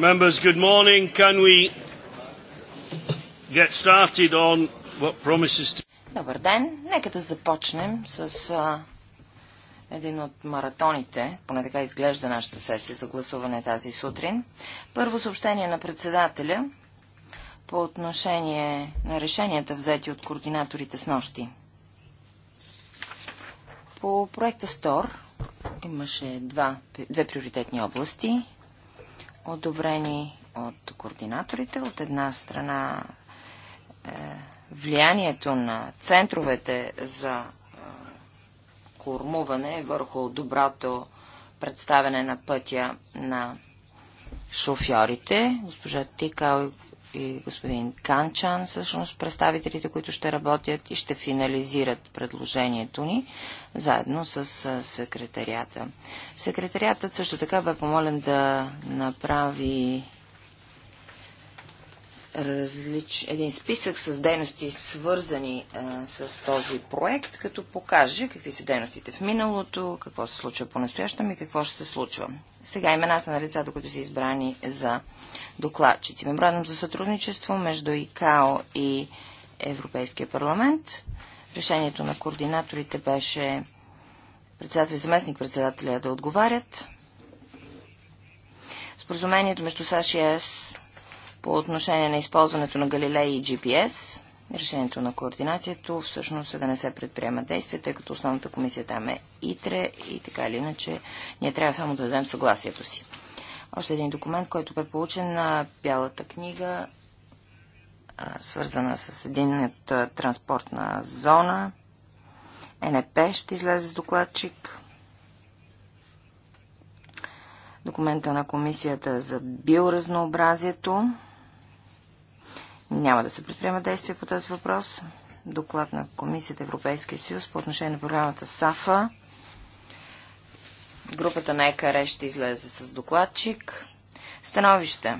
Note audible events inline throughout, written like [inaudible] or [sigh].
Members, good morning. Can we get started on what promises to... Добър ден! Нека да започнем с а, един от маратоните, поне така изглежда нашата сесия за гласуване тази сутрин. Първо съобщение на председателя по отношение на решенията взети от координаторите с нощи. По проекта СТОР имаше два, две приоритетни области – одобрени от координаторите. От една страна е, влиянието на центровете за е, кормуване е върху доброто представяне на пътя на шофьорите. Госпожа Тикал и и господин Канчан, всъщност представителите, които ще работят и ще финализират предложението ни, заедно с секретарията. Секретариатът също така бе помолен да направи различ... един списък с дейности, свързани а, с този проект, като покаже какви са дейностите в миналото, какво се случва по-настоящем и какво ще се случва. Сега имената на лицата, които са избрани за докладчици. Меморандум за сътрудничество между ИКАО и Европейския парламент. Решението на координаторите беше председател и заместник председателя да отговарят. Споразумението между САЩ и ЕС по отношение на използването на Галилей и GPS, решението на координатието всъщност е да не се предприема действия, тъй като основната комисия там е ИТРЕ и така или иначе ние трябва само да дадем съгласието си. Още един документ, който бе получен на Бялата книга, свързана с един транспортна зона. НП ще излезе с докладчик. Документа на комисията за биоразнообразието. Няма да се предприема действия по този въпрос. Доклад на Комисията Европейския съюз по отношение на програмата САФА. Групата на ЕКР ще излезе с докладчик. Становище.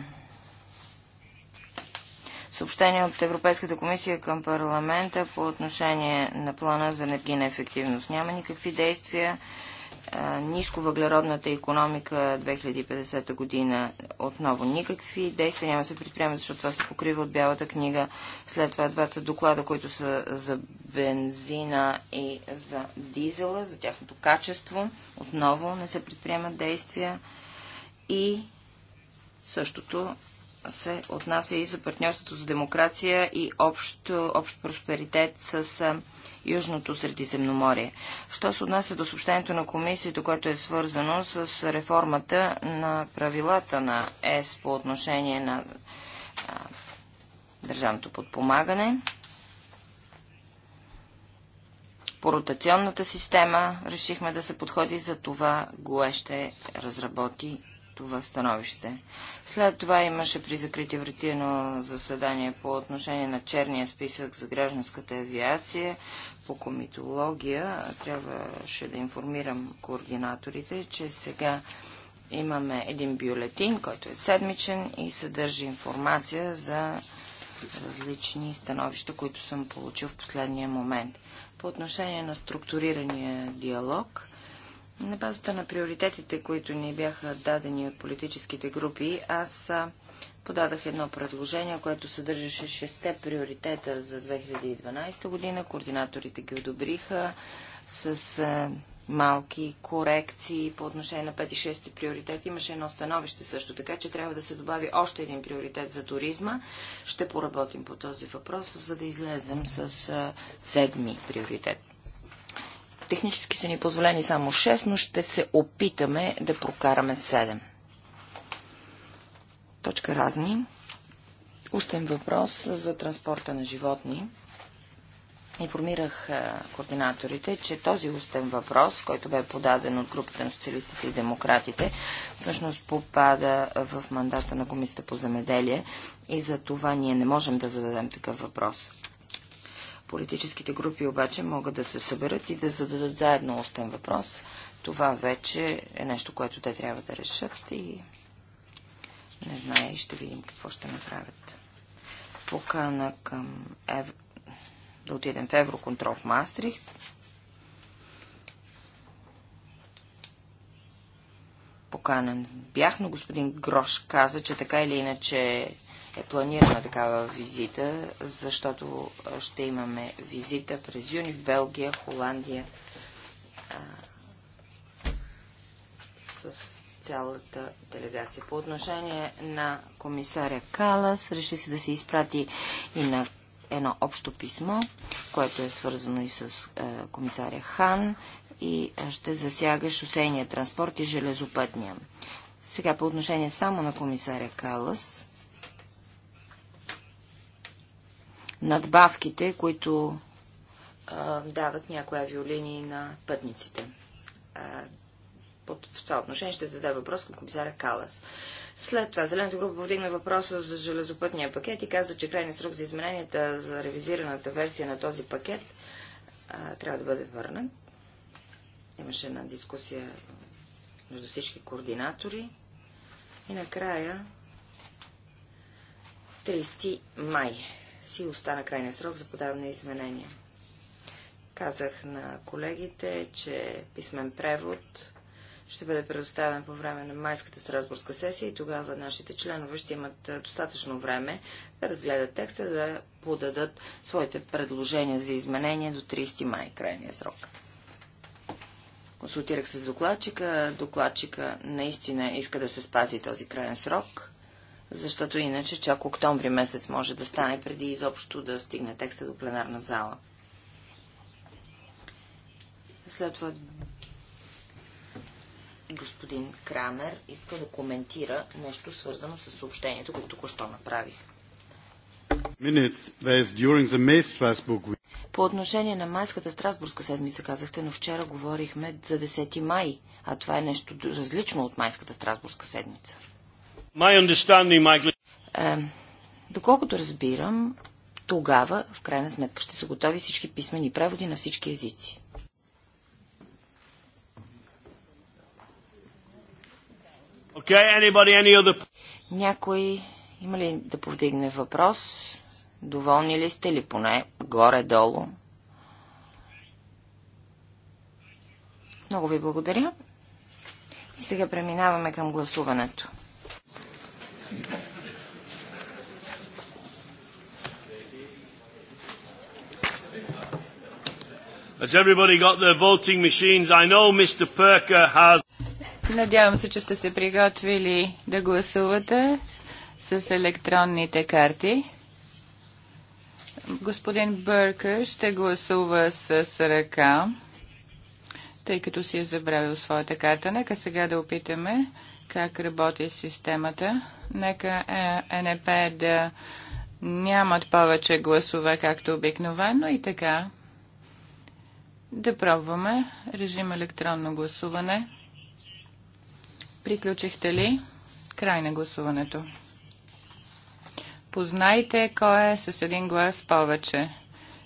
Съобщение от Европейската комисия към парламента по отношение на плана за енергийна ефективност. Няма никакви действия нисковъглеродната економика 2050 година отново никакви действия няма се предприемат, защото това се покрива от Бялата книга. След това двата доклада, които са за бензина и за дизела, за тяхното качество, отново не се предприемат действия. И същото се отнася и за партньорството за демокрация и общ, общ просперитет с Южното Средиземноморие. Що се отнася до съобщението на комисията, което е свързано с реформата на правилата на ЕС по отношение на а, държавното подпомагане, по ротационната система решихме да се подходи за това, ГОЕ ще разработи това становище. След това имаше при закрити врати заседание по отношение на черния списък за гражданската авиация по комитология трябваше да информирам координаторите, че сега имаме един бюлетин, който е седмичен и съдържа информация за различни становища, които съм получил в последния момент. По отношение на структурирания диалог, на базата на приоритетите, които ни бяха дадени от политическите групи, аз подадах едно предложение, което съдържаше шесте приоритета за 2012 година. Координаторите ги одобриха с е, малки корекции по отношение на 5 и 6 приоритет. Имаше едно становище също така, че трябва да се добави още един приоритет за туризма. Ще поработим по този въпрос, за да излезем с е, седми приоритет. Технически са ни позволени само 6, но ще се опитаме да прокараме 7. Точка разни. Устен въпрос за транспорта на животни. Информирах е, координаторите, че този устен въпрос, който бе подаден от групата на социалистите и демократите, всъщност попада в мандата на Комисията по земеделие и за това ние не можем да зададем такъв въпрос. Политическите групи обаче могат да се съберат и да зададат заедно устен въпрос. Това вече е нещо, което те трябва да решат и не знае и ще видим какво ще направят. Покана към Ев... да отидем в Евроконтрол в Мастрихт. Поканен бях, но господин Грош каза, че така или иначе е планирана такава визита, защото ще имаме визита през юни в Белгия, Холандия а, с цялата делегация. По отношение на комисаря Калас, реши се да се изпрати и на едно общо писмо, което е свързано и с е, комисаря Хан и е, ще засяга шосейния транспорт и железопътния. Сега по отношение само на комисаря Калас, надбавките, които е, дават някои авиолинии на пътниците в това отношение ще зададе въпрос към комисаря Калас. След това Зелената група повдигна въпроса за железопътния пакет и каза, че крайният срок за измененията за ревизираната версия на този пакет а, трябва да бъде върнат. Имаше една дискусия между всички координатори. И накрая 30 май си остана крайния срок за подаване на изменения. Казах на колегите, че писмен превод ще бъде предоставен по време на майската Страсбургска сесия и тогава нашите членове ще имат достатъчно време да разгледат текста, да подадат своите предложения за изменение до 30 май, крайния срок. Консултирах се с докладчика. Докладчика наистина иска да се спази този крайен срок, защото иначе чак октомври месец може да стане преди изобщо да стигне текста до пленарна зала. След това господин Крамер иска да коментира нещо свързано с съобщението, което току-що направих. По отношение на майската Страсбургска седмица казахте, но вчера говорихме за 10 май, а това е нещо различно от майската Страсбургска седмица. My... Е, доколкото разбирам, тогава, в крайна сметка, ще са готови всички писмени преводи на всички езици. Okay, anybody, any other... Някой има ли да повдигне въпрос? Доволни ли сте ли поне горе-долу? Много ви благодаря. И сега преминаваме към гласуването. Has everybody got their voting machines? I know Mr. Perker has. Надявам се, че сте се приготвили да гласувате с електронните карти. Господин Бъркър ще гласува с ръка, тъй като си е забравил своята карта. Нека сега да опитаме как работи системата. Нека е, да нямат повече гласове, както обикновено и така. Да пробваме режим електронно гласуване. Приключихте ли? Край на гласуването. Познайте кой е с един глас повече.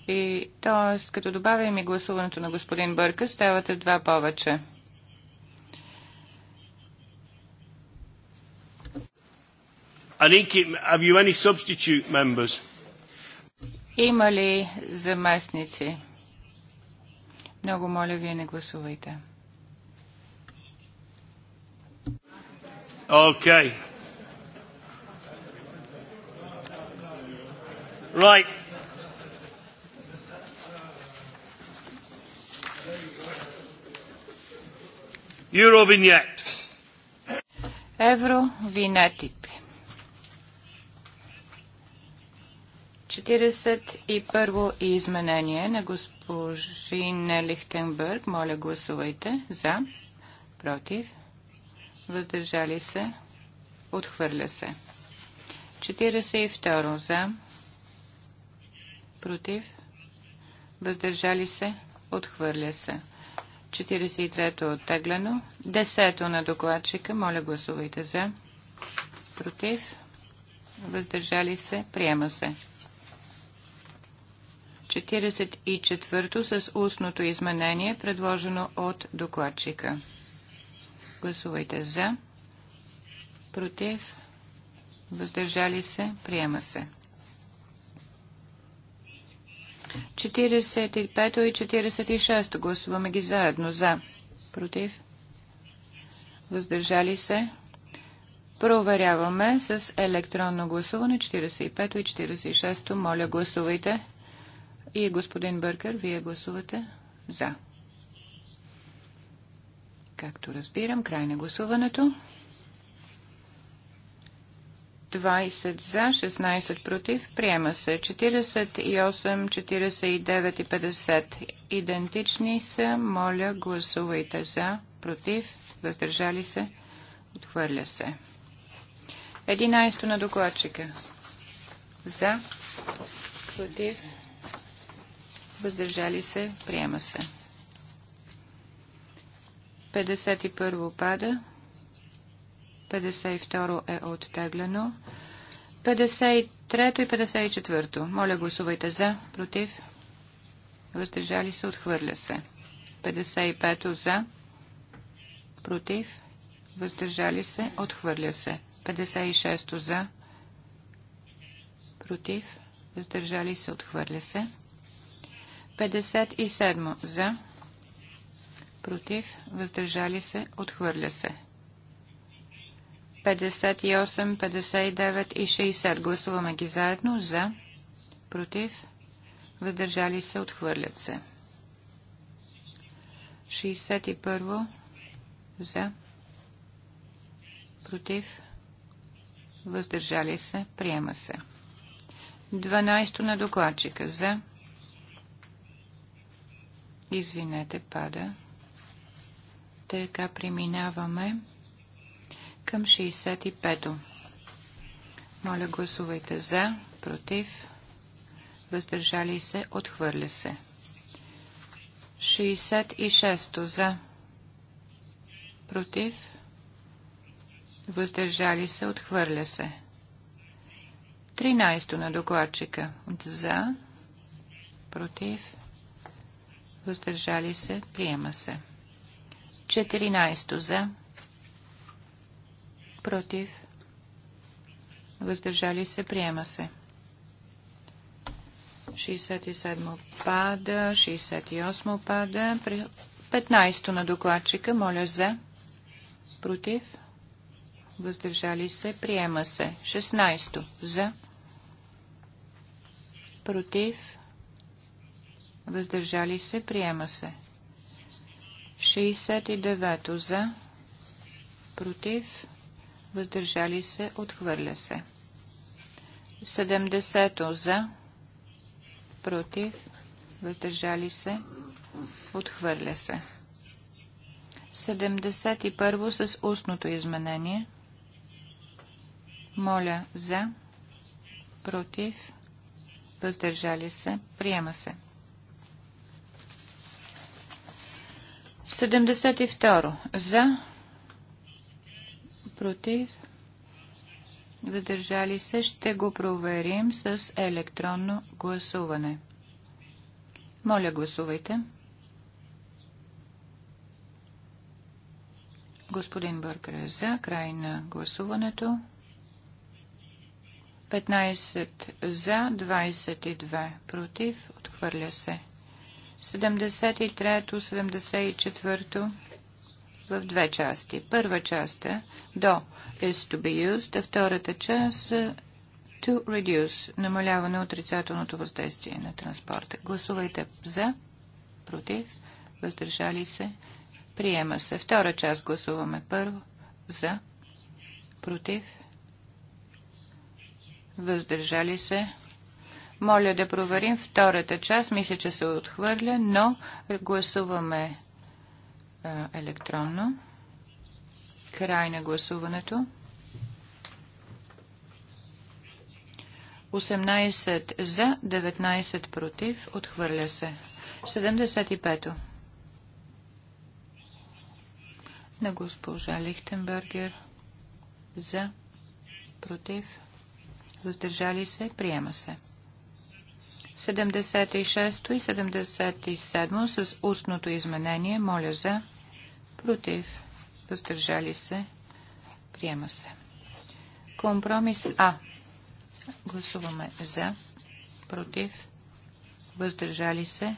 И т.е. като добавим и гласуването на господин Бърка, ставате два повече. Има ли заместници? Много моля, вие не гласувайте. Okay. Right. Eurovignet. Евровинетите. 41 во изменение на госпожи Лихтенбърг. Моля гласувайте за, против, въздържали се, отхвърля се. 42 за, против, въздържали се, отхвърля се. 43-то оттеглено. 10-то на докладчика. Моля гласувайте за. Против. Въздържали се. Приема се. 44-то с устното изменение, предложено от докладчика. Гласувайте за. Против. Въздържали се. Приема се. 45 и 46 гласуваме ги заедно. За. Против. Въздържали се. Проверяваме с електронно гласуване 45 и 46. Моля, гласувайте. И господин Бъркър, вие гласувате за. Както разбирам, край на гласуването. 20 за, 16 против. Приема се 48, 49 и 50. Идентични са. Моля, гласувайте за, против, въздържали се, отхвърля се. 11 на докладчика. За, против, въздържали се, приема се. 51 пада. 52 е оттеглено. 53 и 54. Моля гласувайте за, против. Въздържали се, отхвърля се. 55 за, против. Въздържали се, отхвърля се. 56 за, против. Въздържали се, отхвърля се. 57 за, против, въздържали се, отхвърля се. 58, 59 и 60. Гласуваме ги заедно за, против, въздържали се, отхвърлят се. 61 за, против, въздържали се, приема се. 12 на докладчика за, извинете, пада. Така преминаваме към 65-то. Моля, гласувайте за, против, въздържали се, отхвърля се. 66-то за, против, въздържали се, отхвърля се. 13-то на докладчика за, против, въздържали се, приема се. 14 за, против, въздържали се, приема се. 67 пада, 68 пада, 15 на докладчика, моля за, против, въздържали се, приема се. 16 за, против, въздържали се, приема се. 69 за, против, въздържали се, отхвърля се. 70 за, против, въздържали се, отхвърля се. 71 с устното изменение. Моля за, против, въздържали се, приема се. 72. За. Против. Въдържали се. Ще го проверим с електронно гласуване. Моля, гласувайте. Господин Бъркър е за. Край на гласуването. 15 за, 22 против. Отхвърля се. 73-то, 74-то в две части. Първа част е до is to be used, а втората част е to reduce, намаляване отрицателното въздействие на транспорта. Гласувайте за, против, въздържали се, приема се. Втора част гласуваме първо за, против, въздържали се, моля да проверим втората част. Мисля, че се отхвърля, но гласуваме а, е, електронно. Край на гласуването. 18 за, 19 против. Отхвърля се. 75-то. На госпожа Лихтенбергер. За, против. Въздържали се. Приема се. 76 и 77 с устното изменение. Моля за. Против. Въздържали се. Приема се. Компромис А. Гласуваме за. Против. Въздържали се.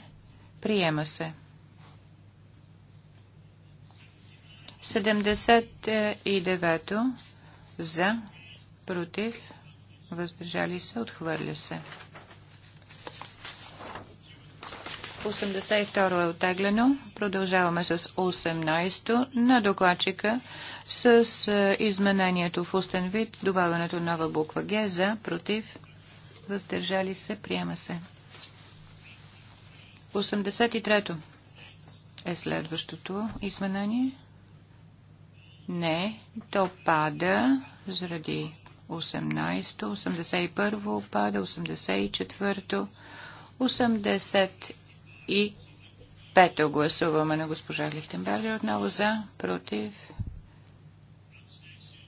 Приема се. 79 за. Против. Въздържали се. Отхвърля се. 82 е оттеглено. Продължаваме с 18 то на докладчика с е, изменението в устен вид, добавянето нова буква Г за, против, въздържали се, приема се. 83-то е следващото изменение. Не, то пада заради 18-то, 81-во пада, 84-то, 80 и пето гласуваме на госпожа Лихтенбергер отново за, против,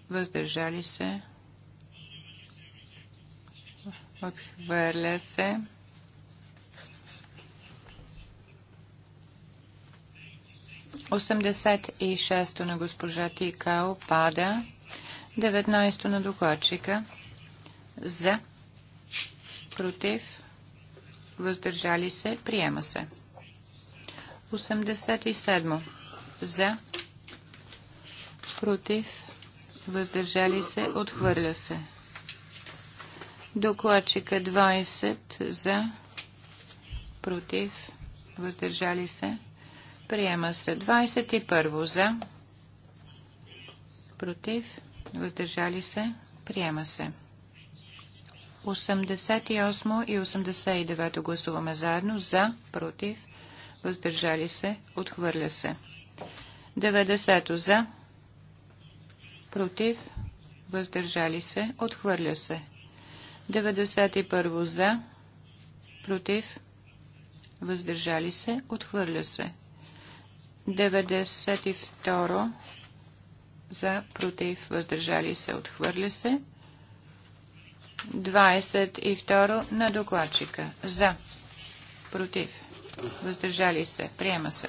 въздържали се, отхвърля се. и шесто на госпожа Тикао пада. Деветнайсто на докладчика. За. Против въздържали се, приема се. 87. За, против, въздържали се, отхвърля се. Докладчика 20 за, против, въздържали се, приема се. 21 за, против, въздържали се, приема се. 88 и 89 гласуваме заедно. За, против, въздържали се, отхвърля се. 90 за, против, въздържали се, отхвърля се. 91 за, против, въздържали се, отхвърля се. 92 за, против, въздържали се, отхвърля се. 22 на докладчика. За. Против. Въздържали се. Приема се.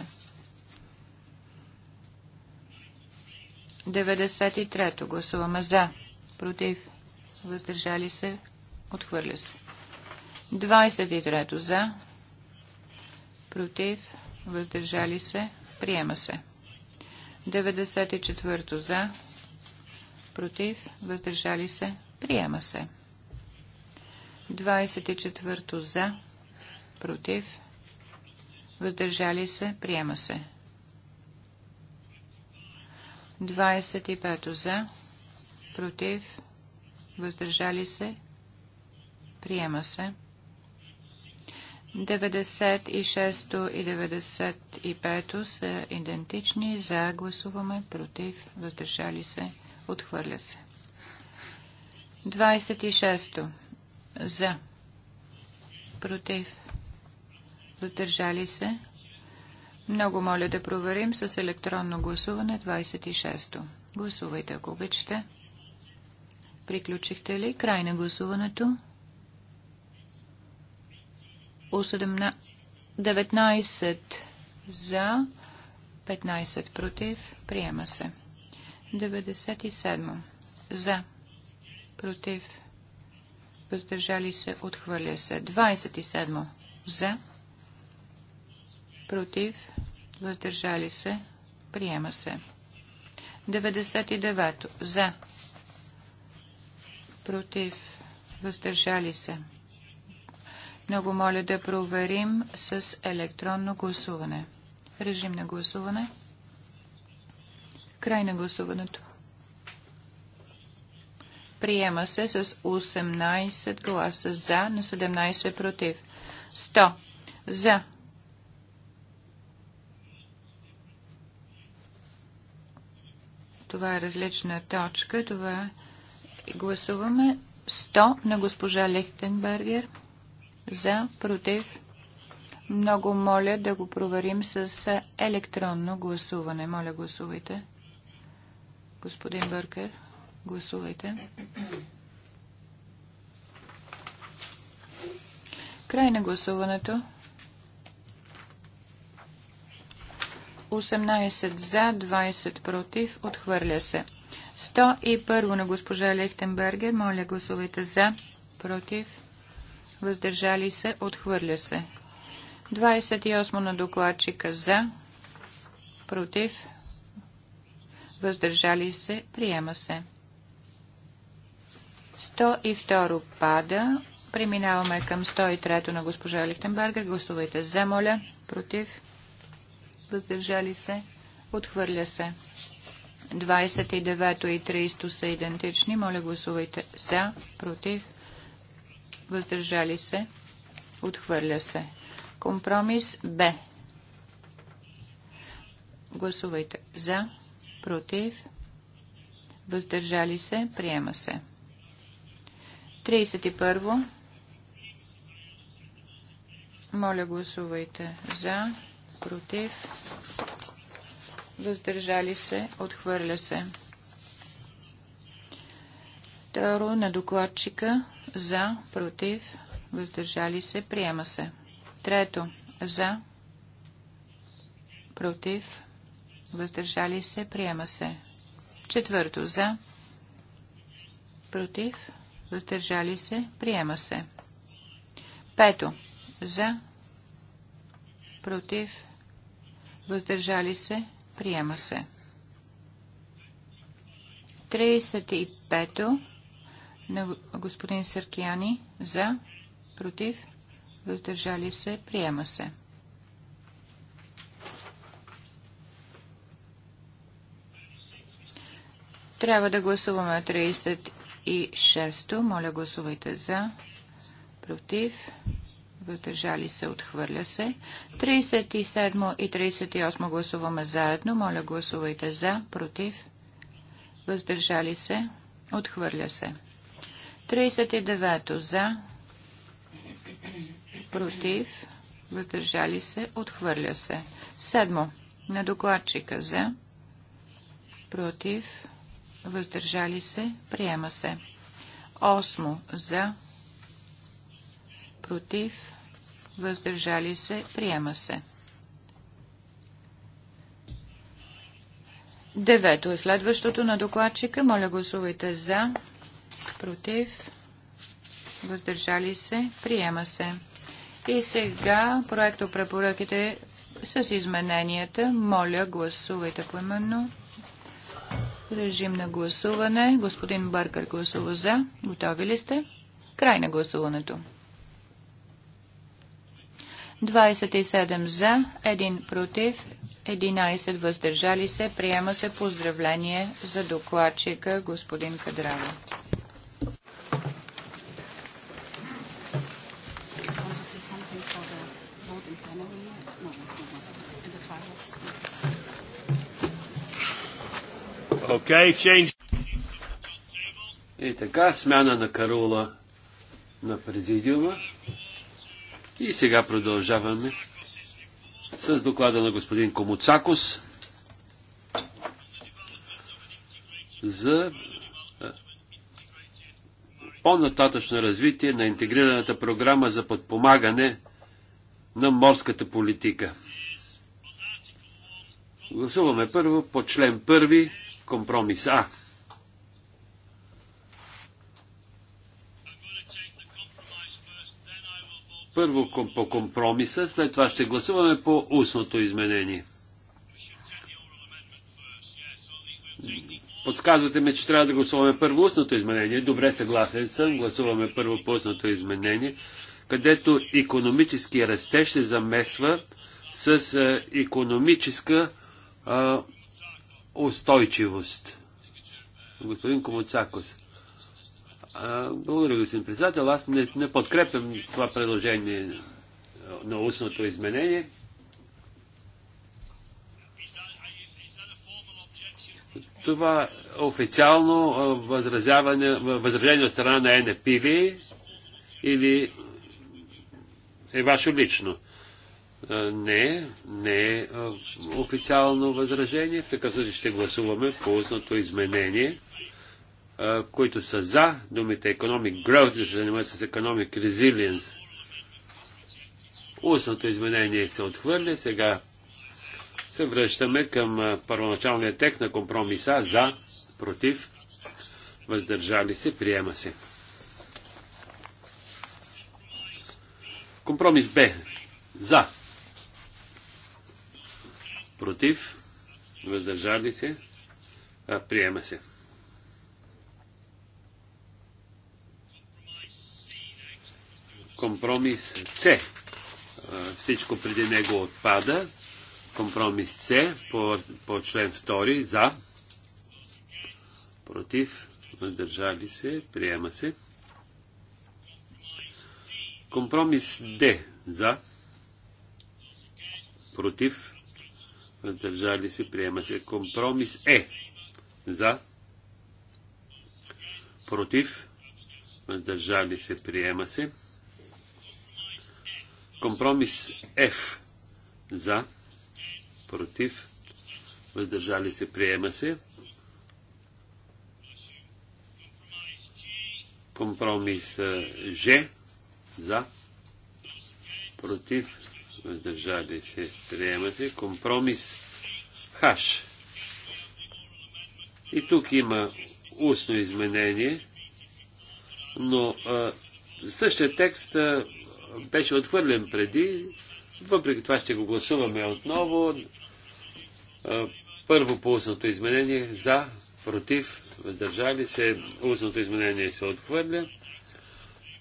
93-то. Гласуваме за. Против. Въздържали се. Отхвърля се. 23-то. За. Против. Въздържали се. Приема се. 94-то. За. Против. Въздържали се. Приема се. 24 за, против, въздържали се, приема се. 25 за, против, въздържали се, приема се. 96 и 95 са идентични. За гласуваме, против, въздържали се, отхвърля се. 26 за. Против. Въздържали се. Много моля да проверим с електронно гласуване 26-то. Гласувайте, ако обичате. Приключихте ли? Край на гласуването. 19 за, 15 против. Приема се. 97 за, против въздържали се, отхвърля се. 27 за, против, въздържали се, приема се. 99 за, против, въздържали се. Много моля да проверим с електронно гласуване. Режим на гласуване. Край на гласуването. Приема се с 18 гласа за на 17 против. 100 за. Това е различна точка. Това е. гласуваме 100 на госпожа Лихтенбергер. За, против. Много моля да го проверим с електронно гласуване. Моля, гласувайте. Господин Бъркер. Гласувайте. Край на гласуването. 18 за, 20 против. Отхвърля се. 101 на госпожа Лехтенбергер. Моля, гласувайте за, против. Въздържали се. Отхвърля се. 28 на докладчика за, против. Въздържали се. Приема се. 102 пада. Преминаваме към 103 на госпожа Лихтенбергер. Гласувайте за, моля. Против. Въздържали се. Отхвърля се. 29 и 30 са идентични. Моля, гласувайте за, против. Въздържали се. Отхвърля се. Компромис Б. Гласувайте за, против. Въздържали се. Приема се. 31. Моля, гласувайте за, против, въздържали се, отхвърля се. Второ на докладчика за, против, въздържали се, приема се. Трето за, против, въздържали се, приема се. Четвърто за, против, въздържали се, приема се. Пето. За, против, въздържали се, приема се. 35-то на господин Съркияни за, против, въздържали се, приема се. Трябва да гласуваме шесто. Моля гласувайте за. Против. Въздържали се. Отхвърля се. 37 и 38 гласуваме заедно. Моля гласувайте за. Против. Въздържали се. Отхвърля се. 39 за. Против. Въздържали се. Отхвърля се. Седмо. На докладчика за. Против въздържали се, приема се. Осмо за, против, въздържали се, приема се. Девето е следващото на докладчика. Моля гласувайте за, против, въздържали се, приема се. И сега проекто препоръките с измененията. Моля гласувайте по именно. Режим на гласуване. Господин Баркър гласува за. Готови ли сте? Край на гласуването. 27 за, 1 против, 11 въздържали се. Приема се поздравление за докладчика господин Кадрава. Okay, change. И така, смяна на Карула на президиума. И сега продължаваме с доклада на господин Комуцакос за е, по-нататъчно развитие на интегрираната програма за подпомагане на морската политика. Гласуваме първо по член първи Компромис А. Първо по компромиса, след това ще гласуваме по устното изменение. Подсказвате ме, че трябва да гласуваме първо устното изменение. Добре, съгласен съм. Гласуваме първо по устното изменение, където економически растеж се замесва с економическа а, устойчивост. Господин Комуцакос. Благодаря, господин председател. Аз не, не подкрепям това предложение на устното изменение. Това официално възразяване, възражение от страна на НПВ или е ваше лично? Не, не е официално възражение. В такъв случай ще гласуваме по устното изменение, които са за думите Economic Growth, да се занимават с Economic Resilience. Устното изменение се отхвърля. Сега се връщаме към първоначалния текст на компромиса за, против, въздържали се, приема се. Компромис Б. За против, въздържали се, а, приема се. Компромис С. Всичко преди него отпада. Компромис С по, по член 2 за, против, въздържали се, приема се. Компромис Д за, против, въздържали се, приема се. Компромис Е. За, против, въздържали се, приема се. Компромис F. За, против, въздържали се, приема се. Компромис е, Ж. За, против, въздържали се, приема се. Компромис хаш. И тук има устно изменение, но а, същия текст а, беше отхвърлен преди, въпреки това ще го гласуваме отново. А, първо по устното изменение за, против, въздържали се, устното изменение се отхвърля.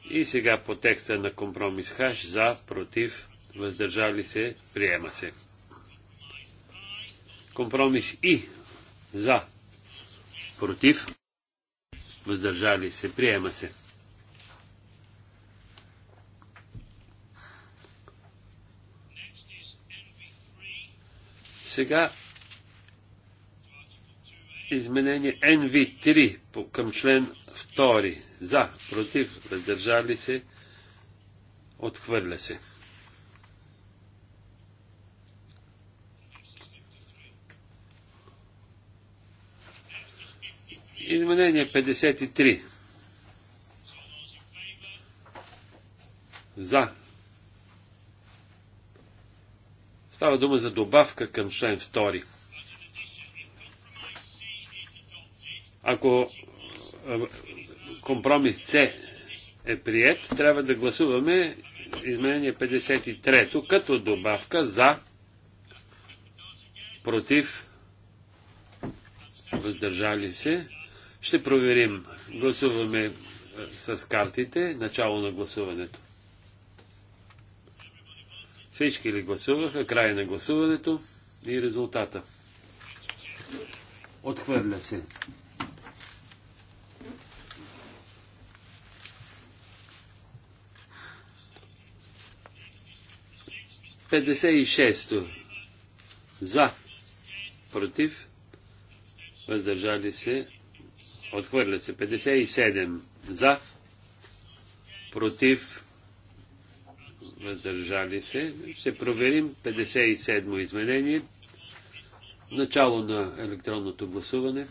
И сега по текста на компромис хаш за, против, въздържали се, приема се. Компромис И за, против, въздържали се, приема се. Сега изменение NV3 към член 2. За, против, въздържали се, отхвърля се. Изменение 53. За. Става дума за добавка към член 2. Ако компромис С е прият, трябва да гласуваме изменение 53 като добавка за против въздържали се ще проверим. Гласуваме е, с картите. Начало на гласуването. Всички ли гласуваха? Край на гласуването и резултата. Отхвърля се. Петдесет и шесто. За. Против. Въздържали се. Отхвърля се. 57 за. Против. Въздържали се. Ще проверим 57 изменение. Начало на електронното гласуване.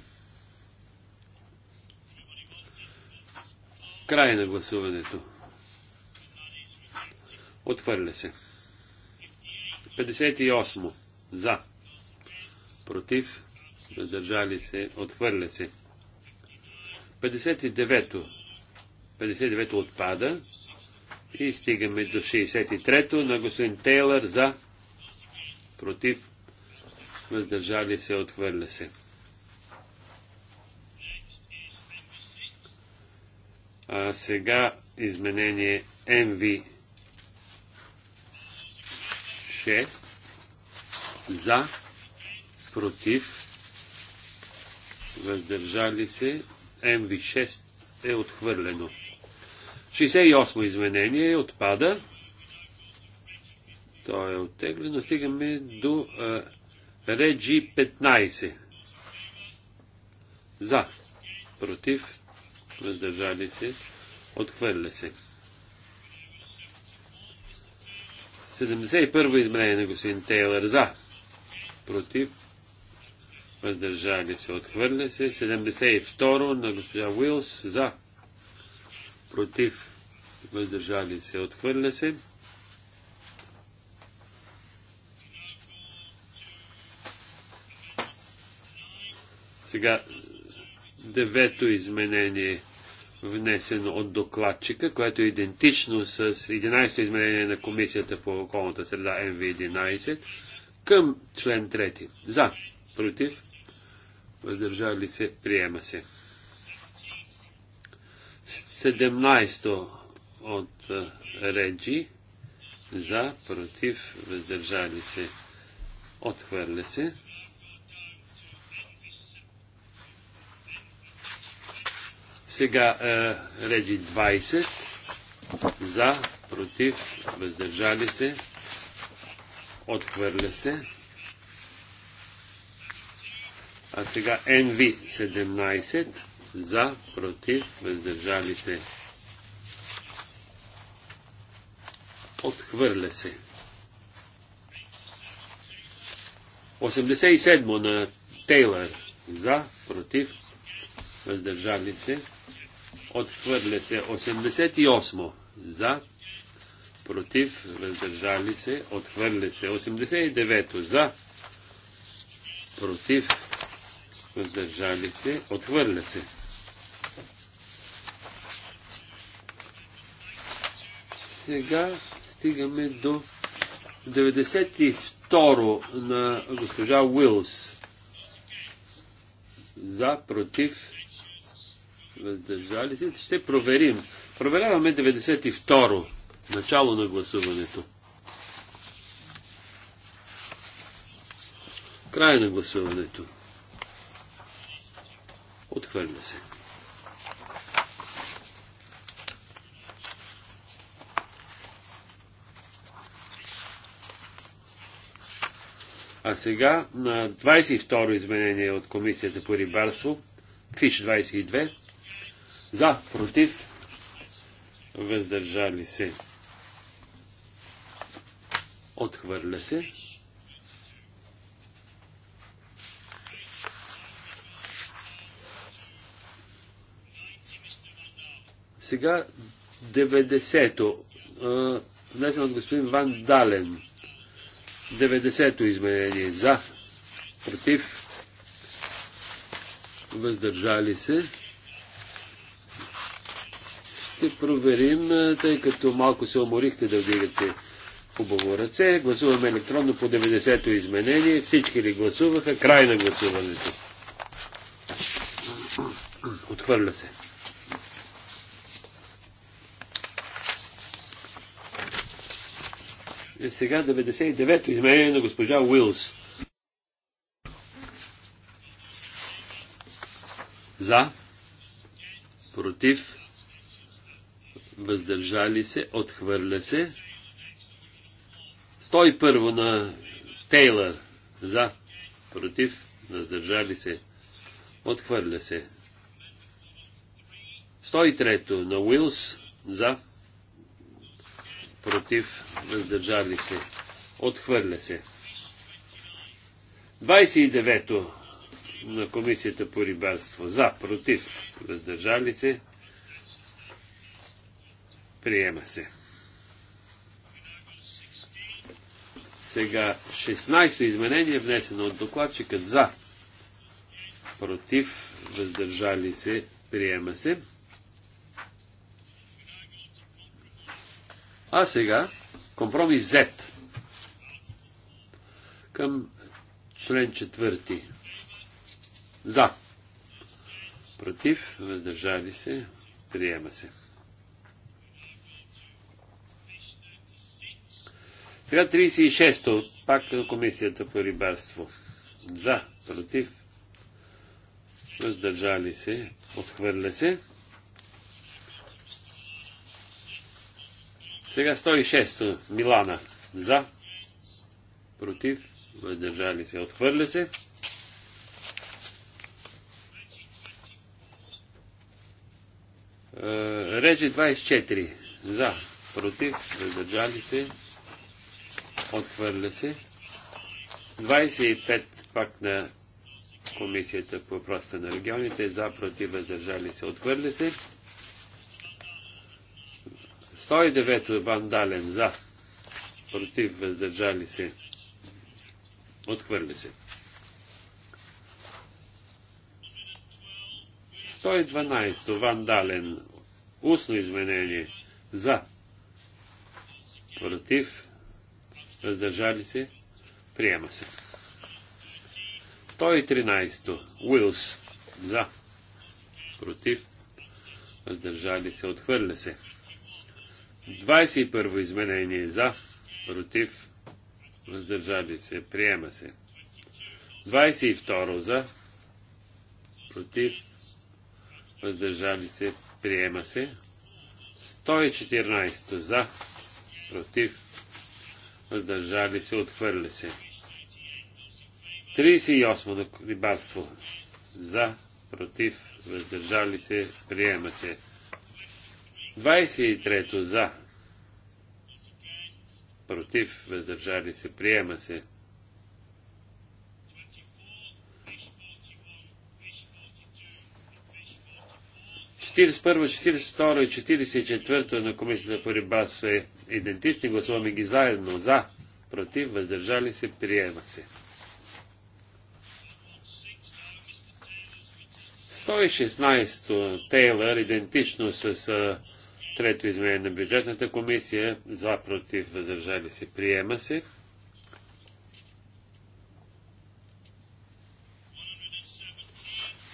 Край на гласуването. Отхвърля се. 58 за. Против. Въздържали се. Отхвърля се. 59-то. 59-то отпада. И стигаме до 63-то на господин Тейлър за против. Въздържали се, отхвърля се. А сега изменение MV 6 за против въздържали се МВ6 е отхвърлено. 68 изменение отпада. То е оттеглено. Стигаме до а, Реджи 15. За. Против. Въздържали се. Отхвърля се. 71 изменение на господин Тейлър. За. Против въздържали се, отхвърля се. 72 на госпожа Уилс за, против, въздържали се, отхвърля се. Сега девето изменение внесено от докладчика, което е идентично с 11-то изменение на Комисията по околната среда МВ-11 към член 3. За, против, въздържали се, приема се. 17 от Реджи за, против, въздържали се, отхвърля се. Сега е, Реджи 20 за, против, въздържали се, отхвърля се. А сега NV17 за, против, въздържали се. Отхвърля се. 87 на Тейлър. За, против, въздържали се. Отхвърля се. 88 за, против, въздържали се. Отхвърля се. 89 за, против, въздържали се, отхвърля се. Сега стигаме до 92 на госпожа Уилс. За, против, въздържали се. Ще проверим. Проверяваме 92-ро. Начало на гласуването. Край на гласуването. Отхвърля се. А сега на 22-ро изменение от Комисията по рибарство, Фиш 22, за, против, въздържали се. Отхвърля се. Сега 90-то, внесен от господин Ван Дален. 90-то изменение за, против, въздържали се. Ще проверим, тъй като малко се уморихте да вдигате хубаво ръце. Гласуваме електронно по 90-то изменение. Всички ли гласуваха? Край на гласуването. Отхвърля се. е сега 99-то изменение на госпожа Уилс. За, против, въздържали се, отхвърля се. 101 на Тейлър. За, против, въздържали се, отхвърля се. 103 на Уилс. За, против, въздържали се, отхвърля се. 29-то на Комисията по рибарство за, против, въздържали се, приема се. Сега 16-то изменение, внесено от докладчикът за, против, въздържали се, приема се. А сега компромис Z към член четвърти. За. Против. Въздържали се. Приема се. Сега 36-то, пак комисията по рибарство. За, против, въздържали се, отхвърля се. Сега 106-то Милана. За. Против. Въздържали се. Отхвърля се. Е, Реже 24. За. Против. Въздържали се. Отхвърля се. 25 пак на Комисията по въпросите на регионите. За. Против. Въздържали се. Отхвърля се. 109 е вандален за. Против въздържали се. Отхвърли се. 112 вандален. Устно изменение. За. Против. Въздържали се. Приема се. 113 Уилс. За. Против. Въздържали се. Отхвърля се. 114 21 изменение за, против, въздържали се, приема се. 22 за, против, въздържали се, приема се. 114 за, против, въздържали се, отхвърля се. 38 рибарство за, против, въздържали се, приема се. 23 за. Против, въздържали се, приема се. 41, 42 и 44 на Комисията по рибарство са идентични. Гласуваме ги заедно. За, против, въздържали се, приема се. 116 Тейлър, идентично с Трето изменение на бюджетната комисия. За против въздържали се. Приема се.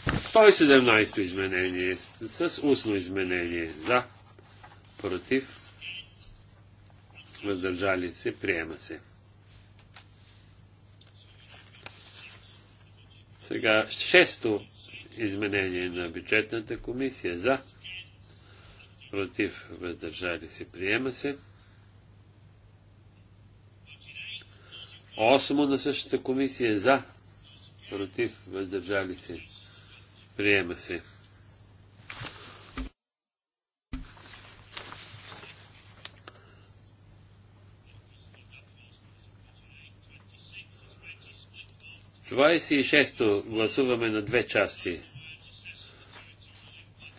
117 изменение с устно изменение. За против въздържали се. Приема се. Сега шесто изменение на бюджетната комисия за против, въздържали се, приема се. Осмо на същата комисия за, против, въздържали се, приема се. си и шесто гласуваме на две части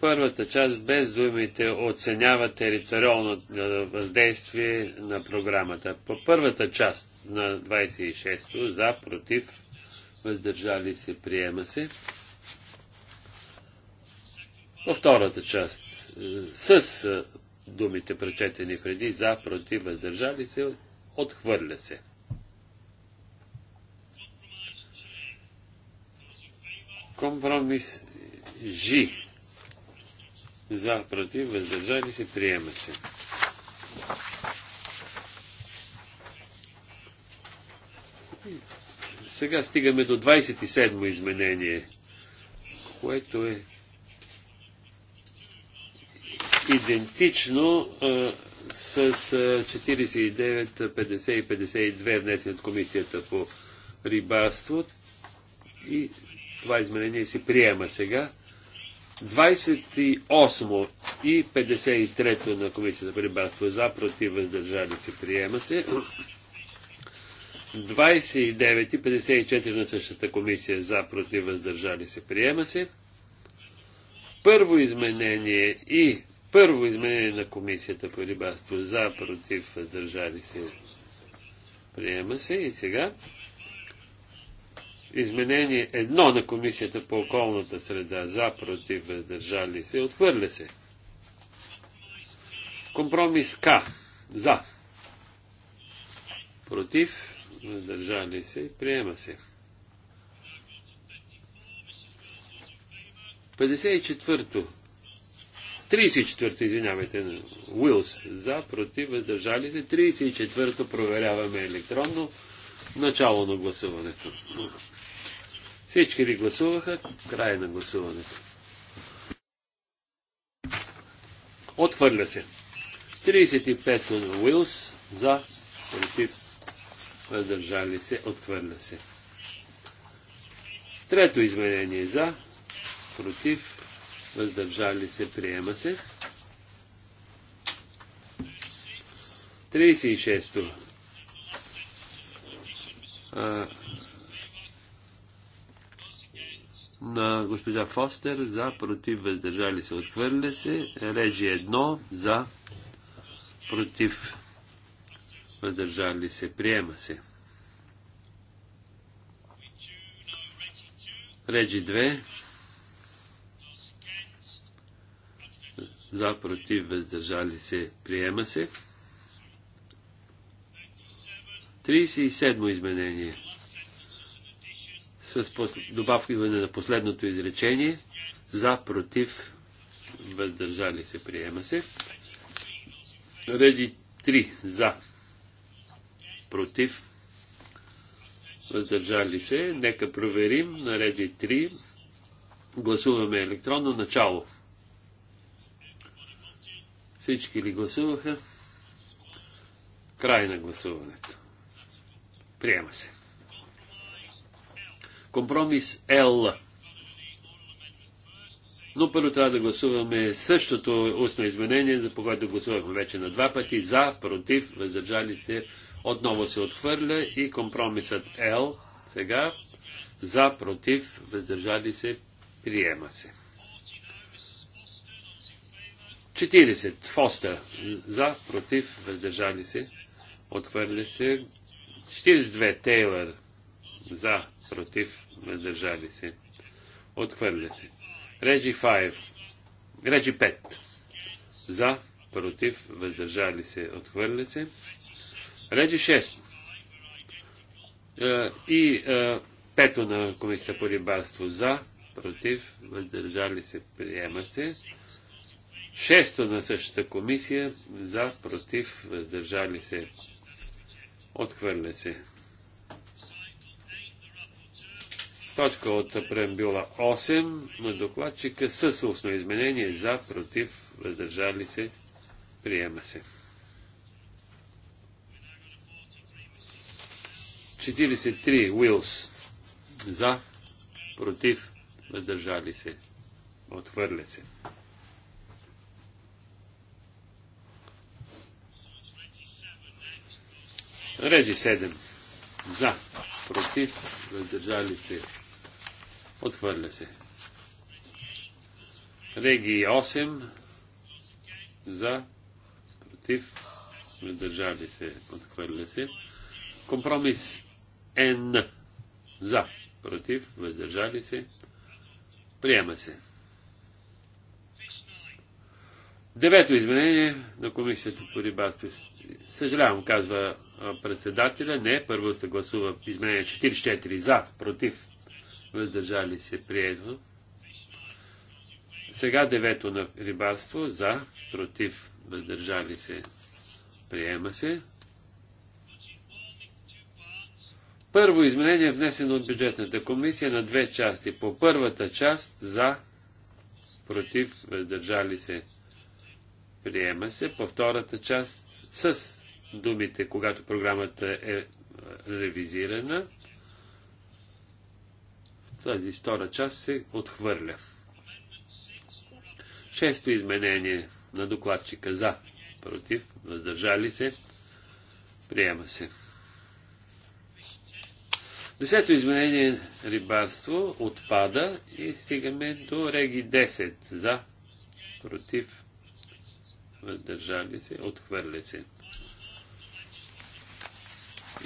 първата част без думите оценява териториално въздействие на програмата. По първата част на 26-то, за, против, въздържали се, приема се. По втората част, е, с думите прочетени преди, за, против, въздържали се, отхвърля се. Компромис Жи за, против, въздържали се, приема се. Сега стигаме до 27 изменение, което е идентично а, с 49, 50 и 52 внесен от комисията по рибарство. И това изменение се приема сега. 28 и 53 на Комисията по рибарство е за, против, въздържали се, приема се. 29 и 54 на същата комисия е за, против, въздържали се, приема се. Първо изменение и първо изменение на комисията по рибарство е за, против, въздържали се, приема се. И сега Изменение едно на Комисията по околната среда за, против, въздържали се, отхвърля се. Компромис К. За. Против, въздържали се, приема се. 54-то. 34-то, извинявайте, Уилс. За, против, въздържали се. 34-то проверяваме електронно. Начало на гласуването. Всички ли гласуваха? Край на гласуването. Отхвърля се. 35 на Уилс за, против, въздържали се, отхвърля се. Трето изменение за, против, въздържали се, приема се. 36-то. на госпожа Фостер за против въздържали се отхвърля се. Режи едно за против въздържали се приема се. Режи 2 за против въздържали се приема се. 37 изменение с добавкиване на последното изречение. За, против, въздържали се, приема се. Реди 3 за, против, въздържали се. Нека проверим на реди 3. Гласуваме електронно начало. Всички ли гласуваха? Край на гласуването. Приема се. Компромис Л. Но първо трябва да гласуваме същото устно изменение, за което гласувахме вече на два пъти. За, против, въздържали се, отново се отхвърля и компромисът Л сега за, против, въздържали се, приема се. 40. Фостер. За, против, въздържали се, отхвърля се. 42. Тейлър. За, против, въздържали се. Отхвърля се. Реджи 5. Реджи 5. За, против, въздържали се. Отхвърля се. Реджи 6. Е, и е, пето на комисията по рибарство. За, против, въздържали се. Приема се. Шесто на същата комисия. За, против, въздържали се. Отхвърля се. точка от преамбюла 8 на докладчика с устно изменение за, против, въздържали се, приема се. 43 Уилс за, против, въздържали се, отвърля се. Режи 7 за, против, въздържали се, Отхвърля се. Реги 8 за, против, въздържали се, отхвърля се. Компромис Н за, против, въздържали се, приема се. Девето изменение на комисията по рибарство. Съжалявам, казва председателя. Не, първо се гласува изменение 44 за, против, въздържали се, приедно. Сега девето на рибарство, за, против, въздържали се, приема се. Първо изменение внесено от бюджетната комисия на две части. По първата част за, против, въздържали се, приема се. По втората част с думите, когато програмата е, е ревизирана, тази втора част се отхвърля. Шесто изменение на докладчика за, против, въздържали се, приема се. Десето изменение рибарство отпада и стигаме до реги 10 за, против, въздържали се, отхвърля се.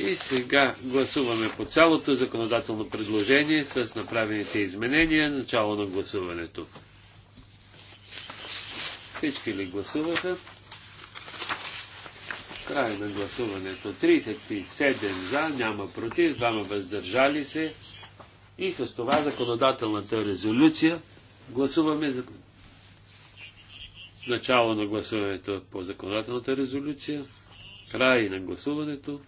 И сега гласуваме по цялото законодателно предложение с направените изменения, начало на гласуването. Всички ли гласуваха? Край на гласуването. 37 за, няма против, двама въздържали се. И с това законодателната резолюция гласуваме за начало на гласуването по законодателната резолюция, край на гласуването.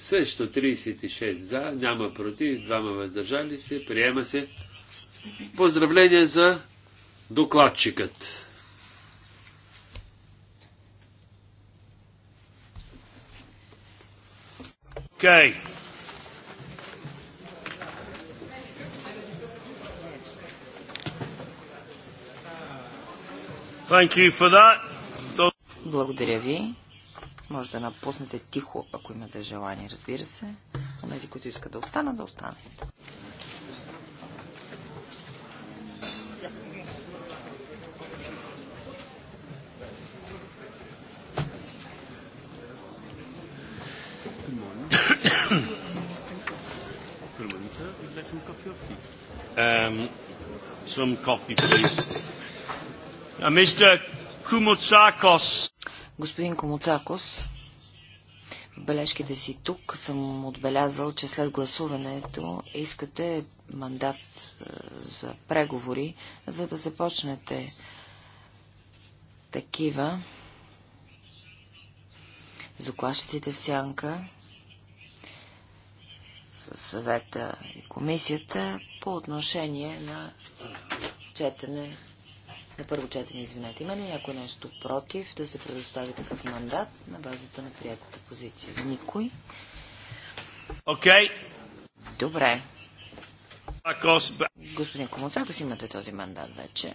Също 36 за, няма против, двама въздържали се, приема се. Поздравление за докладчикът. Okay. Thank you for that. Благодаря ви. Може да напуснете тихо, ако имате желание, разбира се. Онези, които искат да останат, да останат. Um, some coffee, please. Uh, Mr. Kumotsakos, Господин Комуцакос, в бележките си тук съм отбелязал, че след гласуването искате мандат е, за преговори, за да започнете такива докладчиците в сянка с съвета и комисията по отношение на четене на първо четене, извинете, има ли някой нещо против да се предостави такъв мандат на базата на приятата позиция? Никой. Окей. Okay. Добре. Господин Комоцакос, имате този мандат вече.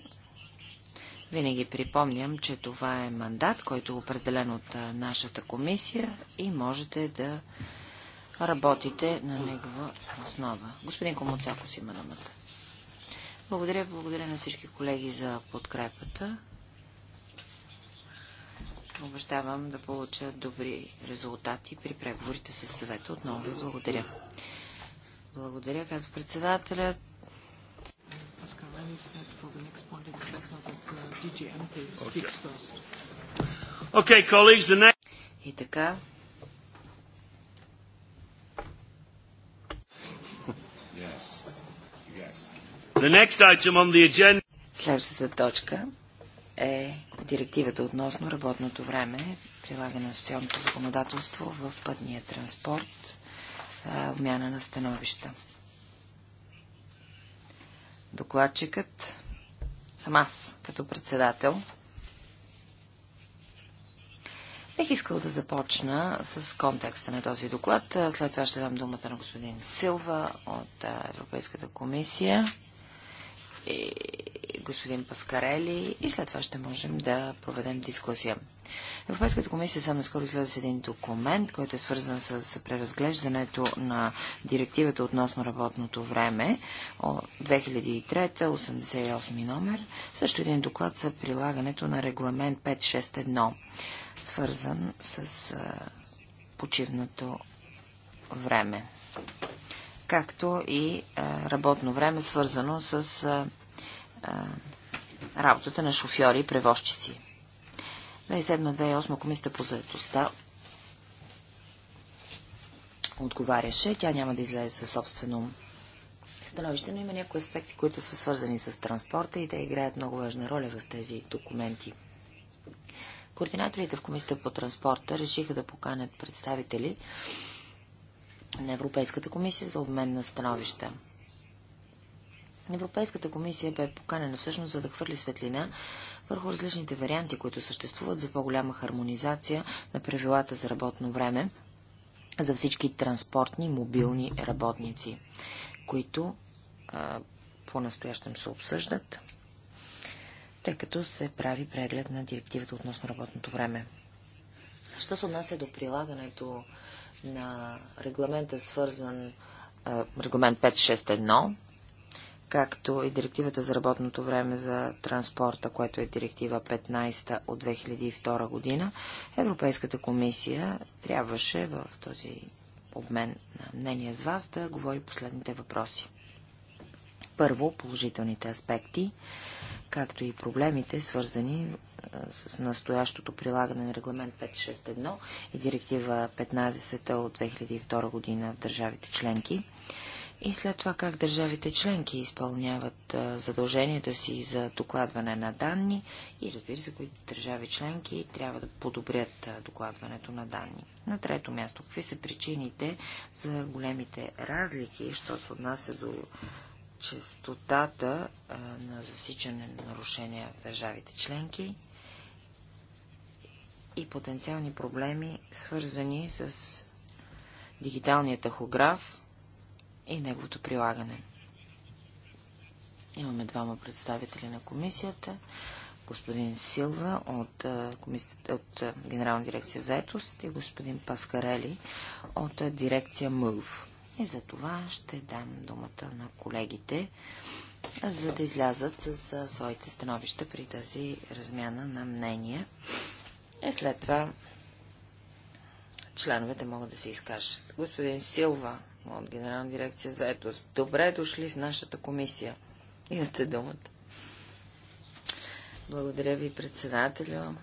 Винаги припомням, че това е мандат, който е определен от нашата комисия и можете да работите на негова основа. Господин Комуцакос има думата. Благодаря, благодаря на всички колеги за подкрепата. Обещавам да получа добри резултати при преговорите с съвета. Отново ви благодаря. Благодаря, казва председателят. Uh, И така, Следващата точка е директивата относно работното време, прилагане на социалното законодателство в пътния транспорт, обмяна на становища. Докладчикът съм аз като председател. Бих искал да започна с контекста на този доклад. След това ще дам думата на господин Силва от Европейската комисия. Е, господин Паскарели и след това ще можем да проведем дискусия. Европейската комисия съм наскоро изгледа с един документ, който е свързан с преразглеждането на директивата относно работното време 2003-88 номер, също един доклад за прилагането на регламент 561, свързан с почивното време както и е, работно време, свързано с е, е, работата на шофьори и превозчици. 2007-2008 комисията по заедостта отговаряше. Тя няма да излезе със собствено становище, но има някои аспекти, които са свързани с транспорта и те играят много важна роля в тези документи. Координаторите в комисията по транспорта решиха да поканят представители на Европейската комисия за обмен на становища. Европейската комисия бе поканена всъщност за да хвърли светлина върху различните варианти, които съществуват за по-голяма хармонизация на правилата за работно време за всички транспортни мобилни работници, които по-настоящем се обсъждат, тъй като се прави преглед на директивата относно работното време. Що се отнася до прилагането на регламента свързан регламент 561, както и директивата за работното време за транспорта, което е директива 15 от 2002 година, Европейската комисия трябваше в този обмен на мнение с вас да говори последните въпроси. Първо, положителните аспекти както и проблемите, свързани с настоящото прилагане на регламент 561 и директива 15 от 2002 година в държавите членки. И след това как държавите членки изпълняват задълженията си за докладване на данни и разбира се, които държави членки трябва да подобрят докладването на данни. На трето място, какви са причините за големите разлики, що се отнася до честотата на засичане на нарушения в държавите членки и потенциални проблеми, свързани с дигиталния тахограф и неговото прилагане. Имаме двама представители на комисията. Господин Силва от, от Генерална дирекция Заетост и господин Паскарели от дирекция МУВ. И за това ще дам думата на колегите, за да излязат с своите становища при тази размяна на мнения. И след това членовете могат да се изкажат. Господин Силва от Генерална дирекция за етост. Добре дошли в нашата комисия. Имате думата. Благодаря ви, председателю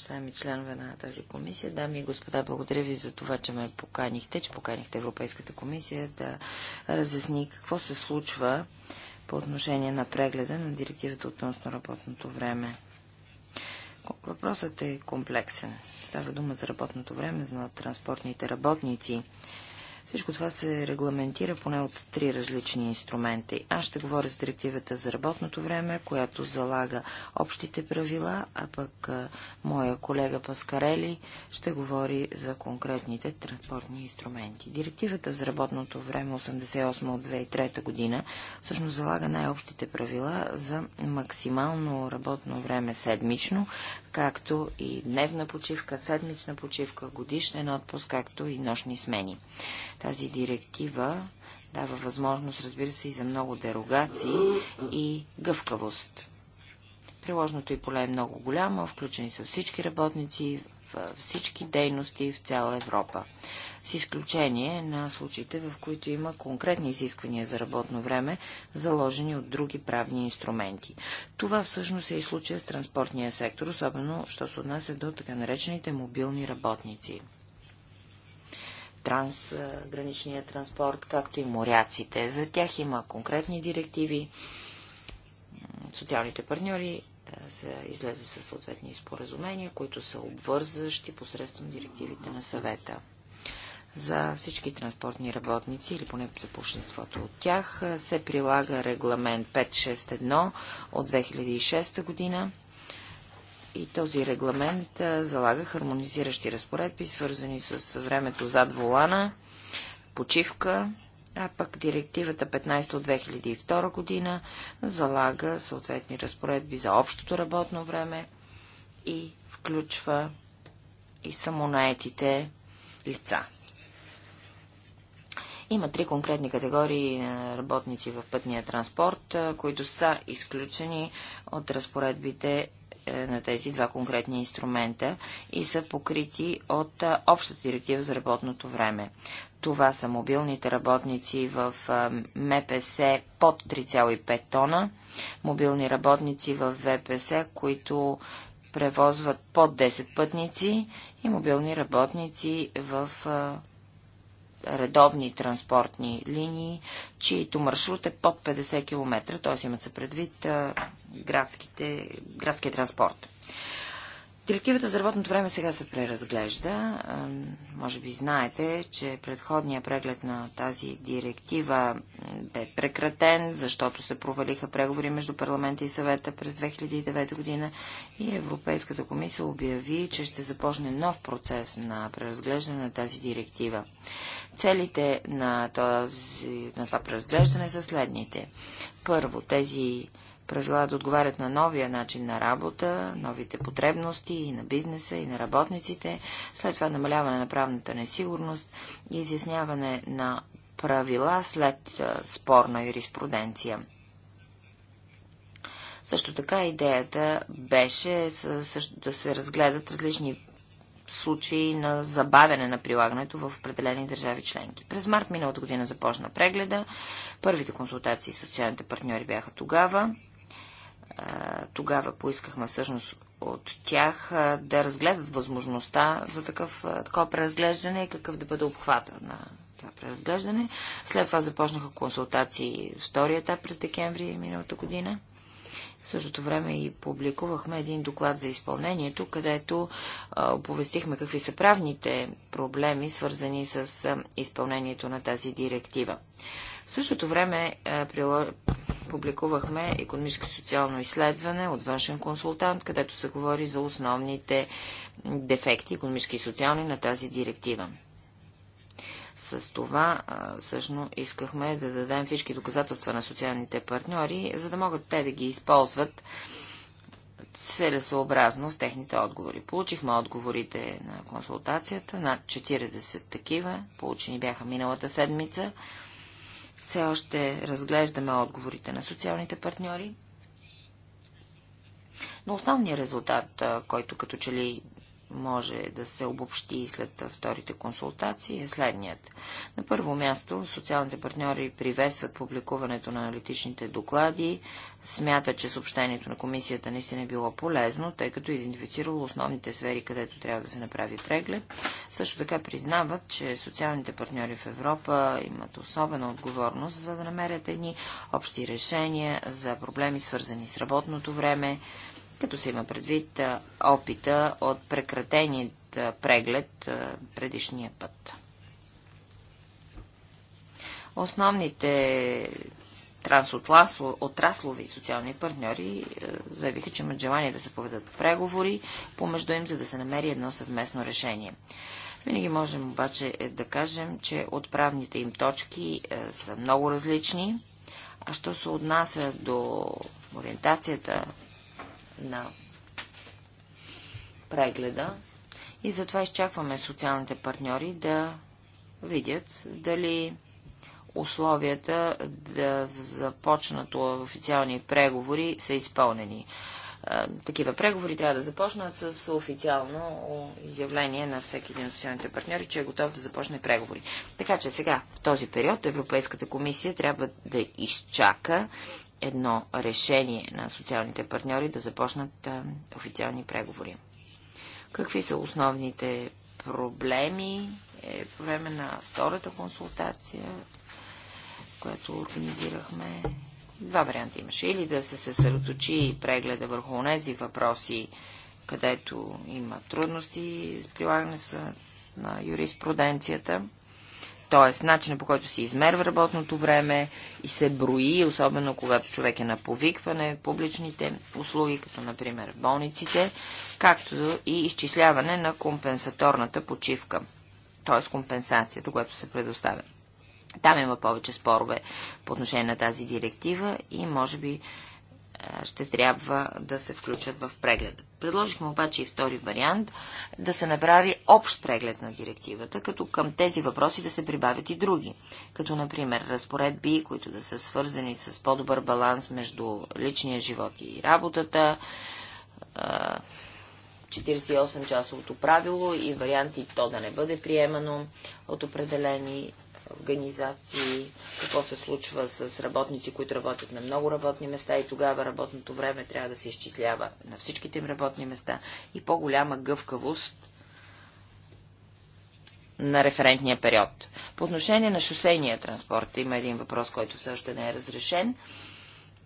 сами членове на тази комисия. Дами и господа, благодаря ви за това, че ме поканихте, че поканихте Европейската комисия да разясни какво се случва по отношение на прегледа на директивата относно работното време. Въпросът е комплексен. Става дума за работното време за транспортните работници. Всичко това се регламентира поне от три различни инструменти. Аз ще говоря с директивата за работното време, която залага общите правила, а пък моя колега Паскарели ще говори за конкретните транспортни инструменти. Директивата за работното време 88 от 2003 година всъщност залага най-общите правила за максимално работно време седмично, както и дневна почивка, седмична почивка, годишен отпуск, както и нощни смени. Тази директива дава възможност, разбира се, и за много дерогации и гъвкавост. Приложното и поле е много голямо, включени са всички работници, във всички дейности в цяла Европа. С изключение на случаите, в които има конкретни изисквания за работно време, заложени от други правни инструменти. Това всъщност е и случая с транспортния сектор, особено, що се отнася до така наречените мобилни работници трансграничния транспорт, както и моряците. За тях има конкретни директиви. Социалните партньори се излезе със съответни споразумения, които са обвързващи посредством директивите на съвета. За всички транспортни работници или поне за пушенството от тях е, се прилага регламент 561 от 2006 година и този регламент залага хармонизиращи разпоредби, свързани с времето зад волана, почивка, а пък директивата 15 от 2002 година залага съответни разпоредби за общото работно време и включва и самонаетите лица. Има три конкретни категории на работници в пътния транспорт, които са изключени от разпоредбите е, на тези два конкретни инструмента и са покрити от е, общата директива за работното време. Това са мобилните работници в е, МПС под 3,5 тона, мобилни работници в ВПС, които превозват под 10 пътници и мобилни работници в редовни транспортни линии, чието маршрут е под 50 км, т.е. имат се предвид градските, градския транспорт. Директивата за работното време сега се преразглежда. Може би знаете, че предходният преглед на тази директива бе прекратен, защото се провалиха преговори между парламента и съвета през 2009 година и Европейската комисия обяви, че ще започне нов процес на преразглеждане на тази директива. Целите на, този, на това преразглеждане са следните. Първо, тези правила да отговарят на новия начин на работа, новите потребности и на бизнеса, и на работниците, след това намаляване на правната несигурност и изясняване на правила след спорна юриспруденция. Също така идеята беше също да се разгледат различни случаи на забавяне на прилагането в определени държави членки. През март миналата година започна прегледа. Първите консултации с социалните партньори бяха тогава тогава поискахме всъщност от тях да разгледат възможността за такъв, такова преразглеждане и какъв да бъде обхвата на това преразглеждане. След това започнаха консултации втория етап през декември миналата година. В същото време и публикувахме един доклад за изпълнението, където оповестихме какви са правните проблеми, свързани с изпълнението на тази директива. В същото време е, прилож... публикувахме економическо-социално изследване от външен консултант, където се говори за основните дефекти, економически и социални, на тази директива. С това е, всъщност искахме да дадем всички доказателства на социалните партньори, за да могат те да ги използват целесообразно в техните отговори. Получихме отговорите на консултацията, над 40 такива, получени бяха миналата седмица. Все още разглеждаме отговорите на социалните партньори. Но основният резултат, който като че ли може да се обобщи след вторите консултации е следният. На първо място социалните партньори приветстват публикуването на аналитичните доклади, смятат, че съобщението на комисията наистина е било полезно, тъй като е идентифицирало основните сфери, където трябва да се направи преглед. Също така признават, че социалните партньори в Европа имат особена отговорност, за да намерят едни общи решения за проблеми, свързани с работното време, като се има предвид опита от прекратеният преглед предишния път. Основните трансотраслови и социални партньори заявиха, че имат желание да се поведат преговори помежду им, за да се намери едно съвместно решение. Винаги можем обаче е, да кажем, че отправните им точки е, са много различни, а що се отнася до ориентацията на прегледа и затова изчакваме социалните партньори да видят дали условията да започнат официални преговори са изпълнени. Такива преговори трябва да започнат с официално изявление на всеки един от социалните партньори, че е готов да започне преговори. Така че сега, в този период, Европейската комисия трябва да изчака едно решение на социалните партньори да започнат официални преговори. Какви са основните проблеми е, по време на втората консултация, която организирахме? Два варианта имаше. Или да се съсредоточи прегледа върху тези въпроси, където има трудности с прилагане на юриспруденцията, т.е. начина по който се измерва работното време и се брои, особено когато човек е на повикване, публичните услуги, като например болниците, както и изчисляване на компенсаторната почивка, т.е. компенсацията, която се предоставя. Там има повече спорове по отношение на тази директива и може би ще трябва да се включат в прегледа. Предложихме обаче и втори вариант да се направи общ преглед на директивата, като към тези въпроси да се прибавят и други, като например разпоредби, които да са свързани с по-добър баланс между личния живот и работата, 48-часовото правило и варианти то да не бъде приемано от определени организации, какво се случва с работници, които работят на много работни места и тогава работното време трябва да се изчислява на всичките им работни места и по-голяма гъвкавост на референтния период. По отношение на шосейния транспорт има един въпрос, който все още не е разрешен.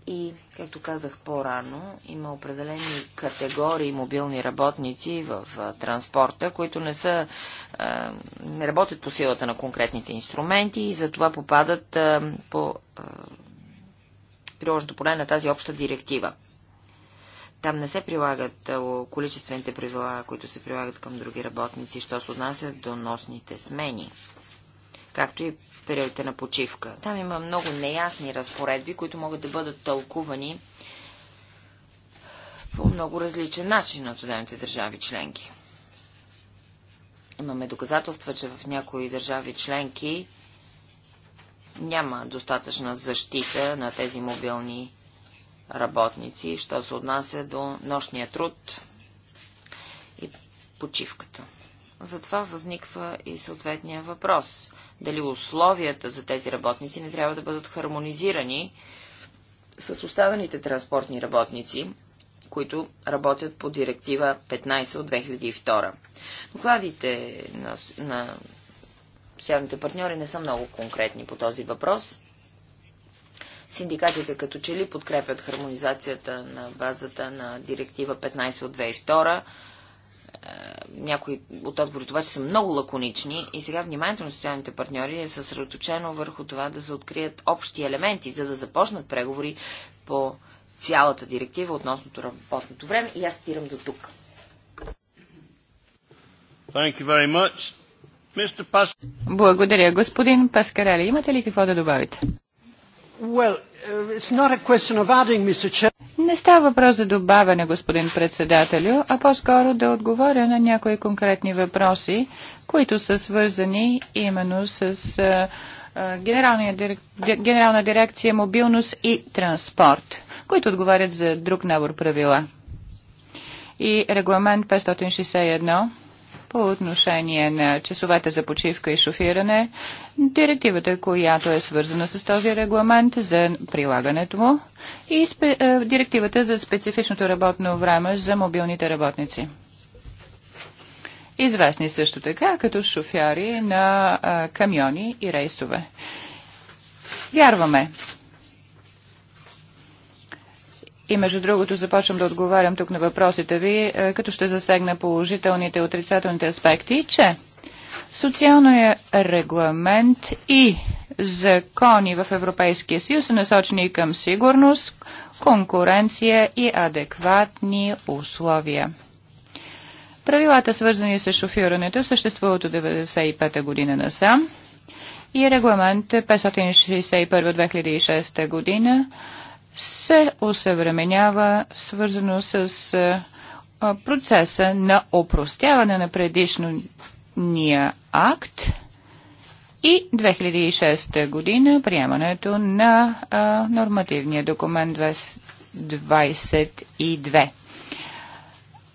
И, както казах по-рано, има определени категории мобилни работници в а, транспорта, които не са, а, не работят по силата на конкретните инструменти и затова попадат а, по приложното поле на тази обща директива. Там не се прилагат количествените правила, които се прилагат към други работници, що се отнасят до носните смени, както и периодите на почивка. Там има много неясни разпоредби, които могат да бъдат тълкувани по много различен начин от отделните държави членки. Имаме доказателства, че в някои държави членки няма достатъчна защита на тези мобилни работници, що се отнася до нощния труд и почивката. Затова възниква и съответния въпрос дали условията за тези работници не трябва да бъдат хармонизирани с останалите транспортни работници, които работят по директива 15 от 2002. Докладите на, на социалните партньори не са много конкретни по този въпрос. Синдикатите като че ли подкрепят хармонизацията на базата на директива 15 от 2002 е, някои от отговорите обаче са много лаконични и сега вниманието на социалните партньори е съсредоточено върху това да се открият общи елементи, за да започнат преговори по цялата директива относно работното време и аз спирам до тук. Благодаря, господин Паскарели. Имате ли какво да добавите? Uh, Не става въпрос за добавяне, господин председателю, а по-скоро да отговоря на някои конкретни въпроси, които са свързани именно с Генерална дирекция мобилност и транспорт, които отговарят за друг набор правила. И регламент 561 по отношение на часовете за почивка и шофиране директивата, която е свързана с този регламент за прилагането му и спе, е, директивата за специфичното работно време за мобилните работници. Известни също така като шофьори на е, камиони и рейсове. Вярваме, и между другото започвам да отговарям тук на въпросите ви, е, като ще засегна положителните и отрицателните аспекти, че Социалният регламент и закони в Европейския съюз са насочени към сигурност, конкуренция и адекватни условия. Правилата, свързани с шофирането, съществуват от 1995 година насам и регламент 561-2006 година се усъвременява свързано с процеса на опростяване на предишно ния акт и 2006 година приемането на а, нормативния документ 22.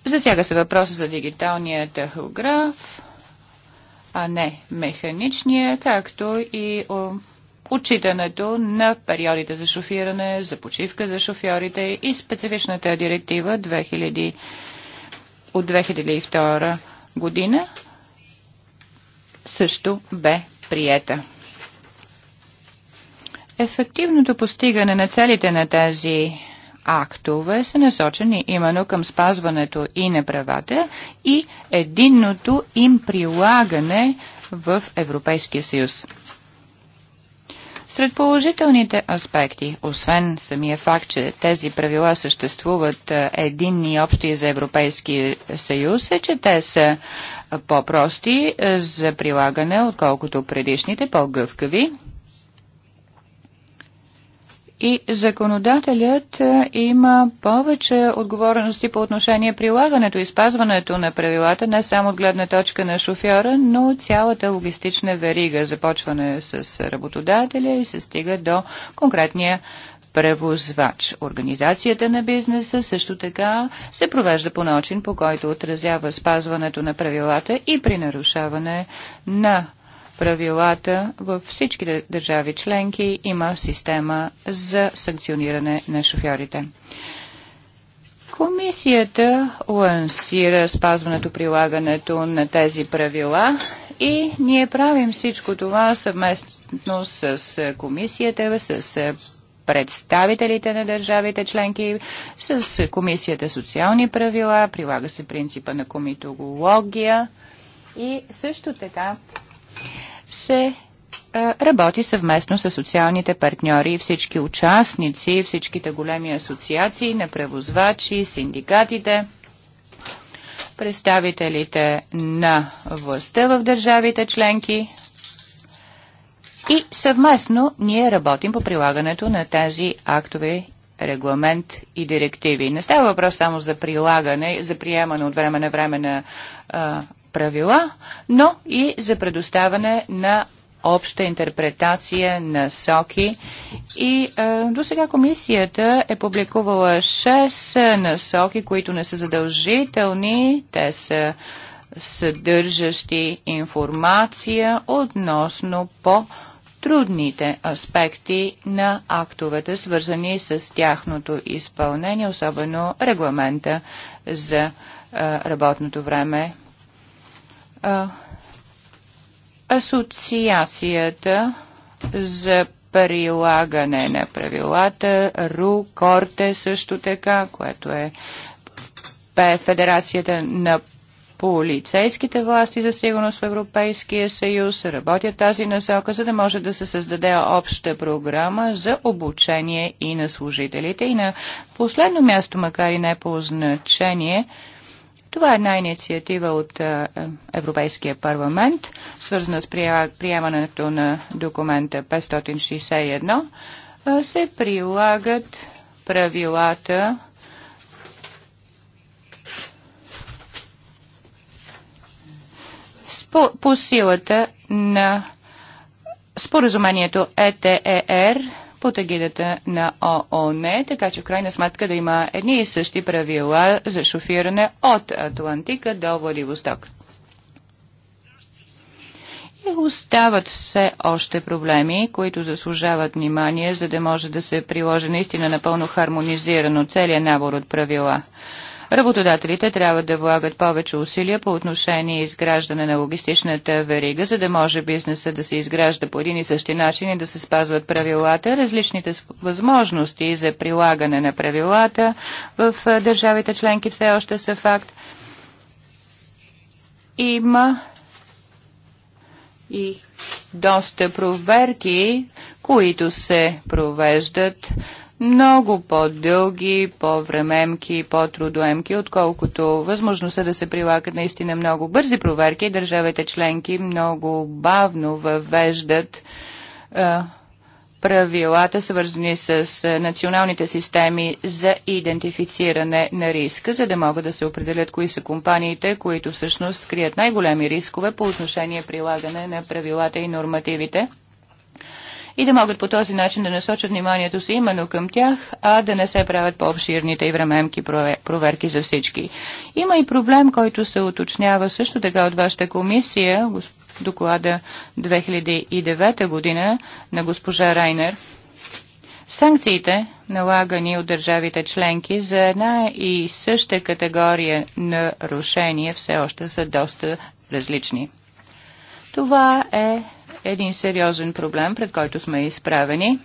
Засяга се въпроса за дигиталния тахограф, а не механичния, както и о, отчитането на периодите за шофиране, за почивка за шофьорите и специфичната директива 2000, от 2002 година също бе приета. Ефективното постигане на целите на тези актове са насочени именно към спазването и на правата и единното им прилагане в Европейския съюз. Сред положителните аспекти, освен самия факт, че тези правила съществуват единни и общи за Европейския съюз, е, че те са по-прости е, за прилагане, отколкото предишните, по-гъвкави. И законодателят е, има повече отговорности по отношение прилагането и спазването на правилата, не само от гледна точка на шофьора, но цялата логистична верига, започване с работодателя и се стига до конкретния превозвач. Организацията на бизнеса също така се провежда по начин, по който отразява спазването на правилата и при нарушаване на правилата във всички държави членки има система за санкциониране на шофьорите. Комисията лансира спазването, прилагането на тези правила и ние правим всичко това съвместно с комисията, с представителите на държавите членки, с Комисията социални правила, прилага се принципа на комитология и също така се работи съвместно с социалните партньори и всички участници, всичките големи асоциации на превозвачи, синдикатите, представителите на властта в държавите членки, и съвместно ние работим по прилагането на тези актове регламент и директиви. Не става въпрос само за прилагане, за приемане от време на време на а, правила, но и за предоставяне на обща интерпретация на соки. И е, до сега комисията е публикувала 6 насоки, които не са задължителни. Те са съдържащи информация относно по- трудните аспекти на актовете, свързани с тяхното изпълнение, особено регламента за работното време. асоциацията за прилагане на правилата, РУ, КОРТЕ също така, което е Федерацията на полицейските власти за сигурност в Европейския съюз работят тази насока, за да може да се създаде обща програма за обучение и на служителите. И на последно място, макар и не по значение, това е една инициатива от е, Европейския парламент, свързана с приемането на документа 561. Е, се прилагат правилата по, по силата на споразумението ЕТЕР е под егидата на ООН, е, така че в крайна сметка да има едни и същи правила за шофиране от Атлантика до Владивосток. И остават все още проблеми, които заслужават внимание, за да може да се приложи наистина напълно хармонизирано целият набор от правила. Работодателите трябва да влагат повече усилия по отношение изграждане на логистичната верига, за да може бизнеса да се изгражда по един и същи начин и да се спазват правилата, различните възможности за прилагане на правилата в държавите членки все още са факт. Има и доста проверки, които се провеждат много по-дълги, по-времемки, по-трудоемки, отколкото възможността да се прилагат наистина много бързи проверки. Държавите членки много бавно въвеждат а, правилата, свързани с националните системи за идентифициране на риска, за да могат да се определят кои са компаниите, които всъщност крият най-големи рискове по отношение прилагане на правилата и нормативите и да могат по този начин да насочат вниманието си именно към тях, а да не се правят по-обширните и времемки проверки за всички. Има и проблем, който се уточнява също така от вашата комисия, доклада 2009 година на госпожа Райнер. Санкциите, налагани от държавите членки за една и съща категория нарушения, все още са доста различни. Това е един сериозен проблем, пред който сме изправени.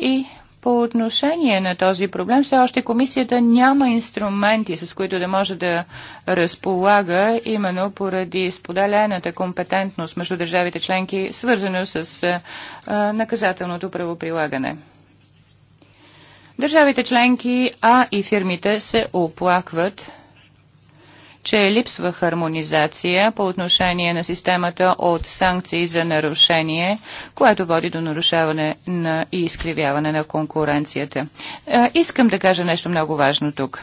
И по отношение на този проблем, все още комисията няма инструменти, с които да може да разполага, именно поради споделената компетентност между държавите членки, свързано с а, наказателното правоприлагане. Държавите членки, а и фирмите се оплакват че липсва хармонизация по отношение на системата от санкции за нарушение, което води до нарушаване на и изкривяване на конкуренцията. Искам да кажа нещо много важно тук.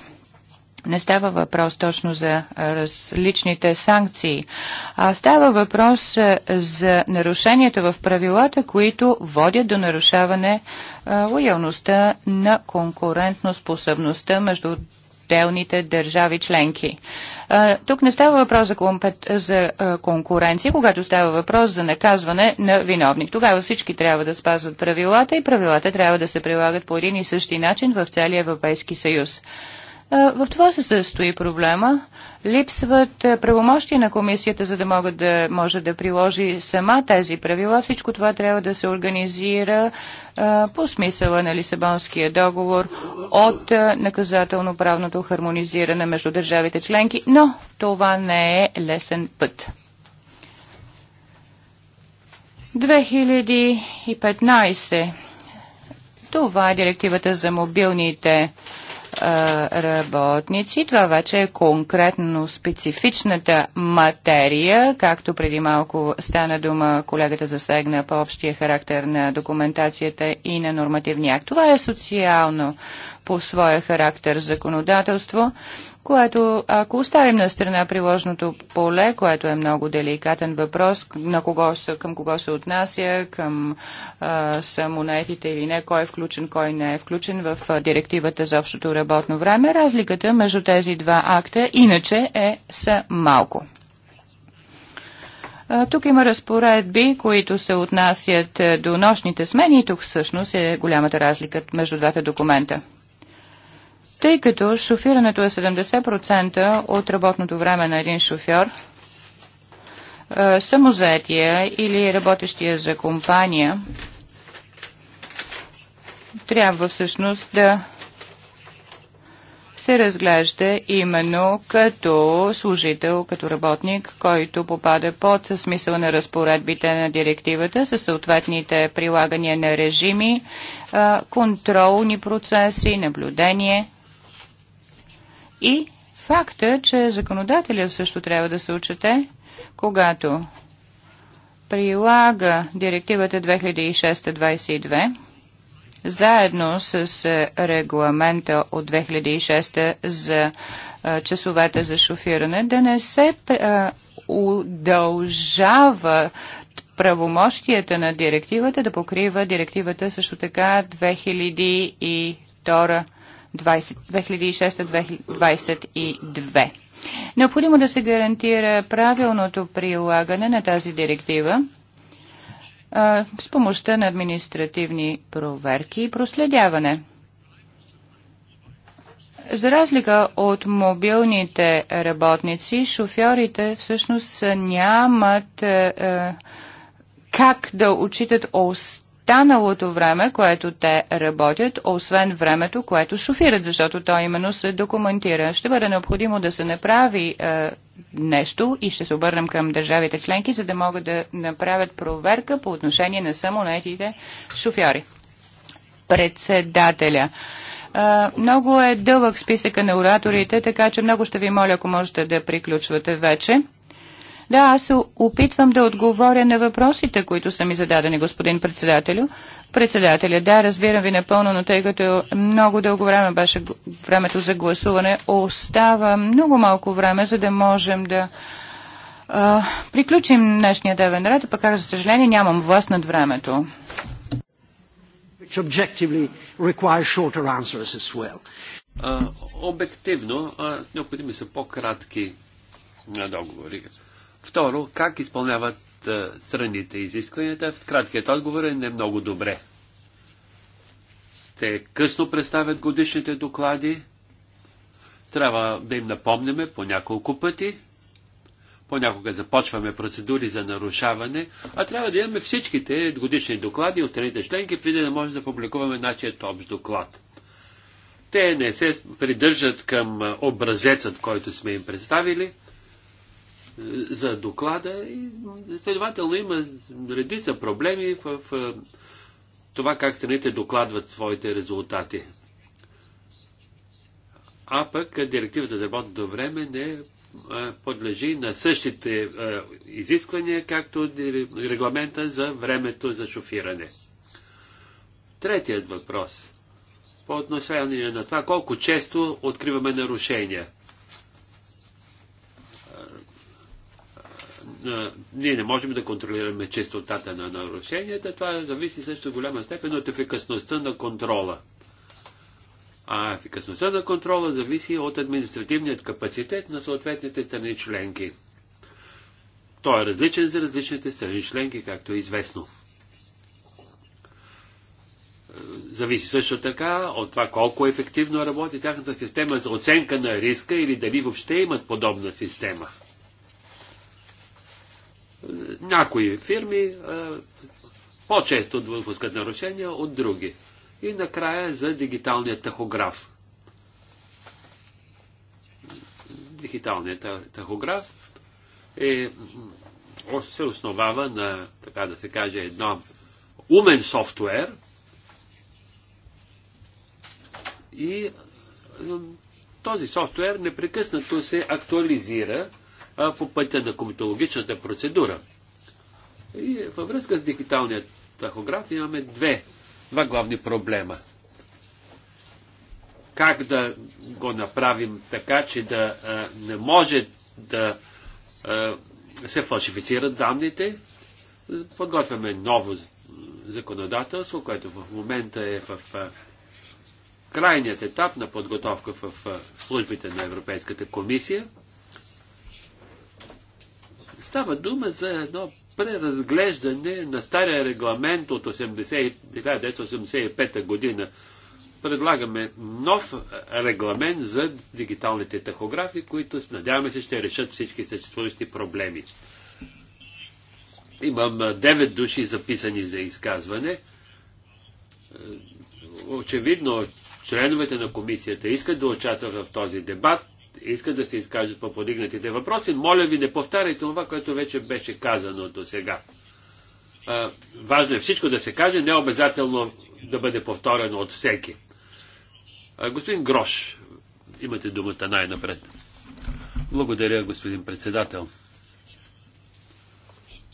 Не става въпрос точно за различните санкции, а става въпрос за нарушението в правилата, които водят до нарушаване лоялността на конкурентно способността между отделните държави членки. Тук не става въпрос за, компет... за конкуренция, когато става въпрос за наказване на виновник. Тогава всички трябва да спазват правилата и правилата трябва да се прилагат по един и същи начин в целия Европейски съюз. В това се състои проблема липсват е, правомощи на комисията, за да могат да, може да приложи сама тези правила. Всичко това трябва да се организира а, е, по смисъла на Лисабонския договор от е, наказателно-правното хармонизиране между държавите членки, но това не е лесен път. 2015 това е директивата за мобилните работници. Това вече е конкретно специфичната материя, както преди малко стана дума колегата засегна по общия характер на документацията и на нормативния акт. Това е социално по своя характер законодателство което ако оставим на страна приложното поле, което е много деликатен въпрос, на кого са, към кого се отнася, към а, самонаетите или не, кой е включен, кой не е включен в а, директивата за общото работно време, разликата между тези два акта иначе е са малко. Тук има разпоредби, които се отнасят до нощните смени и тук всъщност е голямата разлика между двата документа. Тъй като шофирането е 70% от работното време на един шофьор, е, самозетия или работещия за компания трябва всъщност да се разглежда именно като служител, като работник, който попада под смисъл на разпоредбите на директивата със съответните прилагания на режими, е, контролни процеси, наблюдение – и факта, че законодателя също трябва да се отчете, когато прилага директивата 2006-22, заедно с е, регламента от 2006 за е, часовете за шофиране, да не се е, удължава правомощията на директивата да покрива директивата също така 2002 2006-2022. Необходимо да се гарантира правилното прилагане на тази директива а, с помощта на административни проверки и проследяване. За разлика от мобилните работници, шофьорите всъщност нямат е, как да учитат остатък останалото време, което те работят, освен времето, което шофират, защото то именно се документира. Ще бъде необходимо да се направи е, нещо и ще се обърнем към държавите членки, за да могат да направят проверка по отношение на самонетите шофьори. Председателя. Е, много е дълъг списъка на ораторите, така че много ще ви моля, ако можете да приключвате вече. Да, аз опитвам да отговоря на въпросите, които са ми зададени, господин председателю. Председателя, да, разбирам ви напълно, но тъй като много дълго време беше времето за гласуване, остава много малко време, за да можем да а, приключим днешния дневен ред, пък за съжаление, нямам власт над времето. Обективно, необходими са по-кратки договори. Второ, как изпълняват е, страните изискванията? В краткият отговор е не много добре. Те късно представят годишните доклади. Трябва да им напомняме по няколко пъти. Понякога започваме процедури за нарушаване, а трябва да имаме всичките годишни доклади от страните членки, преди да можем да публикуваме нашият общ доклад. Те не се придържат към е, образецът, който сме им представили – за доклада и следователно има редица проблеми в, е, това как страните докладват своите резултати. А пък директивата за работното време не е, подлежи на същите е, изисквания, както регламента за времето за шофиране. Третият въпрос. По отношение на това, колко често откриваме нарушения. ние не можем да контролираме чистотата на нарушенията. Това зависи също в голяма степен от ефикасността на контрола. А ефикасността на контрола зависи от административният капацитет на съответните страни членки. Той е различен за различните страни членки, както е известно. Зависи също така от това колко ефективно работи тяхната система за оценка на риска или дали въобще имат подобна система. Някои фирми по-често допускат нарушения от други. И накрая за дигиталния тахограф. Дигиталният тахограф е, се основава на, така да се каже, едно умен софтуер и този софтуер непрекъснато се актуализира по пътя на комитологичната процедура. И във връзка с дигиталния тахограф имаме две, два главни проблема. Как да го направим така, че да а, не може да а, се фалшифицират данните. Подготвяме ново законодателство, което в момента е в а, крайният етап на подготовка в службите на Европейската комисия. Става дума за едно преразглеждане на стария регламент от 1985 година. Предлагаме нов е, регламент за дигиталните тахографи, които надяваме се ще решат всички съществуващи проблеми. Имам 9 е, души записани за изказване. Е, очевидно, членовете на комисията искат да участват в този дебат искат да се изкажат по подигнатите въпроси, моля ви не повтаряйте това, което вече беше казано до сега. Важно е всичко да се каже, не обязателно да бъде повторено от всеки. господин Грош, имате думата най-напред. Благодаря, господин председател.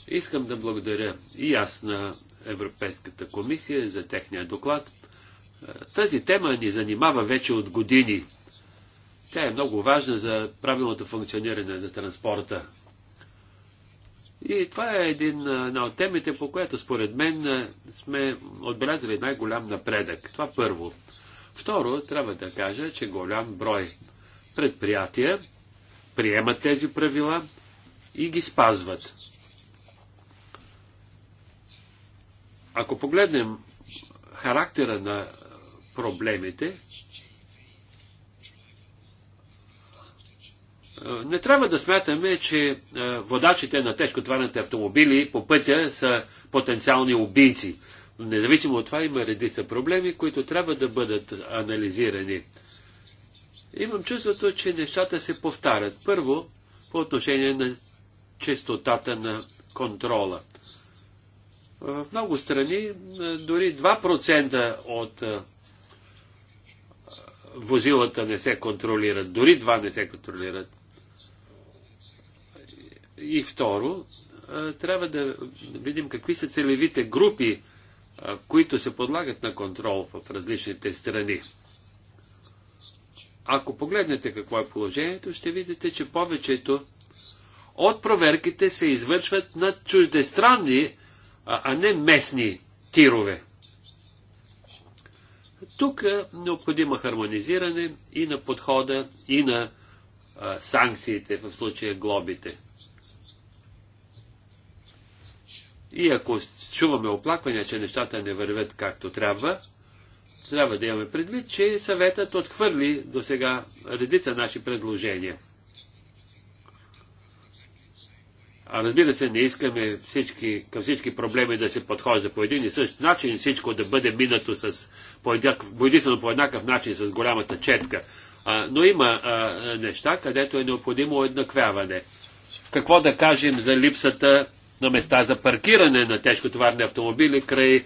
Искам да благодаря и аз на Европейската комисия за техния доклад. Тази тема ни занимава вече от години. Тя е много важна за правилното функциониране на транспорта. И това е един, една от темите, по която според мен е, сме отбелязали най-голям напредък. Това първо. Второ, трябва да кажа, че голям брой предприятия приемат тези правила и ги спазват. Ако погледнем характера на проблемите, Не трябва да смятаме, че е, водачите на тежкотварните автомобили по пътя са потенциални убийци. Независимо от това има редица проблеми, които трябва да бъдат анализирани. Имам чувството, че нещата се повтарят. Първо, по отношение на честотата на контрола. Е, в много страни е, дори 2% от возилата не се контролират, дори 2 не се контролират. И второ, трябва да видим какви са целевите групи, които се подлагат на контрол в различните страни. Ако погледнете какво е положението, ще видите, че повечето от проверките се извършват на чуждестранни, а не местни тирове. Тук е необходимо хармонизиране и на подхода, и на санкциите, в случая глобите. И ако чуваме оплаквания, че нещата не вървят както трябва, трябва да имаме предвид, че съветът отхвърли до сега редица наши предложения. А разбира се, не искаме всички, към всички проблеми да се подхожда по един и същ начин, всичко да бъде минато с, по, еднакъв, по единствено по еднакъв начин с голямата четка. А, но има а, неща, където е необходимо еднаквяване. Какво да кажем за липсата на места за паркиране на тежкотоварни автомобили край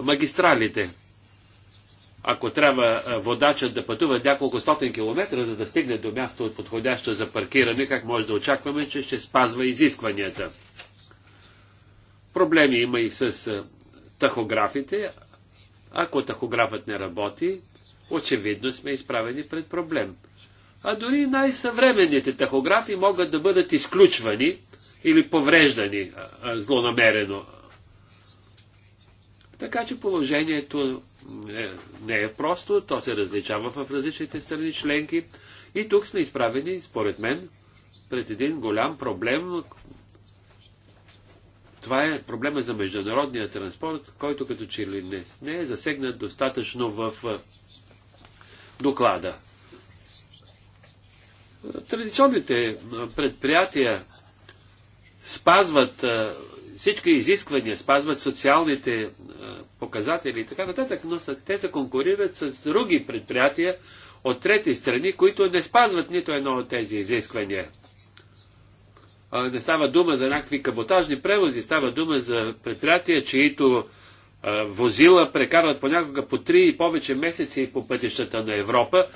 магистралите. Ако трябва водачът да пътува няколко стотин километра, за да стигне до място от подходящо за паркиране, как може да очакваме, че ще спазва изискванията? Проблеми има и с тахографите. Ако тахографът не работи, очевидно сме изправени пред проблем. А дори най-съвременните тахографи могат да бъдат изключвани, или повреждани злонамерено. Така че положението не е просто, то се различава в различните страни членки и тук сме изправени, според мен, пред един голям проблем. Това е проблема за международния транспорт, който като че ли не, не е засегнат достатъчно в доклада. Традиционните предприятия спазват всички изисквания, спазват социалните показатели и така нататък, но те се конкурират с други предприятия от трети страни, които не спазват нито едно от тези изисквания. Не става дума за някакви каботажни превози, става дума за предприятия, чието возила прекарват понякога по три и повече месеци по пътищата на Европа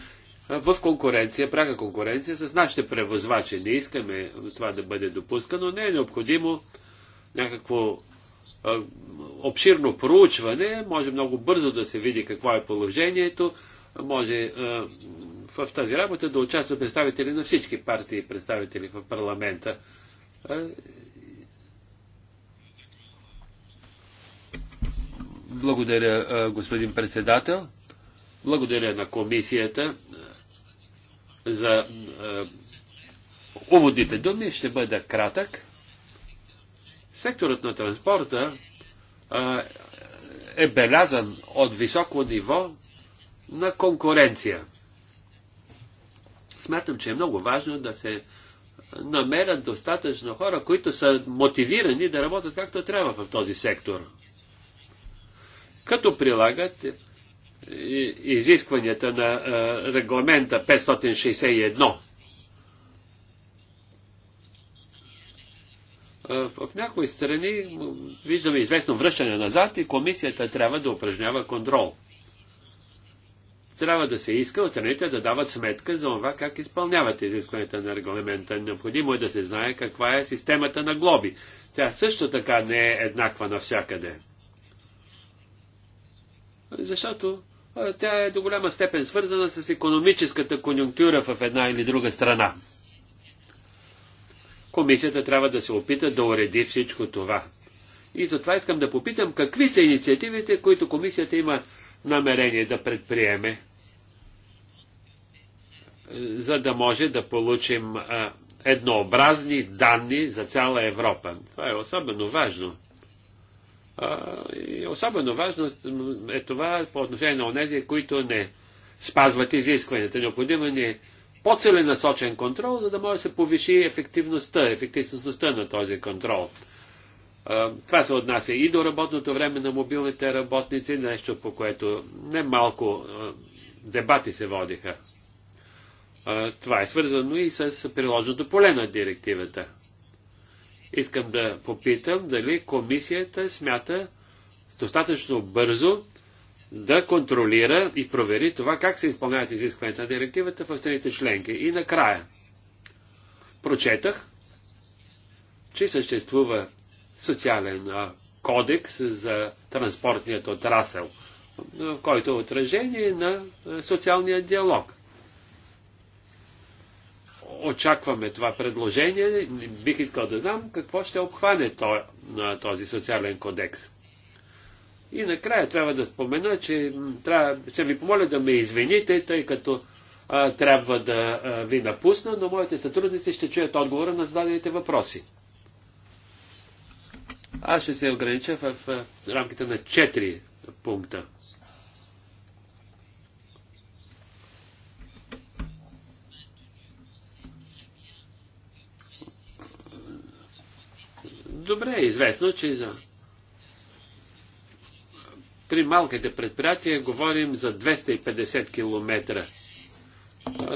в конкуренция, пряка конкуренция с нашите превозвачи. Не искаме това да бъде допускано. Не е необходимо някакво обширно проучване. Може много бързо да се види какво е положението. Може в тази работа да участват представители на всички партии и представители в парламента. благодаря, господин председател. Благодаря на комисията за е, уводните думи ще бъда кратък. Секторът на транспорта е, е белязан от високо ниво на конкуренция. Смятам, че е много важно да се намерят достатъчно хора, които са мотивирани да работят както трябва в този сектор. Като прилагат изискванията на регламента 561. В някои страни виждаме известно връщане назад и комисията трябва да упражнява контрол. Трябва да се иска от страните да дават сметка за това как изпълняват изискванията на регламента. Необходимо е да се знае каква е системата на глоби. Тя също така не е еднаква навсякъде. Защото тя е до голяма степен свързана с економическата конюнктура в една или друга страна. Комисията трябва да се опита да уреди всичко това. И затова искам да попитам какви са инициативите, които комисията има намерение да предприеме, е, за да може да получим е, еднообразни данни за цяла Европа. Това е особено важно. И особено важно е това по отношение на онези, които не спазват изискванията. Необходимо ни е по-целенасочен контрол, за да може да се повиши ефективността, ефективността на този контрол. Това се отнася и до работното време на мобилните работници, нещо по което немалко дебати се водиха. Това е свързано и с приложното поле на директивата. Искам да попитам дали комисията смята достатъчно бързо да контролира и провери това как се изпълняват изискванията на директивата в страните членки. И накрая, прочетах, че съществува социален кодекс за транспортният отрасъл, който е отражение на социалния диалог очакваме това предложение. Бих искал да знам какво ще обхване този социален кодекс. И накрая трябва да спомена, че трябва, ще ви помоля да ме извините, тъй като а, трябва да а, ви напусна, но моите сътрудници ще чуят отговора на зададените въпроси. Аз ще се огранича в, в рамките на 4 пункта. добре е известно, че за... при малките предприятия говорим за 250 км.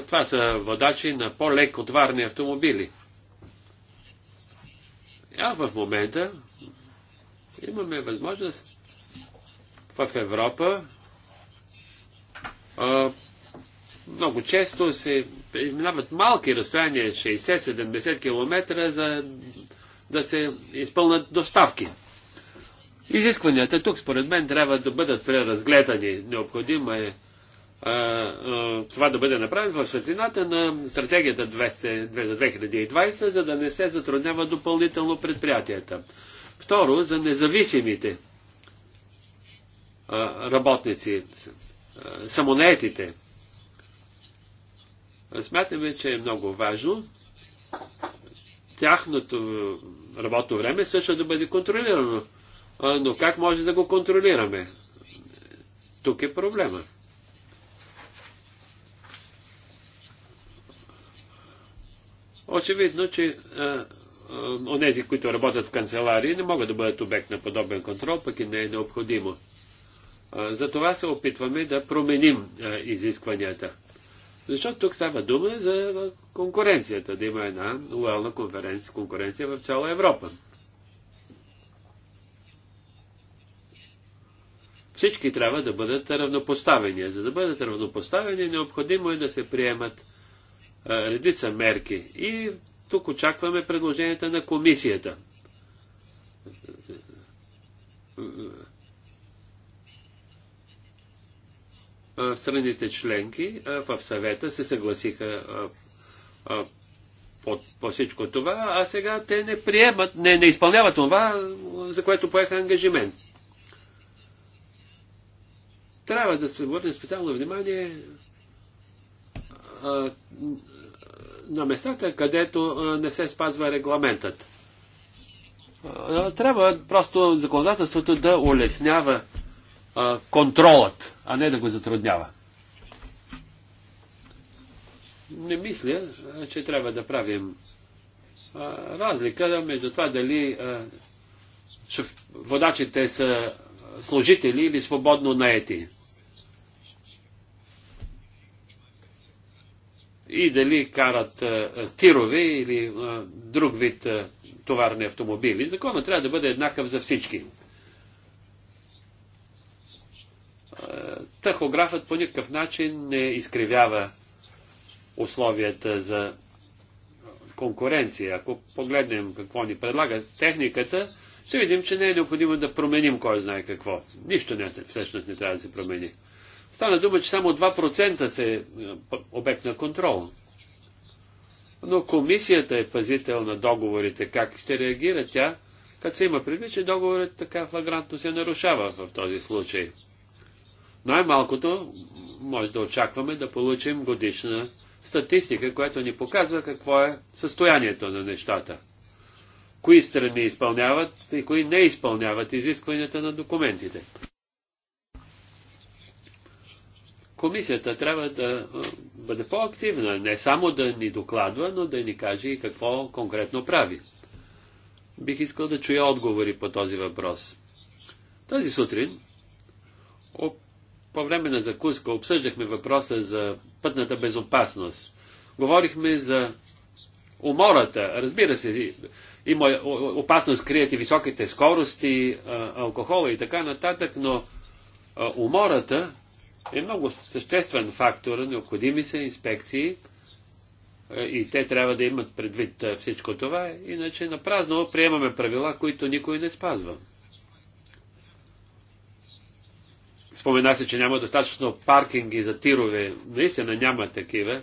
Това са водачи на по-леко товарни автомобили. А в момента имаме възможност в Европа а, много често се изминават малки разстояния, 60-70 км за да се изпълнат доставки. Изискванията тук, според мен, трябва да бъдат преразгледани. Необходимо е а, а, това да бъде направено в светлината на стратегията 2020, за да не се затруднява допълнително предприятията. Второ, за независимите а, работници, а, самонетите. Смятаме, че е много важно тяхното работно време също да бъде контролирано. Но как може да го контролираме? Тук е проблема. Очевидно, че онези, които работят в канцеларии, не могат да бъдат обект на подобен контрол, пък и не е необходимо. Затова се опитваме да променим изискванията. Защото тук става дума за конкуренцията, да има една лоялна конференция, конкуренция в цяла Европа. Всички трябва да бъдат равнопоставени. За да бъдат равнопоставени, необходимо е да се приемат редица мерки. И тук очакваме предложенията на комисията. страните членки в съвета се съгласиха по, по всичко това, а сега те не приемат, не, не изпълняват това, за което поеха ангажимент. Трябва да се обърне специално внимание на местата, където не се спазва регламентът. трябва просто законодателството да улеснява контролът, а не да го затруднява. Не мисля, че трябва да правим разлика между това дали водачите са служители или свободно наети. И дали карат тирове или друг вид товарни автомобили. Законът трябва да бъде еднакъв за всички. Е, тахографът по никакъв начин не изкривява условията за конкуренция. Ако погледнем какво ни предлага техниката, ще видим, че не е необходимо да променим кой знае какво. Нищо не, всъщност не трябва да се промени. Стана дума, че само 2% се е, обект на контрол. Но комисията е пазител на договорите. Как ще реагира тя, като се има предвид, че договорът така флагрантно се нарушава в този случай? Най-малкото може да очакваме да получим годишна статистика, която ни показва какво е състоянието на нещата. Кои страни изпълняват и кои не изпълняват изискванията на документите. Комисията трябва да бъде по-активна, не само да ни докладва, но да ни каже и какво конкретно прави. Бих искал да чуя отговори по този въпрос. Тази сутрин по време на закуска обсъждахме въпроса за пътната безопасност. Говорихме за умората. Разбира се, има опасност крият и високите скорости, алкохола и така нататък, но умората е много съществен фактор. Необходими са инспекции и те трябва да имат предвид всичко това, иначе напразно приемаме правила, които никой не спазва. Спомена се, че няма достатъчно паркинги за тирове. Наистина няма такива.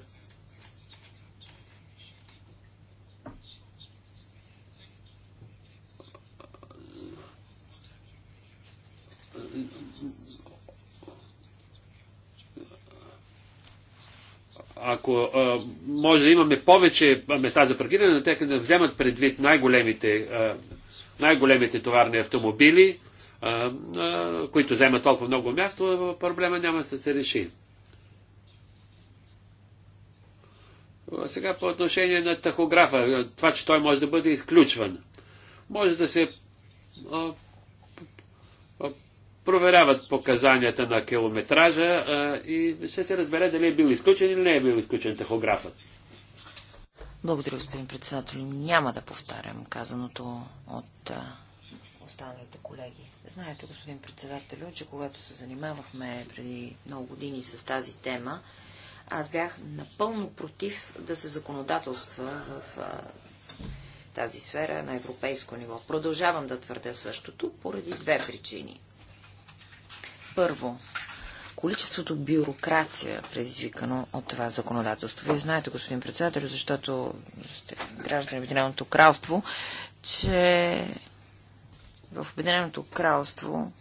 ако а, може да имаме повече места за паркиране, но те да вземат предвид най-големите, най-големите товарни автомобили, които вземат толкова много място, проблема няма да се реши. Сега по отношение на тахографа, това, че той може да бъде изключван. Може да се проверяват показанията на километража и ще се разбере дали е бил изключен или не е бил изключен тахографът. Благодаря, господин председател. Няма да повтарям казаното от останалите колеги. Знаете, господин председателю, че когато се занимавахме преди много години с тази тема, аз бях напълно против да се законодателства в а, тази сфера на европейско ниво. Продължавам да твърдя същото поради две причини. Първо, количеството бюрокрация, предизвикано от това законодателство. Вие знаете, господин председател, защото сте граждани на Обединеното кралство, че в Обединеното кралство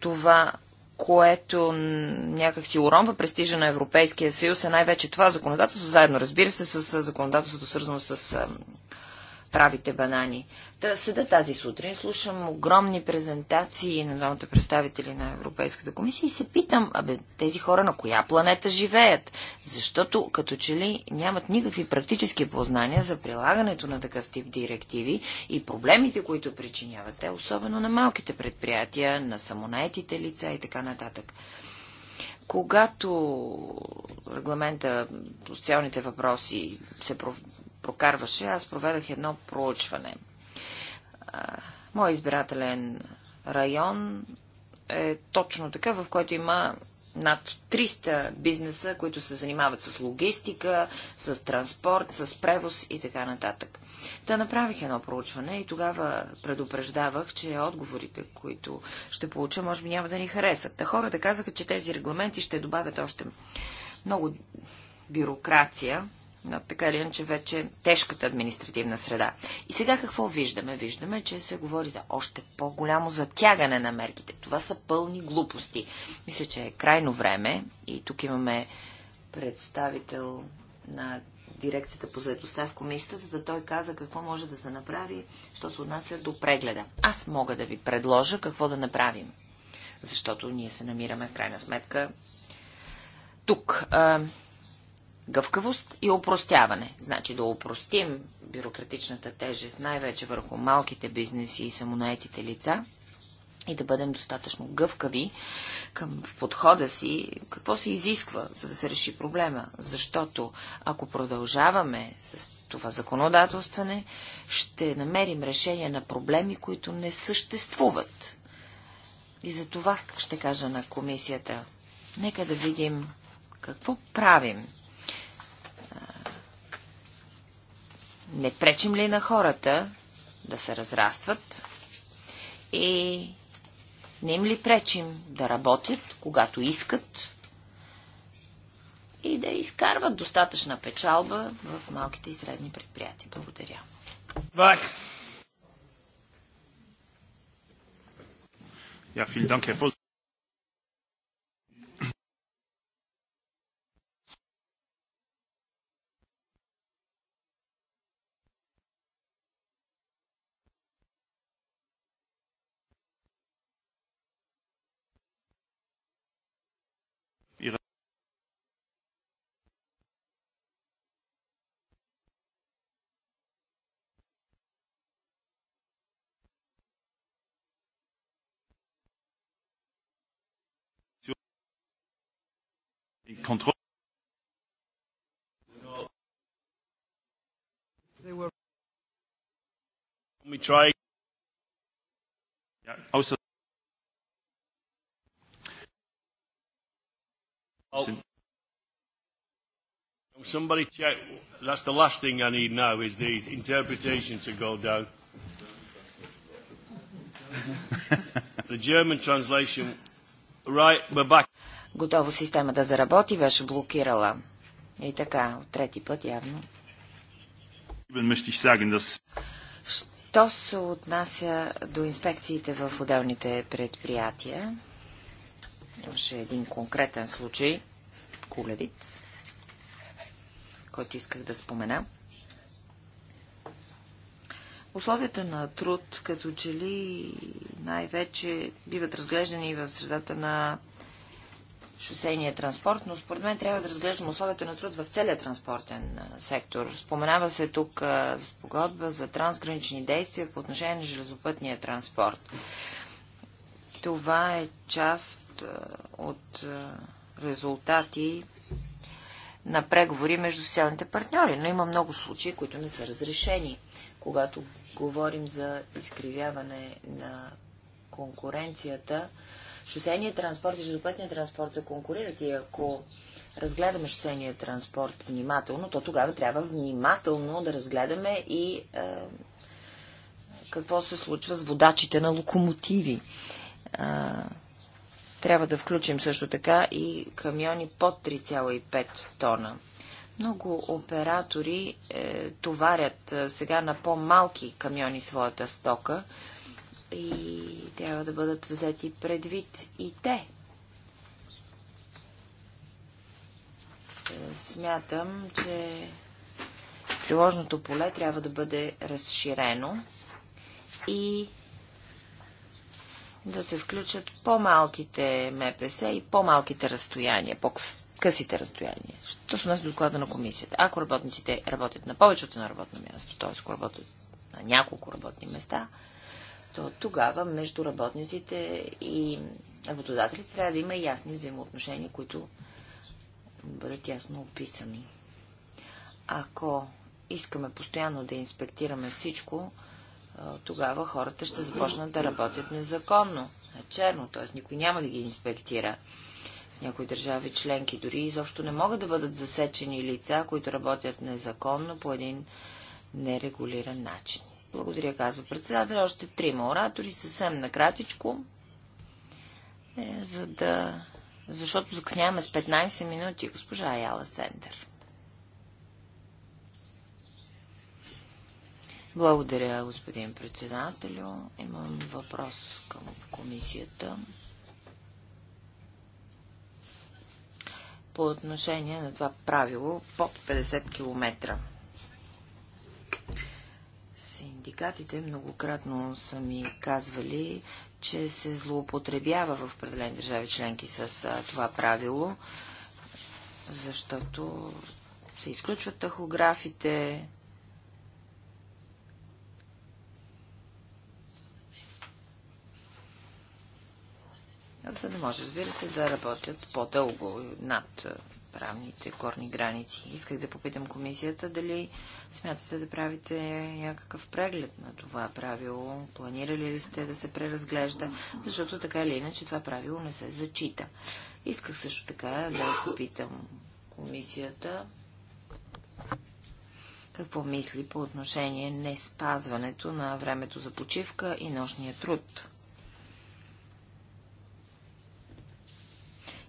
това, което някак си уронва престижа на Европейския съюз е най-вече това законодателство, заедно разбира се с законодателството свързано с правите банани. Та, седа тази сутрин, слушам огромни презентации на двамата представители на Европейската комисия и се питам, абе, тези хора на коя планета живеят? Защото като че ли нямат никакви практически познания за прилагането на такъв тип директиви и проблемите, които причиняват те, особено на малките предприятия, на самонаетите лица и така нататък когато регламента по социалните въпроси се прокарваше, аз проведах едно проучване. Мой избирателен район е точно така, в който има над 300 бизнеса, които се занимават с логистика, с транспорт, с превоз и така нататък. Та направих едно проучване и тогава предупреждавах, че отговорите, които ще получа, може би няма да ни харесат. Та хората казаха, че тези регламенти ще добавят още много бюрокрация на така или иначе вече тежката административна среда. И сега какво виждаме? Виждаме, че се говори за още по-голямо затягане на мерките. Това са пълни глупости. Мисля, че е крайно време и тук имаме представител на дирекцията по заедостта в комисията, за да той каза какво може да се направи, що се отнася до прегледа. Аз мога да ви предложа какво да направим, защото ние се намираме в крайна сметка тук гъвкавост и опростяване. Значи да опростим бюрократичната тежест най-вече върху малките бизнеси и самонаетите лица и да бъдем достатъчно гъвкави към, в подхода си, какво се изисква, за да се реши проблема. Защото ако продължаваме с това законодателстване, ще намерим решение на проблеми, които не съществуват. И за това ще кажа на комисията. Нека да видим какво правим не пречим ли на хората да се разрастват и не им ли пречим да работят, когато искат и да изкарват достатъчна печалба в малките и средни предприятия. Благодаря. Бак. Ja, vielen Dank, Herr control. They were. Let me try. Yeah, also. Oh. Somebody check. That's the last thing I need now is the interpretation to go down. the German translation. Right, we're back готово система да заработи, беше блокирала. И така, от трети път явно. Що се отнася до инспекциите в отделните предприятия? Имаше един конкретен случай, Кулевиц, който исках да спомена. Условията на труд, като че ли най-вече биват разглеждани в средата на шосейния транспорт, но според мен трябва да разглеждам условията на труд в целия транспортен сектор. Споменава се тук спогодба за трансгранични действия по отношение на железопътния транспорт. Това е част от резултати на преговори между социалните партньори, но има много случаи, които не са разрешени. Когато говорим за изкривяване на конкуренцията, шосейният транспорт и железопътният транспорт се конкурират и ако разгледаме шосейният транспорт внимателно, то тогава трябва внимателно да разгледаме и а, е, какво се случва с водачите на локомотиви. А, е, трябва да включим също така и камиони под 3,5 тона. Много оператори е, товарят е, сега на по-малки камиони своята стока, и трябва да бъдат взети предвид и те. Е, смятам, че приложното поле трябва да бъде разширено и да се включат по-малките МПС и по-малките разстояния, по-късите разстояния. Що се нас доклада на комисията? Ако работниците работят на повечето на работно място, т.е. ако работят на няколко работни места, то тогава между работниците и работодателите трябва да има ясни взаимоотношения, които бъдат ясно описани. Ако искаме постоянно да инспектираме всичко, тогава хората ще започнат да работят незаконно, на черно, т.е. никой няма да ги инспектира. В някои държави членки дори изобщо не могат да бъдат засечени лица, които работят незаконно по един нерегулиран начин. Благодаря, казва председател. Още трима оратори, съвсем накратичко, е, за да... защото закъсняваме с 15 минути, госпожа Аяла Сендер. Благодаря, господин председателю. Имам въпрос към комисията. По отношение на това правило под 50 км. Синдикатите многократно са ми казвали, че се злоупотребява в определени държави членки с това правило, защото се изключват тахографите, за да може, разбира се, да работят по-дълго над правните горни граници. Исках да попитам комисията дали смятате да правите някакъв преглед на това правило, планирали ли сте да се преразглежда, защото така или иначе това правило не се зачита. Исках също така да попитам комисията какво мисли по отношение не спазването на времето за почивка и нощния труд.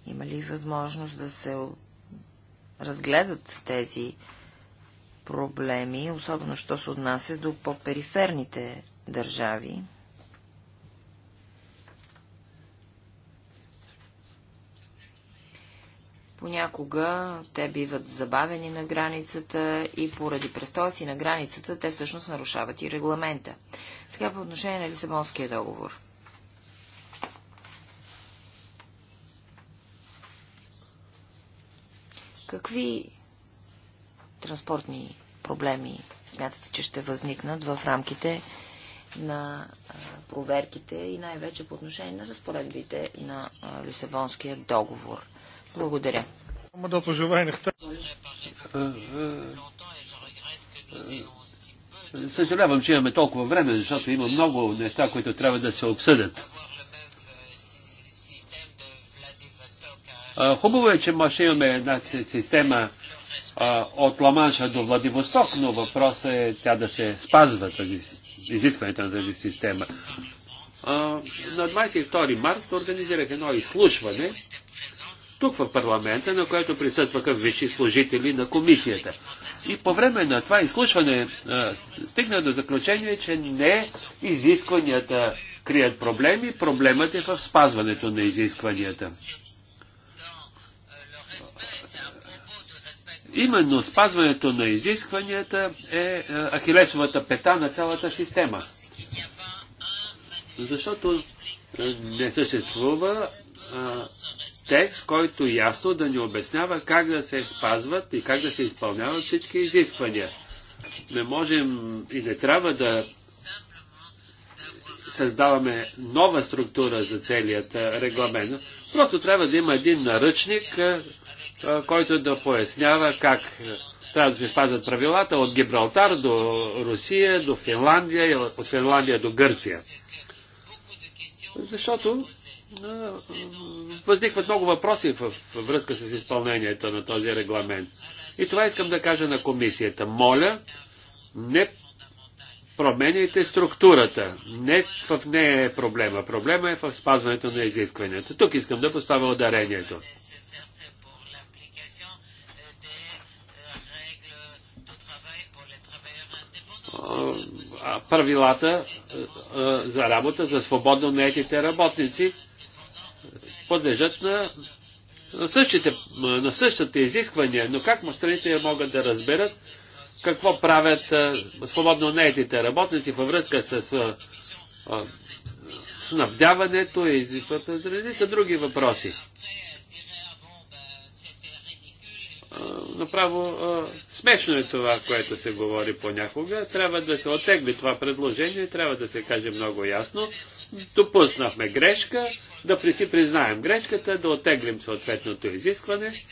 Има ли възможност да се разгледат тези проблеми, особено що се отнася до по-периферните държави. Понякога те биват забавени на границата и поради престоя си на границата те всъщност нарушават и регламента. Сега по отношение на Лисабонския договор. Какви транспортни проблеми смятате, че ще възникнат в рамките на проверките и най-вече по отношение на разпоредбите на Лисабонския договор? Благодаря. Съжалявам, че имаме толкова време, защото има много неща, които трябва да се обсъдят. Хубаво е, че може имаме една система от Ламанша до Владивосток, но въпросът е тя да се спазва тази, изискването на тази система. На 22 март организирах едно изслушване тук в парламента, на което присъстваха висши служители на комисията. И по време на това изслушване стигна до заключение, че не изискванията крият проблеми, проблемът е в спазването на изискванията. именно спазването на изискванията е, е ахилесовата пета на цялата система. Защото е, не съществува а, е, текст, който ясно да ни обяснява как да се спазват и как да се изпълняват всички изисквания. Не можем и не трябва да създаваме нова структура за целият регламент. Просто трябва да има един наръчник, който да пояснява как е, трябва да се спазват правилата от Гибралтар до Русия, до Финландия и от Финландия до Гърция. Защото възникват много въпроси в връзка с изпълнението на този регламент. И това искам да кажа на комисията. Моля, не променяйте структурата. Не в нея е проблема. Проблема е в спазването на изискванията. Тук искам да поставя ударението. правилата за работа за свободно наетите работници подлежат на, на, същите, на същите изисквания, но как страните могат да разберат какво правят свободно наетите работници във връзка с а, снабдяването и са други въпроси направо смешно е това, което се говори понякога. Трябва да се отегли това предложение, трябва да се каже много ясно. Допуснахме грешка, да при си признаем грешката, да отеглим съответното изискване,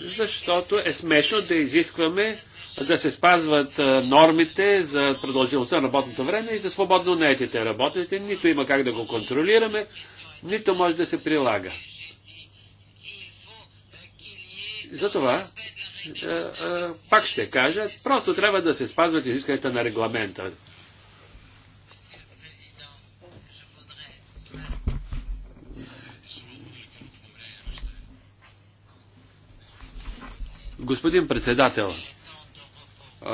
защото е смешно да изискваме да се спазват нормите за продължителността на работното време и за свободно наетите работници. Нито има как да го контролираме, нито може да се прилага. Затова това, е, е, пак ще кажа, просто трябва да се спазват изискванията на регламента. Господин председател, е,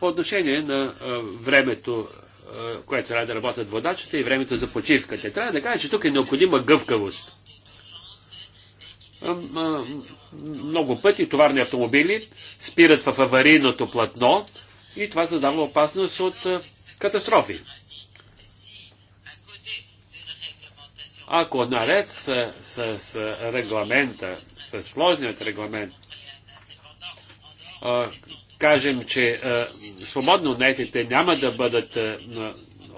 по отношение на времето, което трябва да работят водачите и времето за почивката. трябва да кажа, че тук е необходима гъвкавост много пъти товарни автомобили спират в аварийното платно и това задава опасност от катастрофи. Ако наред с, с, с регламента, с сложният регламент, а, кажем, че а, свободно наетите няма да бъдат а,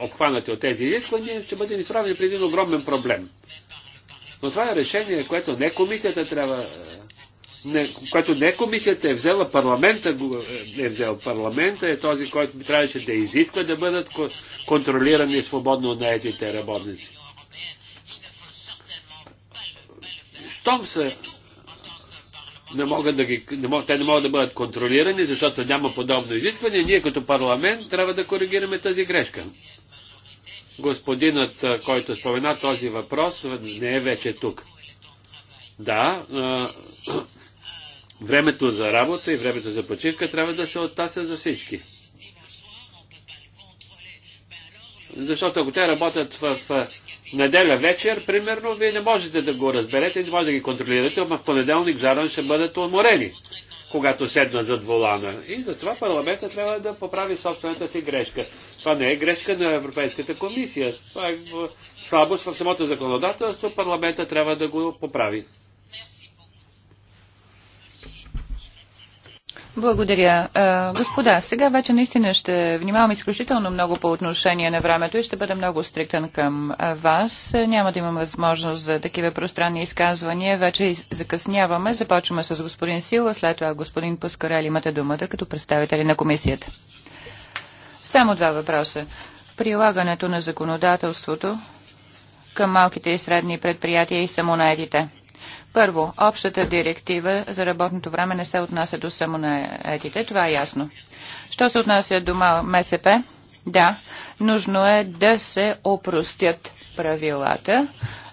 обхванати от тези изисквания, ще бъдем изправени преди един огромен проблем. Но това е решение, което не комисията трябва. Е, не, което не комисията е взела, парламента е, е взел. Парламента е този, който трябваше да изисква да бъдат контролирани свободно етите работници. Щом са не могат да ги, не могат, те не могат да бъдат контролирани, защото няма подобно изискване. Ние като парламент трябва да коригираме тази грешка. Господинът, който спомена този въпрос, не е вече тук. Да, [clears throat] времето за работа и времето за почивка трябва да се оттася за всички. Защото ако те работят в, неделя вечер, примерно, вие не можете да го разберете, не можете да ги контролирате, ама в понеделник заран ще бъдат уморени когато седна зад волана. И затова парламента трябва да поправи собствената си грешка. Това не е грешка на Европейската комисия. Това е слабост в самото законодателство. Парламента трябва да го поправи. Благодаря. Господа, сега вече наистина ще внимавам изключително много по отношение на времето и ще бъда много стриктен към вас. Няма да имам възможност за такива пространни изказвания. Вече закъсняваме. Започваме с господин Сила, след това господин Паскарел имате думата като представители на комисията. Само два въпроса. Прилагането на законодателството към малките и средни предприятия и самонаедите – първо, общата директива за работното време не се отнася до само на етите, това е ясно. Що се отнася до МСП? Да, нужно е да се опростят правилата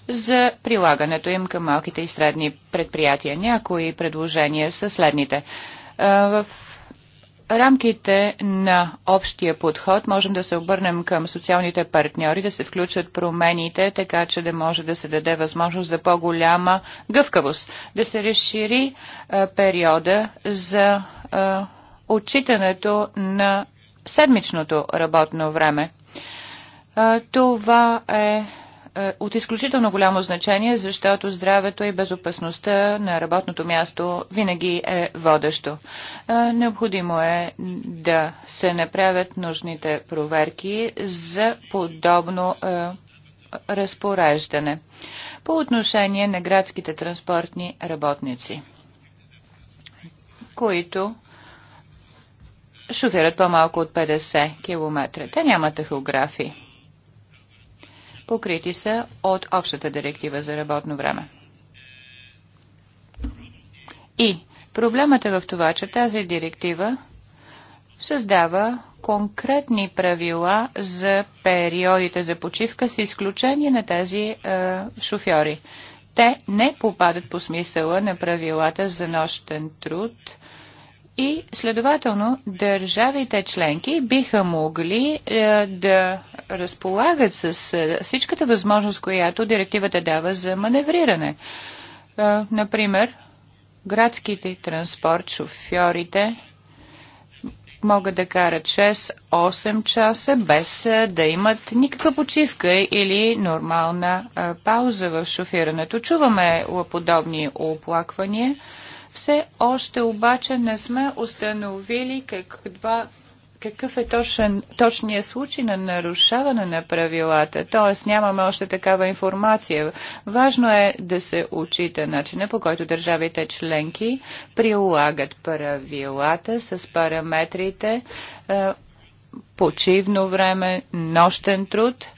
за прилагането им към малките и средни предприятия. Някои предложения са следните. В рамките на общия подход можем да се обърнем към социалните партньори, да се включат промените, така че да може да се даде възможност за по-голяма гъвкавост, да се разшири а, периода за а, отчитането на седмичното работно време. А, това е е, от изключително голямо значение, защото здравето и безопасността на работното място винаги е водещо. Е, необходимо е да се направят нужните проверки за подобно е, разпореждане по отношение на градските транспортни работници, които шофират по-малко от 50 км. Те нямат тахографии покрити са от общата директива за работно време. И проблемът е в това, че тази директива създава конкретни правила за периодите за почивка с изключение на тези е, шофьори. Те не попадат по смисъла на правилата за нощен труд – и следователно държавите членки биха могли е, да разполагат с е, всичката възможност, която директивата дава за маневриране. Е, например, градските транспорт, шофьорите могат да карат 6-8 часа без е, да имат никаква почивка или нормална е, пауза в шофирането. Чуваме подобни оплаквания. Все още обаче не сме установили каква какъв е точен, точният случай на нарушаване на правилата, т.е. нямаме още такава информация. Важно е да се учите начина по който държавите членки прилагат правилата с параметрите е, почивно време, нощен труд –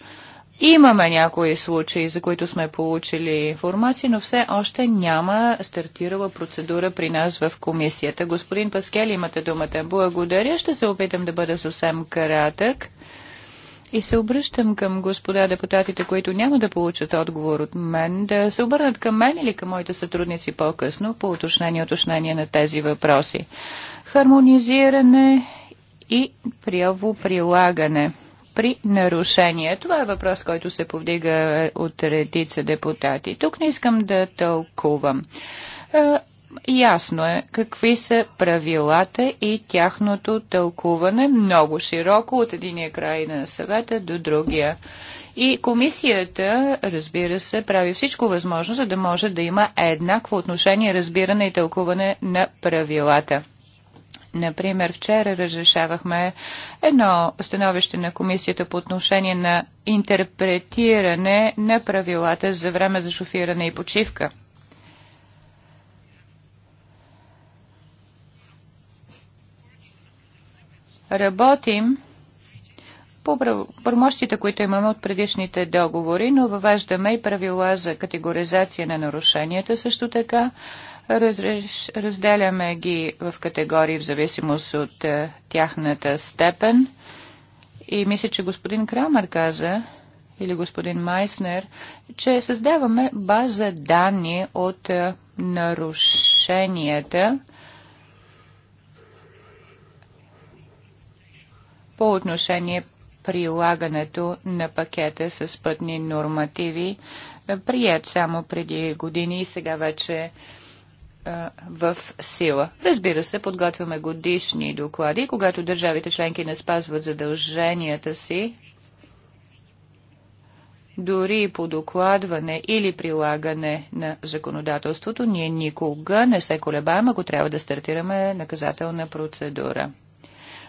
Имаме някои случаи, за които сме получили информация, но все още няма стартирала процедура при нас в комисията. Господин Паскели, имате думата. Благодаря. Ще се опитам да бъда съвсем кратък. И се обръщам към господа депутатите, които няма да получат отговор от мен, да се обърнат към мен или към моите сътрудници по-късно по уточнение уточнение на тези въпроси. Хармонизиране и правоприлагане. прилагане при нарушение. Това е въпрос, който се повдига е, от редица депутати. Тук не искам да тълкувам. Е, ясно е какви са правилата и тяхното тълкуване много широко от единия край на съвета до другия. И комисията, разбира се, прави всичко възможно, за да може да има еднакво отношение, разбиране и тълкуване на правилата. Например, вчера разрешавахме едно становище на комисията по отношение на интерпретиране на правилата за време за шофиране и почивка. Работим по промощите, които имаме от предишните договори, но въвеждаме и правила за категоризация на нарушенията също така Разреш, разделяме ги в категории в зависимост от е, тяхната степен. И мисля, че господин Крамер каза, или господин Майснер, че създаваме база данни от е, нарушенията по отношение прилагането на пакета с пътни нормативи, е, прият само преди години и сега вече в сила. Разбира се, подготвяме годишни доклади, когато държавите членки не спазват задълженията си, дори по докладване или прилагане на законодателството, ние никога не се колебаем, ако трябва да стартираме наказателна процедура.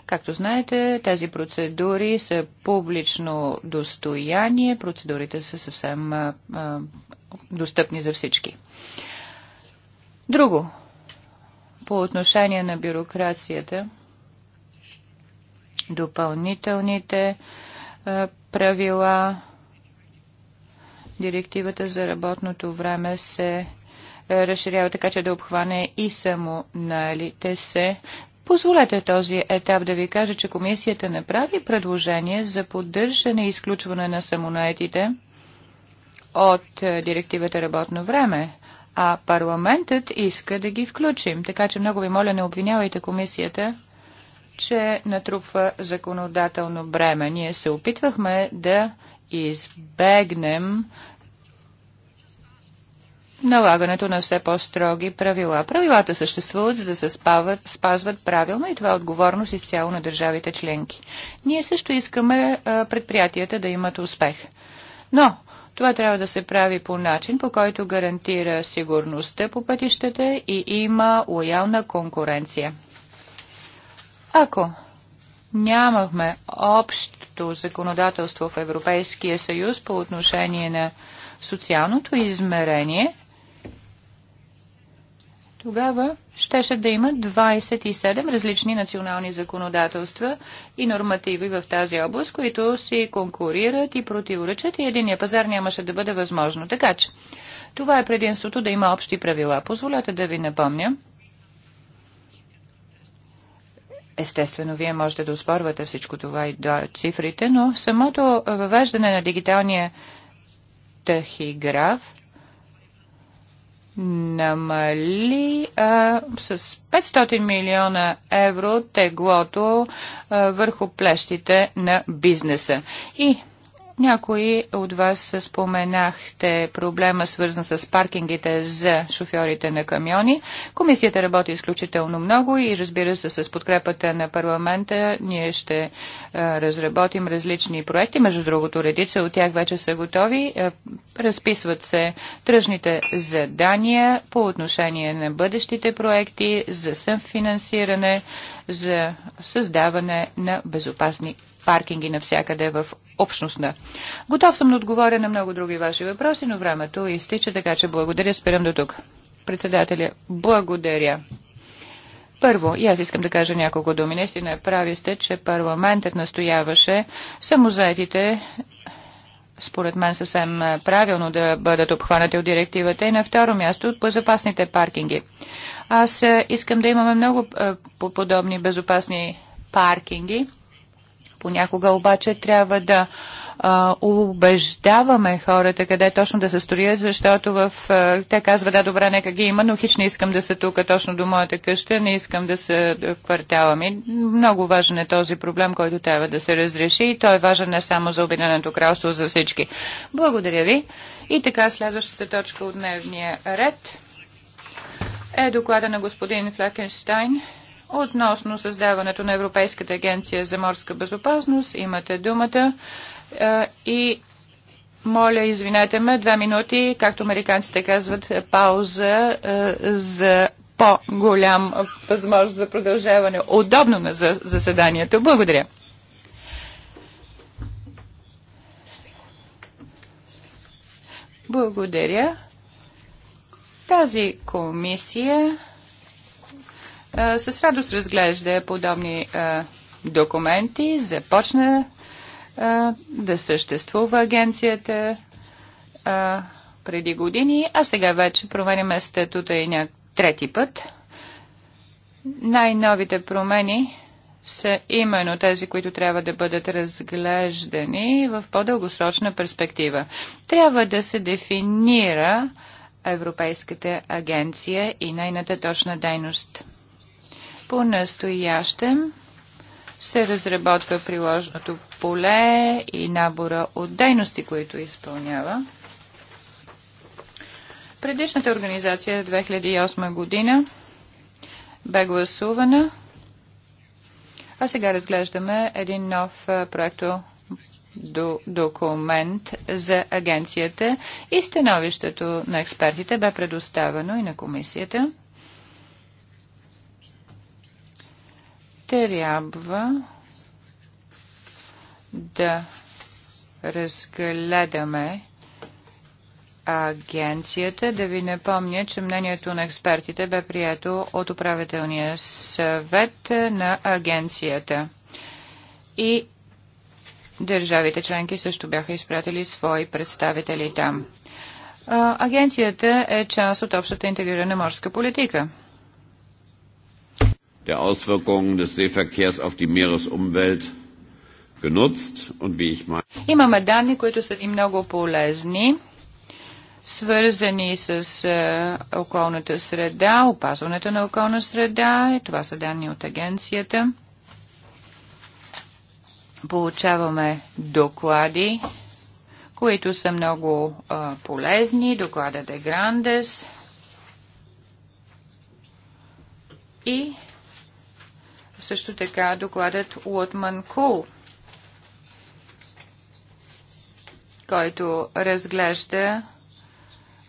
Както знаете, тези процедури са публично достояние, процедурите са съвсем а, достъпни за всички. Друго, по отношение на бюрокрацията, допълнителните правила, директивата за работното време се е, разширява така, че да обхване и само налите се. Позволете този етап да ви кажа, че комисията направи предложение за поддържане и изключване на самонаетите от е, директивата работно време а парламентът иска да ги включим. Така че много ви моля, не обвинявайте комисията, че натрупва законодателно бреме. Ние се опитвахме да избегнем налагането на все по-строги правила. Правилата съществуват, за да се спават, спазват правилно и това е отговорност изцяло на държавите членки. Ние също искаме а, предприятията да имат успех. Но това трябва да се прави по начин, по който гарантира сигурността по пътищата и има лоялна конкуренция. Ако нямахме общото законодателство в Европейския съюз по отношение на социалното измерение, тогава щеше да има 27 различни национални законодателства и нормативи в тази област, които си конкурират и противоречат и единия пазар нямаше да бъде възможно. Така че, това е предимството да има общи правила. Позволете да ви напомня. Естествено, вие можете да успорвате всичко това и до цифрите, но самото въвеждане на дигиталния тахиграф – намали а, с 500 милиона евро теглото а, върху плещите на бизнеса. И някои от вас споменахте проблема свързан с паркингите за шофьорите на камиони. Комисията работи изключително много и разбира се с подкрепата на парламента ние ще разработим различни проекти. Между другото, редица от тях вече са готови. разписват се тръжните задания по отношение на бъдещите проекти за съфинансиране, за създаване на безопасни паркинги навсякъде в общността. Готов съм да отговоря на много други ваши въпроси, но времето изтича, така че благодаря. Спирам до тук. Председателя, благодаря. Първо, и аз искам да кажа няколко думи. Наистина прави сте, че парламентът настояваше самозаетите според мен съвсем правилно да бъдат обхванати от директивата и на второ място от безопасните паркинги. Аз искам да имаме много подобни безопасни паркинги Понякога обаче трябва да а, убеждаваме хората къде точно да се строят, защото в, а, те казват, да, добре, нека ги има, но хич не искам да са тук точно до моята къща, не искам да са в квартала ми. Много важен е този проблем, който трябва да се разреши и той е важен не само за Обединеното кралство, за всички. Благодаря ви. И така, следващата точка от дневния ред е доклада на господин Флекенштайн относно създаването на Европейската агенция за морска безопасност. Имате думата е, и моля, извинете ме, две минути, както американците казват, пауза е, за по-голям възможност за продължаване. Удобно на заседанието. Благодаря. Благодаря. Тази комисия с радост разглежда подобни документи. Започна да съществува агенцията преди години, а сега вече променяме статута и на трети път. Най-новите промени са именно тези, които трябва да бъдат разглеждани в по-дългосрочна перспектива. Трябва да се дефинира Европейската агенция и нейната точна дейност. По-настоящем се разработва приложното поле и набора от дейности, които изпълнява. Предишната организация 2008 година бе гласувана, а сега разглеждаме един нов проекто до документ за агенцията и становището на експертите бе предоставено и на комисията. трябва да разгледаме агенцията. Да ви напомня, че мнението на експертите бе прието от управителния съвет на агенцията. И държавите членки също бяха изпратили свои представители там. Агенцията е част от общата интегрирана морска политика – der Auswirkungen des Seeverkehrs auf die Meeresumwelt genutzt und wie ich meine. Имаме данни, които са и много полезни, свързани с е, околната среда, опазването на околна среда. Е, това са данни от агенцията. Получаваме доклади, които са много е, полезни. Докладът е Грандес и също така докладът Уотман Кул, който разглежда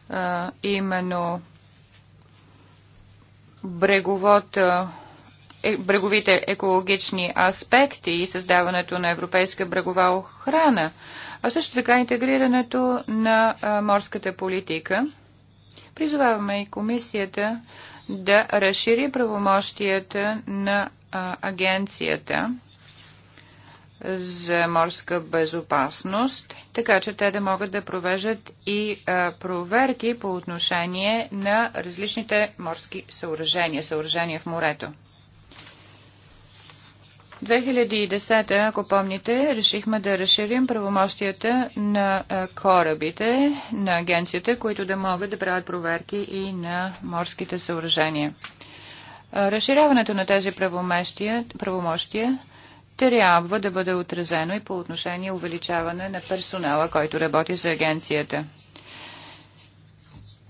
а, именно бреговото е, бреговите екологични аспекти и създаването на европейска брегова охрана, а също така интегрирането на морската политика. Призоваваме и комисията да разшири правомощията на агенцията за морска безопасност, така че те да могат да провеждат и проверки по отношение на различните морски съоръжения, съоръжения в морето. 2010, ако помните, решихме да разширим правомощията на корабите, на агенцията, които да могат да правят проверки и на морските съоръжения. Разширяването на тези правомощия трябва да бъде отразено и по отношение увеличаване на персонала, който работи за агенцията.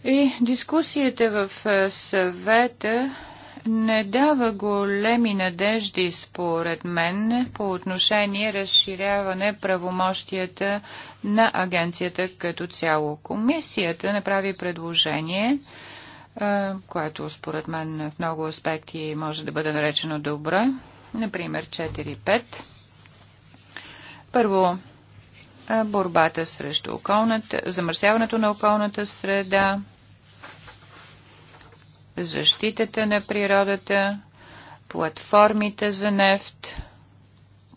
И дискусията в е, съвета не дава големи надежди, според мен, по отношение разширяване правомощията на агенцията като цяло. Комисията направи предложение което според мен в много аспекти може да бъде наречено добро. Например 4-5. Първо, борбата срещу околната, замърсяването на околната среда, защитата на природата, платформите за нефт.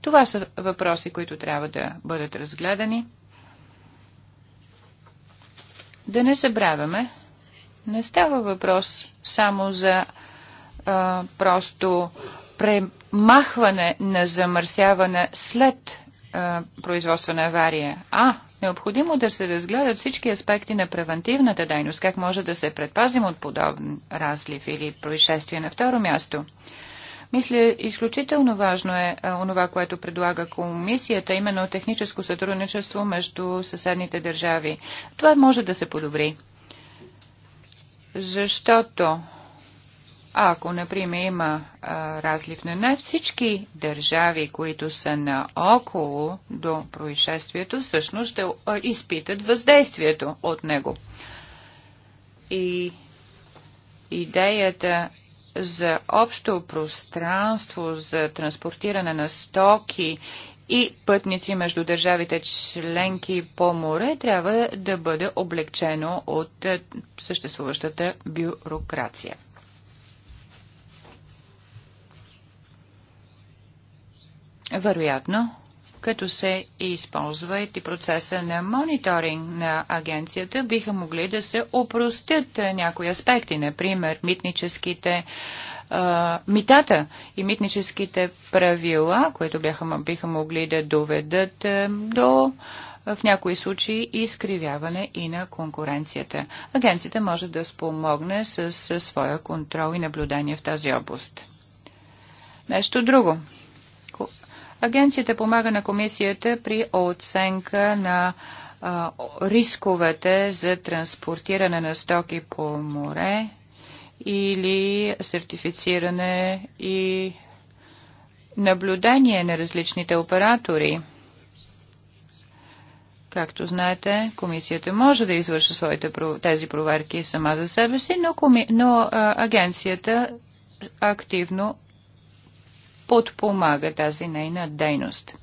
Това са въпроси, които трябва да бъдат разгледани. Да не забравяме, не става въпрос само за а, просто премахване на замърсяване след а, производство на авария, а необходимо да се разгледат всички аспекти на превентивната дейност, как може да се предпазим от подобен разлив или происшествие на второ място. Мисля, изключително важно е а, онова, което предлага комисията, именно техническо сътрудничество между съседните държави. Това може да се подобри. Защото ако, например, има а, разлив на нефт, всички държави, които са наоколо до происшествието, всъщност ще изпитат въздействието от него. И идеята за общо пространство за транспортиране на стоки и пътници между държавите членки по море трябва да бъде облегчено от е, съществуващата бюрокрация. Вероятно, като се използват и процеса на мониторинг на агенцията, биха могли да се опростят е, някои аспекти, например митническите а, митата и митническите правила, които бяха, биха могли да доведат а, до в някои случаи изкривяване и на конкуренцията. Агенцията може да спомогне с, с своя контрол и наблюдение в тази област. Нещо друго. Агенцията помага на комисията при оценка на а, рисковете за транспортиране на стоки по море или сертифициране и наблюдение на различните оператори. Както знаете, комисията може да извърши своите тези проверки сама за себе си, но, коми... но а, агенцията активно подпомага тази нейна дейност.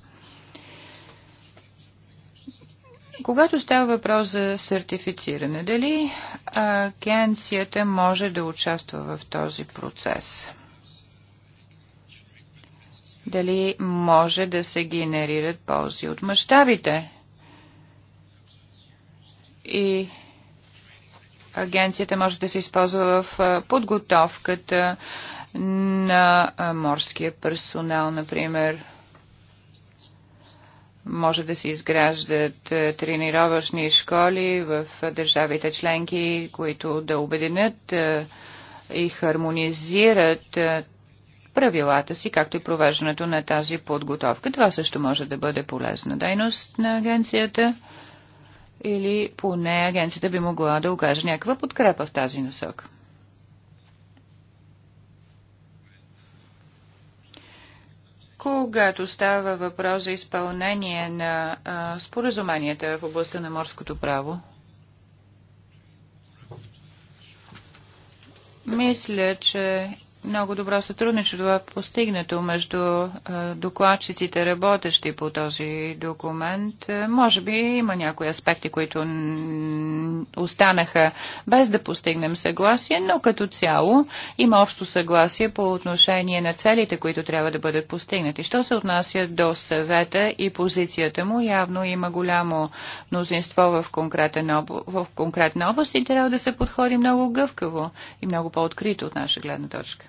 Когато става въпрос за сертифициране, дали агенцията може да участва в този процес? Дали може да се генерират ползи от мащабите? И агенцията може да се използва в подготовката на морския персонал, например – може да се изграждат е, тренировъчни школи в държавите членки, които да обединят е, и хармонизират е, правилата си, както и провеждането на тази подготовка. Това също може да бъде полезна дейност на агенцията или поне агенцията би могла да окаже някаква подкрепа в тази насока. когато става въпрос за изпълнение на а, споразуменията в областта на морското право. Мисля, че много добро сътрудничество е постигнато между докладчиците, работещи по този документ. Може би има някои аспекти, които останаха без да постигнем съгласие, но като цяло има общо съгласие по отношение на целите, които трябва да бъдат постигнати. Що се отнася до съвета и позицията му, явно има голямо мнозинство в, в конкретна област и трябва да се подходи много гъвкаво и много по-открито от наша гледна точка.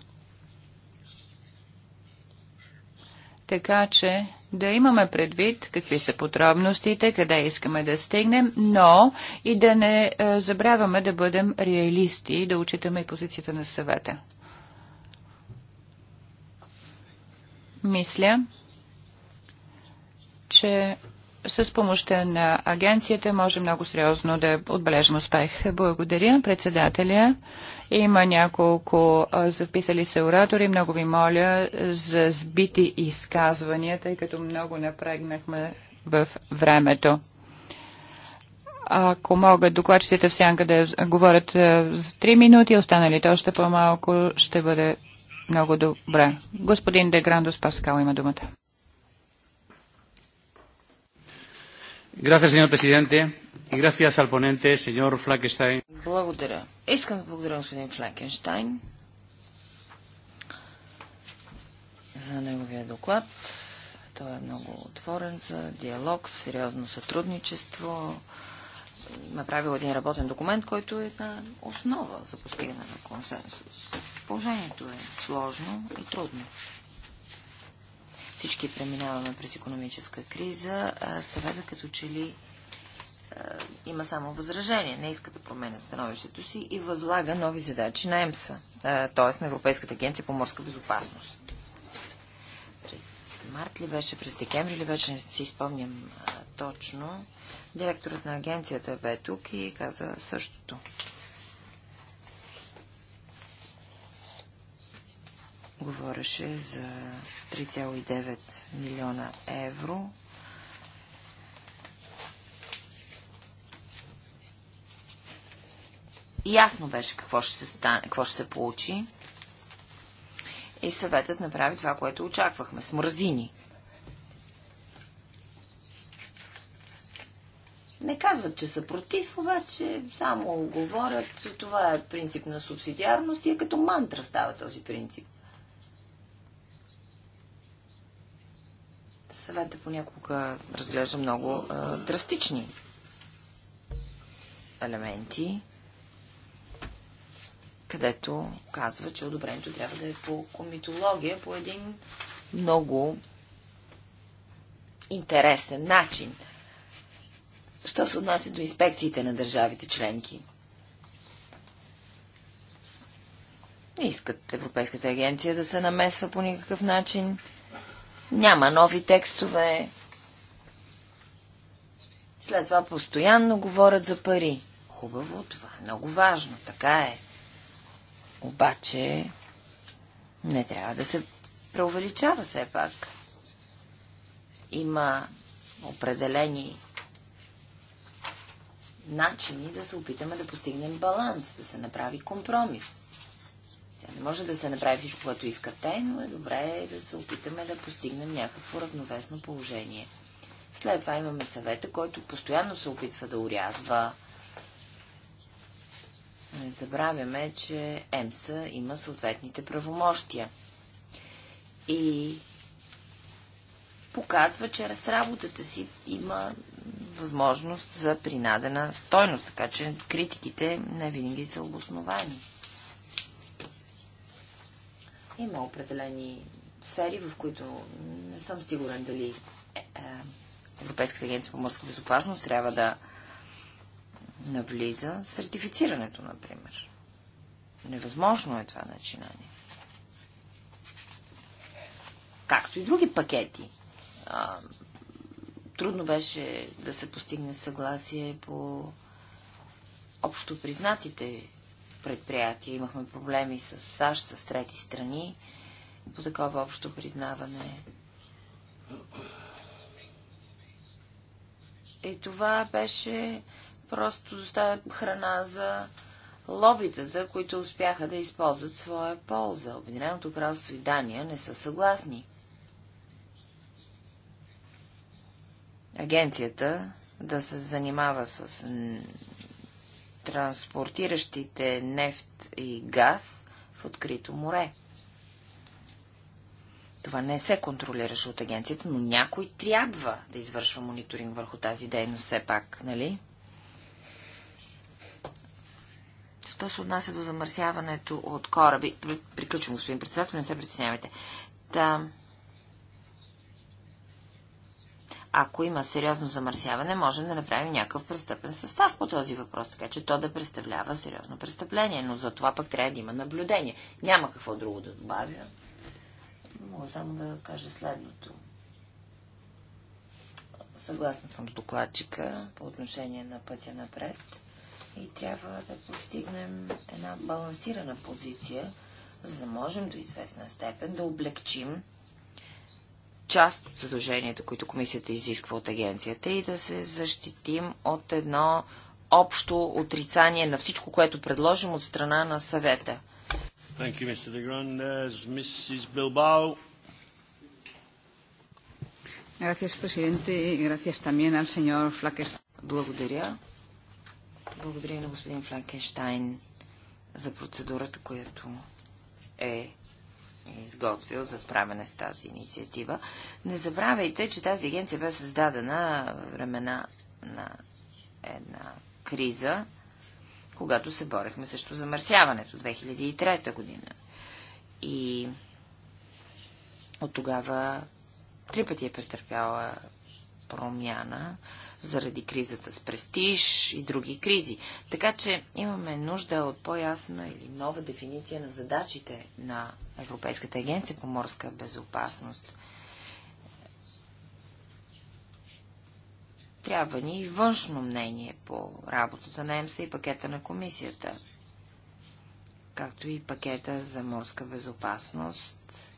така че да имаме предвид какви са подробностите, къде искаме да стигнем, но и да не е, забравяме да бъдем реалисти и да учитаме и позицията на съвета. Мисля, че с помощта на агенцията може много сериозно да отбележим успех. Благодаря, председателя. Има няколко записали се оратори. Много ви моля за сбити изказвания, тъй като много напрегнахме в времето. Ако могат докладчиците в сянка да говорят за 3 минути, останалите още по-малко, ще бъде много добре. Господин Деграндос Паскал има думата. Благодаря, господин presidente. Благодаря. Искам да благодаря господин Флакенштайн за неговия доклад. Той е много отворен за диалог, сериозно сътрудничество. Направил един работен документ, който е една основа за постигане на консенсус. Положението е сложно и трудно. Всички преминаваме през економическа криза. Съвета като че ли е, има само възражение, не иска да променя становището си и възлага нови задачи на ЕМСА, т.е. на Европейската агенция по морска безопасност. През март ли беше, през декември ли беше, не си спомням е, точно, директорът на агенцията бе тук и каза същото. Говореше за 3,9 милиона евро Ясно беше какво ще се, стане, какво ще се получи. И съветът направи това, което очаквахме. Смързини. Не казват, че са против, обаче само говорят, че това е принцип на субсидиарност и е като мантра става този принцип. Съвета понякога разглежда много е, драстични елементи където казва, че одобрението трябва да е по комитология, по един много интересен начин. Що се отнася до инспекциите на държавите членки? Не искат Европейската агенция да се намесва по никакъв начин. Няма нови текстове. След това постоянно говорят за пари. Хубаво, това е много важно, така е. Обаче не трябва да се преувеличава все пак. Има определени начини да се опитаме да постигнем баланс, да се направи компромис. Тя не може да се направи всичко, което искате, но е добре да се опитаме да постигнем някакво равновесно положение. След това имаме съвета, който постоянно се опитва да урязва не забравяме, че ЕМСА има съответните правомощия. И показва, че чрез работата си има възможност за принадена стойност, така че критиките не винаги са обосновани. Има определени сфери, в които не съм сигурен дали е, е, Европейската агенция по морска безопасност трябва да навлиза сертифицирането, например. Невъзможно е това начинание. Както и други пакети. А, трудно беше да се постигне съгласие по общо признатите предприятия. Имахме проблеми с САЩ, с трети страни по такова общо признаване. И това беше просто доставя храна за лобитата, които успяха да използват своя полза. Обединеното кралство и Дания не са съгласни. Агенцията да се занимава с транспортиращите нефт и газ в открито море. Това не се контролираше от агенцията, но някой трябва да извършва мониторинг върху тази дейност все пак, нали? Що се отнася до замърсяването от кораби? Приключвам, господин председател, не се притеснявайте. Та... Ако има сериозно замърсяване, можем да направим някакъв престъпен състав по този въпрос, така че то да представлява сериозно престъпление, но за това пък трябва да има наблюдение. Няма какво друго да добавя. Мога само да кажа следното. Съгласна съм с докладчика по отношение на пътя напред и трябва да постигнем една балансирана позиция, за да можем до известна степен да облегчим част от задълженията, които комисията изисква от агенцията и да се защитим от едно общо отрицание на всичко, което предложим от страна на съвета. Благодаря. Благодаря на господин Франкенштайн за процедурата, която е изготвил за справяне с тази инициатива. Не забравяйте, че тази агенция бе създадена времена на една криза, когато се борехме също за мърсяването, 2003 година. И от тогава три пъти е претърпяла промяна заради кризата с престиж и други кризи. Така че имаме нужда от по-ясна или нова дефиниция на задачите на Европейската агенция по морска безопасност. Трябва ни и външно мнение по работата на МСА и пакета на комисията, както и пакета за морска безопасност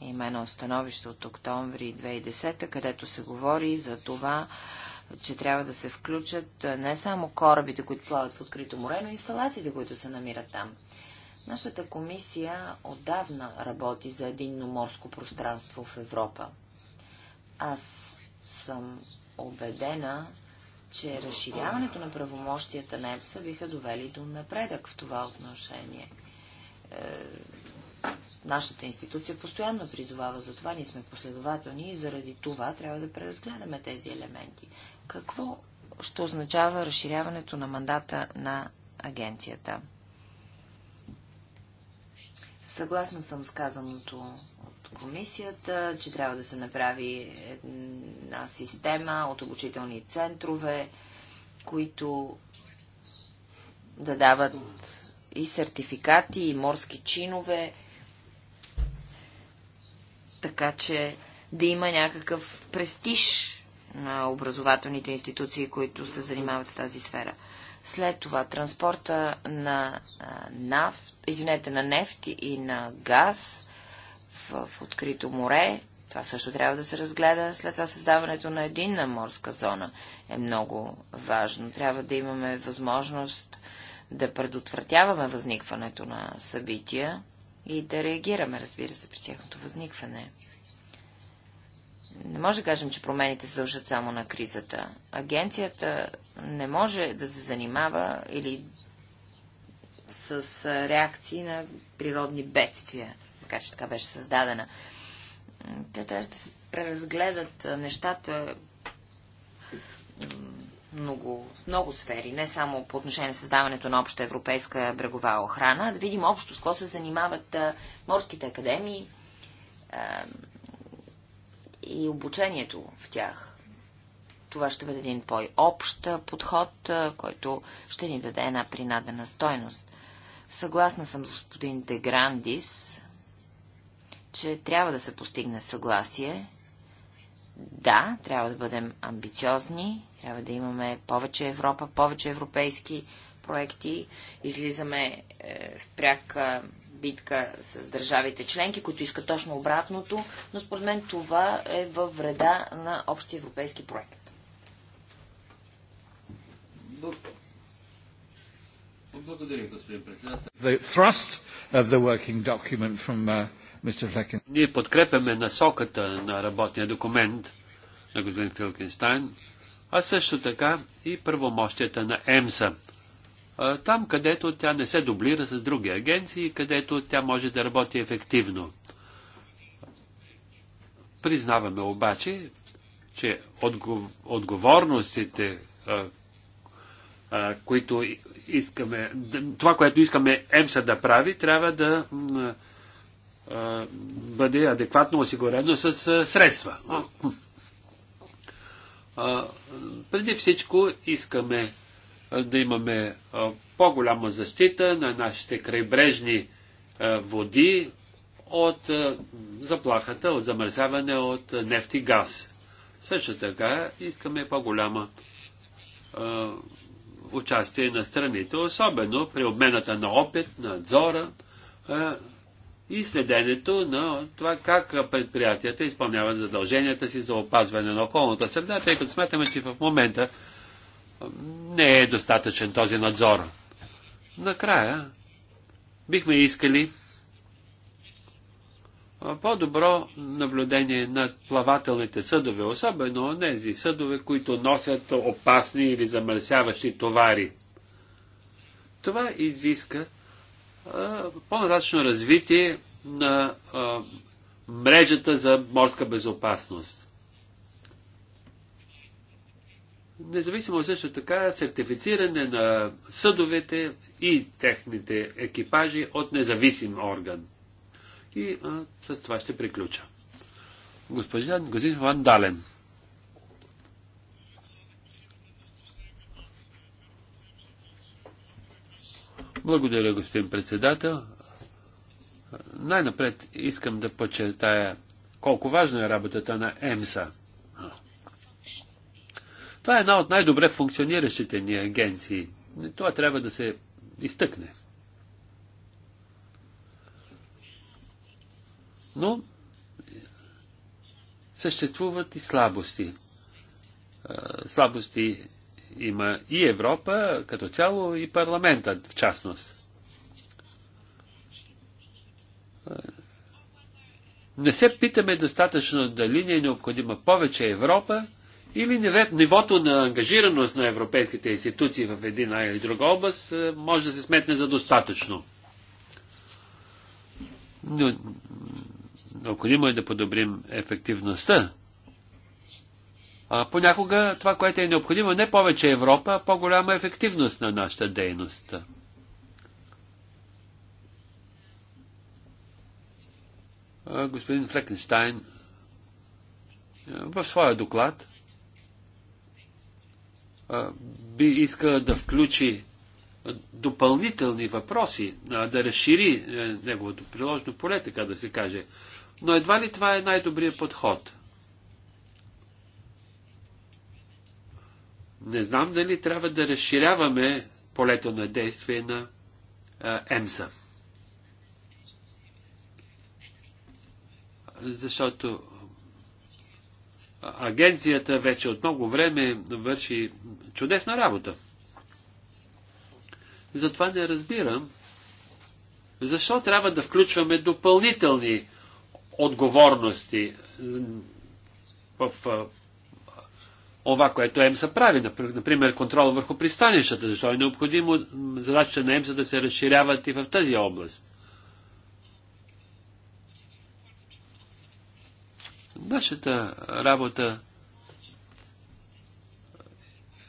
едно становище от октомври 2010, където се говори за това, че трябва да се включат не само корабите, които плават в открито море, но и инсталациите, които се намират там. Нашата комисия отдавна работи за единно морско пространство в Европа. Аз съм убедена, че разширяването на правомощията на ЕПСА биха довели до напредък в това отношение. Е, Нашата институция постоянно призовава за това, ние сме последователни и заради това трябва да преразгледаме тези елементи. Какво ще означава разширяването на мандата на агенцията? Съгласна съм с казаното от комисията, че трябва да се направи една система от обучителни центрове, които да дават и сертификати, и морски чинове, така че да има някакъв престиж на образователните институции, които се занимават с тази сфера. След това транспорта на, нафт, извинете, на нефт и на газ в, в открито море. Това също трябва да се разгледа. След това създаването на единна морска зона е много важно. Трябва да имаме възможност да предотвратяваме възникването на събития и да реагираме, разбира се, при тяхното възникване. Не може да кажем, че промените се дължат само на кризата. Агенцията не може да се занимава или с реакции на природни бедствия, така че така беше създадена. Те трябва да се преразгледат нещата много, много сфери, не само по отношение на създаването на обща европейска брегова охрана, да видим общо с какво се занимават морските академии а, и обучението в тях. Това ще бъде един по-общ подход, който ще ни даде една принадена стойност. Съгласна съм с господин Деграндис, че трябва да се постигне съгласие. Да, трябва да бъдем амбициозни, трябва да имаме повече Европа, повече европейски проекти. Излизаме е, в пряка битка с държавите членки, които искат точно обратното, но според мен това е във вреда на общия европейски проект. Благодаря, господин председател. Uh, Ние подкрепяме насоката на работния документ на господин Филкенстайн а също така и правомощията на ЕМСА. Там, където тя не се дублира с други агенции, където тя може да работи ефективно. Признаваме обаче, че отговорностите, които искаме, това, което искаме ЕМСА да прави, трябва да бъде адекватно осигурено с средства преди всичко искаме да имаме по-голяма защита на нашите крайбрежни води от заплахата, от замърсяване от нефт и газ. Също така искаме по-голяма участие на страните, особено при обмената на опит, на надзора и следенето на това как предприятията изпълняват задълженията си за опазване на околната среда, тъй като смятаме, че в момента не е достатъчен този надзор. Накрая бихме искали по-добро наблюдение на плавателните съдове, особено тези съдове, които носят опасни или замърсяващи товари. Това изиска по-нататъчно развитие на а, мрежата за морска безопасност. Независимо е също така сертифициране на съдовете и техните екипажи от независим орган. И а, с това ще приключа. Господин, господин Ван Дален. Благодаря, господин председател. Най-напред искам да подчертая колко важна е работата на ЕМСА. Това е една от най-добре функциониращите ни агенции. Това трябва да се изтъкне. Но съществуват и слабости. Слабости има и Европа като цяло и парламентът в частност. Не се питаме достатъчно дали ни е необходима повече Европа или нивото на ангажираност на европейските институции в една или друга област е, може да се сметне за достатъчно. Но необходимо е да подобрим ефективността а, понякога това, което е необходимо, е не повече Европа, а по-голяма ефективност на нашата дейност. господин Флекенштайн в своя доклад би искал да включи допълнителни въпроси, да разшири неговото приложно поле, така да се каже. Но едва ли това е най-добрият подход – Не знам дали трябва да разширяваме полето на действие на ЕМСА. Защото агенцията вече от много време върши чудесна работа. Затова не разбирам защо трябва да включваме допълнителни отговорности в това, което ЕМСА прави, например контрол върху пристанищата, защо е необходимо задачата на ЕМСА да се разширяват и в тази област. Нашата работа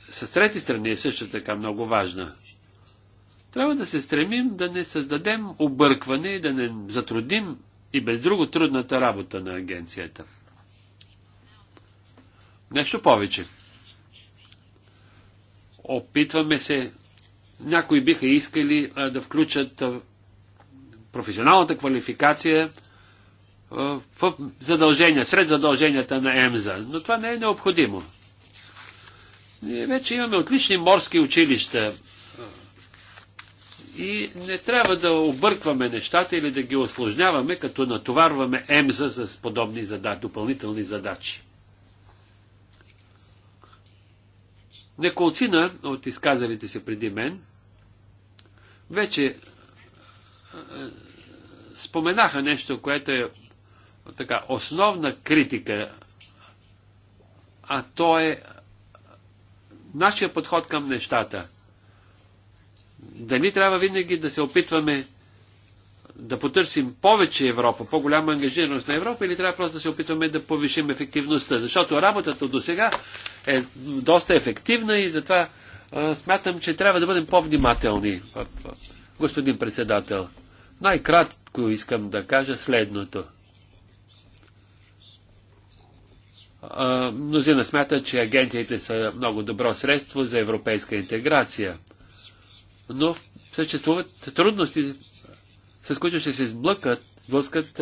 с трети страни е също така много важна. Трябва да се стремим да не създадем объркване и да не затрудим и без друго трудната работа на агенцията. Нещо повече. Опитваме се, някои биха искали а, да включат а, професионалната квалификация а, в задължения, сред задълженията на ЕМЗА, но това не е необходимо. Ние вече имаме отлични морски училища и не трябва да объркваме нещата или да ги осложняваме, като натоварваме ЕМЗА с подобни задачи, допълнителни задачи. Неколцина от изказалите се преди мен вече е, споменаха нещо, което е, е така основна критика, а то е нашия подход към нещата. Дали трябва винаги да се опитваме да потърсим повече Европа, по-голяма ангажираност на Европа или трябва просто да се опитваме да повишим ефективността? Защото работата до сега е доста ефективна и затова а, смятам, че трябва да бъдем по-внимателни, господин председател. Най-кратко искам да кажа следното. А, мнозина смятат, че агенциите са много добро средство за европейска интеграция. Но съществуват трудности с които ще се сблъкат, сблъскат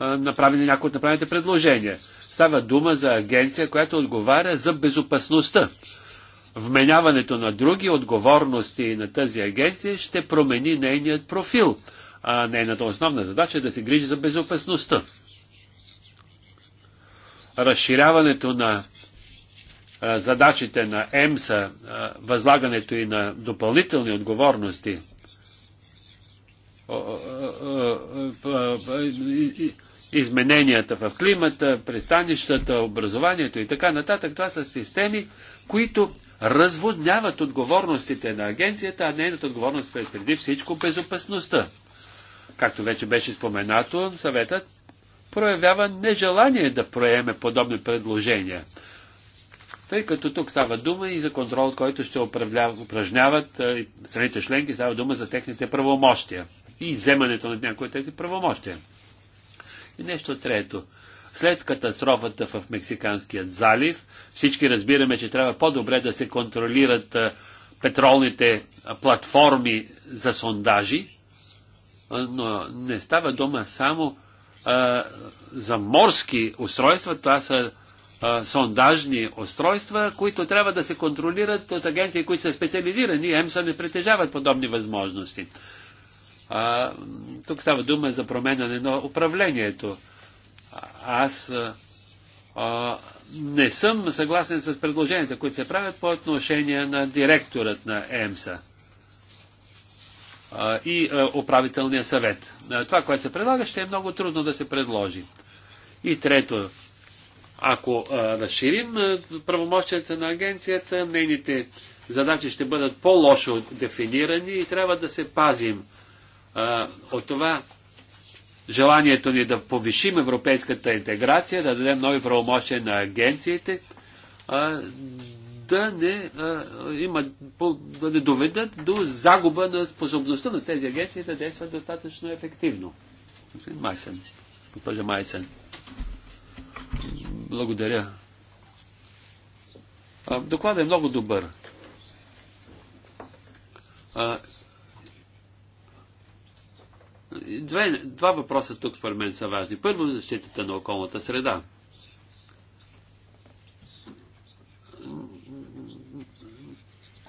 направени, някои от направените предложения. Става дума за агенция, която отговаря за безопасността. Вменяването на други отговорности на тази агенция ще промени нейният профил, а нейната основна задача е да се грижи за безопасността. Разширяването на задачите на ЕМСА, възлагането и на допълнителни отговорности – измененията в климата, пристанищата, образованието и така нататък. Това са системи, които разводняват отговорностите на агенцията, а нейната отговорност е преди всичко безопасността. Както вече беше споменато, съветът проявява нежелание да проеме подобни предложения. Тъй като тук става дума и за контрол, който ще упражняват страните членки, става дума за техните правомощия и вземането на някои от тези правомощия. И нещо трето. След катастрофата в Мексиканският залив, всички разбираме, че трябва по-добре да се контролират петролните платформи за сондажи, но не става дума само а, за морски устройства, това са а, сондажни устройства, които трябва да се контролират от агенции, които са специализирани. ЕМСА не притежават подобни възможности. А, тук става дума за промена на едно управлението. Аз а, а, не съм съгласен с предложенията, които се правят по отношение на директорът на ЕМСА а, и а, управителния съвет. А, това, което се предлага, ще е много трудно да се предложи. И трето, ако а, разширим правомощията на агенцията, нейните задачи ще бъдат по-лошо дефинирани и трябва да се пазим от това желанието ни да повишим европейската интеграция, да дадем нови правомощия на агенциите, а, да не, а, има, да не доведат до загуба на способността на тези агенции да действат достатъчно ефективно. Майсен. Госпожа Майсен. Благодаря. Докладът е много добър. Две, два въпроса тук според мен са важни. Първо, защитата на околната среда.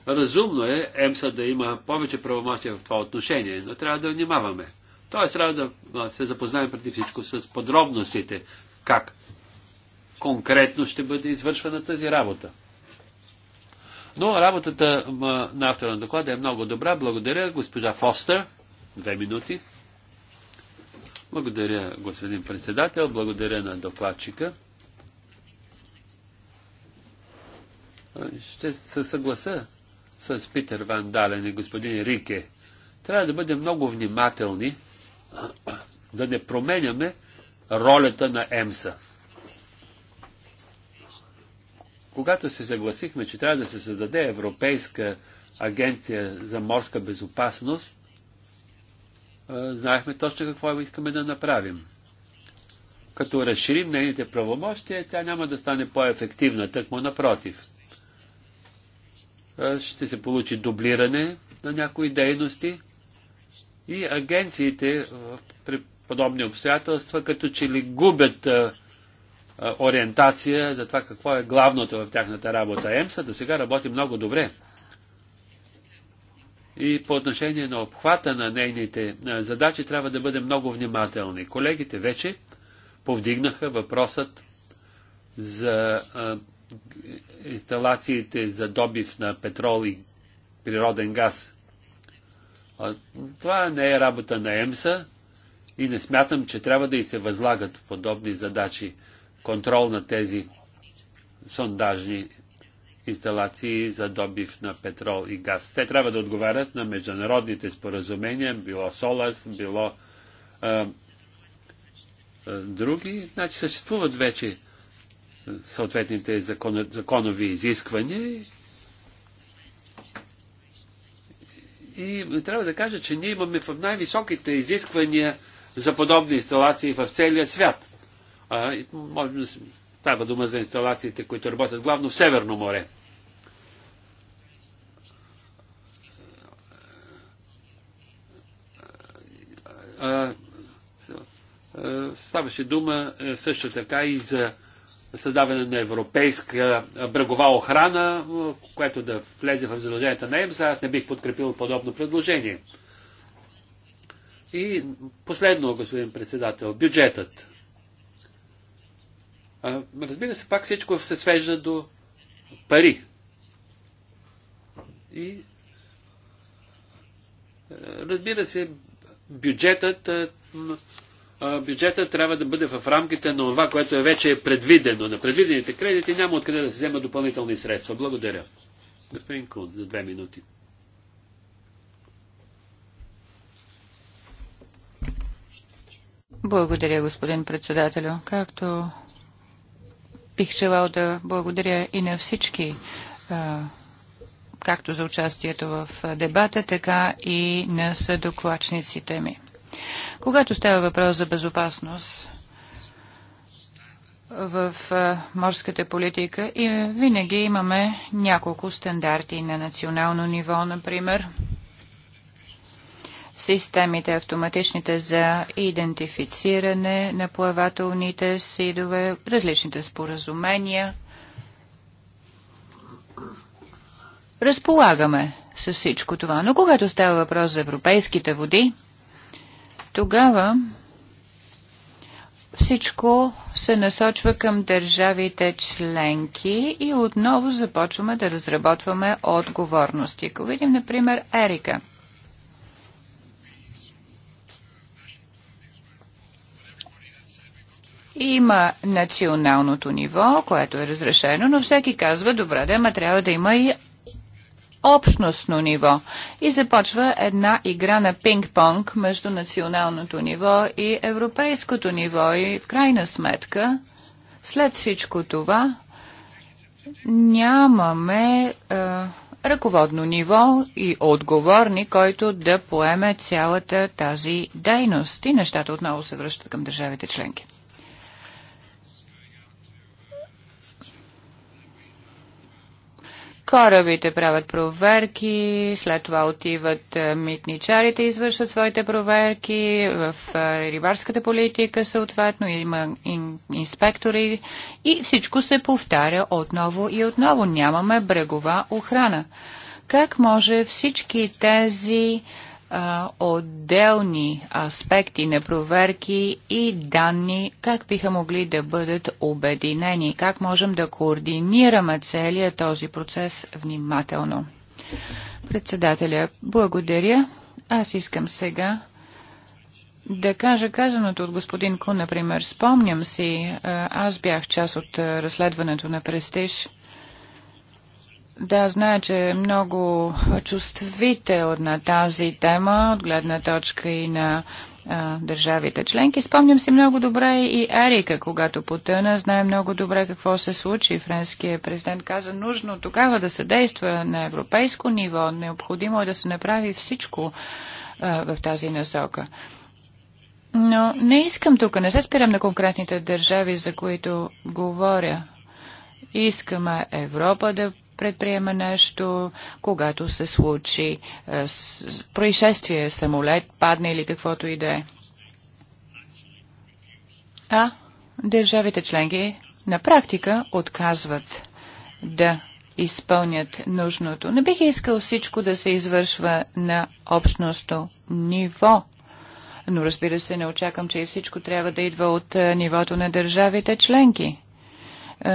Разумно е ЕМСА да има повече правомощия в това отношение, но трябва да внимаваме. Тоест трябва да се запознаем преди всичко с подробностите, как конкретно ще бъде извършвана тази работа. Но работата на автора на доклада е много добра. Благодаря, госпожа Фостер. Две минути. Благодаря, господин председател. Благодаря на докладчика. Ще се съгласа с Питер Ван Дален и господин Рике. Трябва да бъдем много внимателни, [clears throat] да не променяме ролята на ЕМСА. Когато се съгласихме, че трябва да се създаде Европейска агенция за морска безопасност, знаехме точно какво искаме да направим. Като разширим нейните правомощия, тя няма да стане по-ефективна, тъкмо напротив. Ще се получи дублиране на някои дейности и агенциите при подобни обстоятелства като че ли губят ориентация за това какво е главното в тяхната работа. ЕМСА до сега работи много добре и по отношение на обхвата на нейните задачи трябва да бъдем много внимателни. Колегите вече повдигнаха въпросът за инсталациите за добив на петрол и природен газ. Това не е работа на ЕМСА и не смятам, че трябва да и се възлагат подобни задачи. Контрол на тези сондажни инсталации за добив на петрол и газ. Те трябва да отговарят на международните споразумения, било СОЛАС, било а, а, други. Значи съществуват вече съответните закон, законови изисквания. И трябва да кажа, че ние имаме в най-високите изисквания за подобни инсталации в целия свят. А, можем да Става дума за инсталациите, които работят главно в Северно море. Ставаше дума е, също така и за създаване на европейска брегова охрана, е, което да влезе в задълженията на ЕМСА. Аз не бих подкрепил подобно предложение. И последно, господин председател, бюджетът. А, Разбира се, пак всичко се свежда до пари. И разбира се, бюджетът, бюджетът трябва да бъде в рамките на това, което е вече е предвидено. На предвидените кредити няма откъде да се взема допълнителни средства. Благодаря. Господин Кун, за две минути. Благодаря, господин председателю. Както Бих желал да благодаря и на всички както за участието в дебата, така и на съдоклачниците ми. Когато става въпрос за безопасност в морската политика, и винаги имаме няколко стандарти на национално ниво, например – системите автоматичните за идентифициране на плавателните сидове, различните споразумения. Разполагаме с всичко това, но когато става въпрос за европейските води, тогава всичко се насочва към държавите членки и отново започваме да разработваме отговорности. Ако видим, например, Ерика – Има националното ниво, което е разрешено, но всеки казва, добре, да, ма трябва да има и общностно ниво. И започва една игра на пинг-понг между националното ниво и европейското ниво. И в крайна сметка, след всичко това, нямаме е, ръководно ниво и отговорни, който да поеме цялата тази дейност. И нещата отново се връщат към държавите членки. Корабите правят проверки, след това отиват е, митничарите, и извършват своите проверки, в е, рибарската политика съответно има инспектори и всичко се повтаря отново и отново. Нямаме брегова охрана. Как може всички тези отделни аспекти на проверки и данни, как биха могли да бъдат обединени, как можем да координираме целият този процес внимателно. Председателя, благодаря. Аз искам сега да кажа казаното от господин Ку, например, спомням си, аз бях част от разследването на Престиж – да, знае, че е много чувствителна тази тема от гледна точка и на а, държавите членки. Спомням си много добре и Ерика, когато потъна. Знае много добре какво се случи. Френският президент каза, нужно тогава да се действа на европейско ниво. Необходимо е да се направи всичко а, в тази насока. Но не искам тук, не се спирам на конкретните държави, за които говоря. Искаме Европа да Предприема нещо, когато се случи е, происшествие, самолет падне или каквото и да е. А държавите членки на практика отказват да изпълнят нужното. Не бих искал всичко да се извършва на общностно ниво. Но разбира се, не очаквам, че и всичко трябва да идва от е, нивото на държавите членки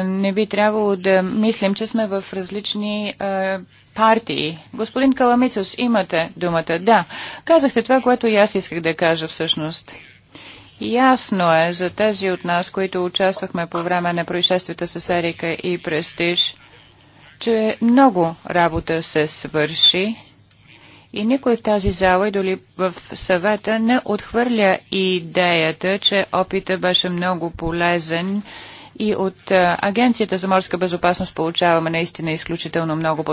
не би трябвало да мислим, че сме в различни а, партии. Господин Каламицус, имате думата. Да, казахте това, което и аз исках да кажа всъщност. Ясно е за тези от нас, които участвахме по време на происшествията с Ерика и Престиж, че много работа се свърши и никой в тази зала и доли в съвета не отхвърля идеята, че опита беше много полезен и от Агенцията за морска безопасност получаваме наистина изключително много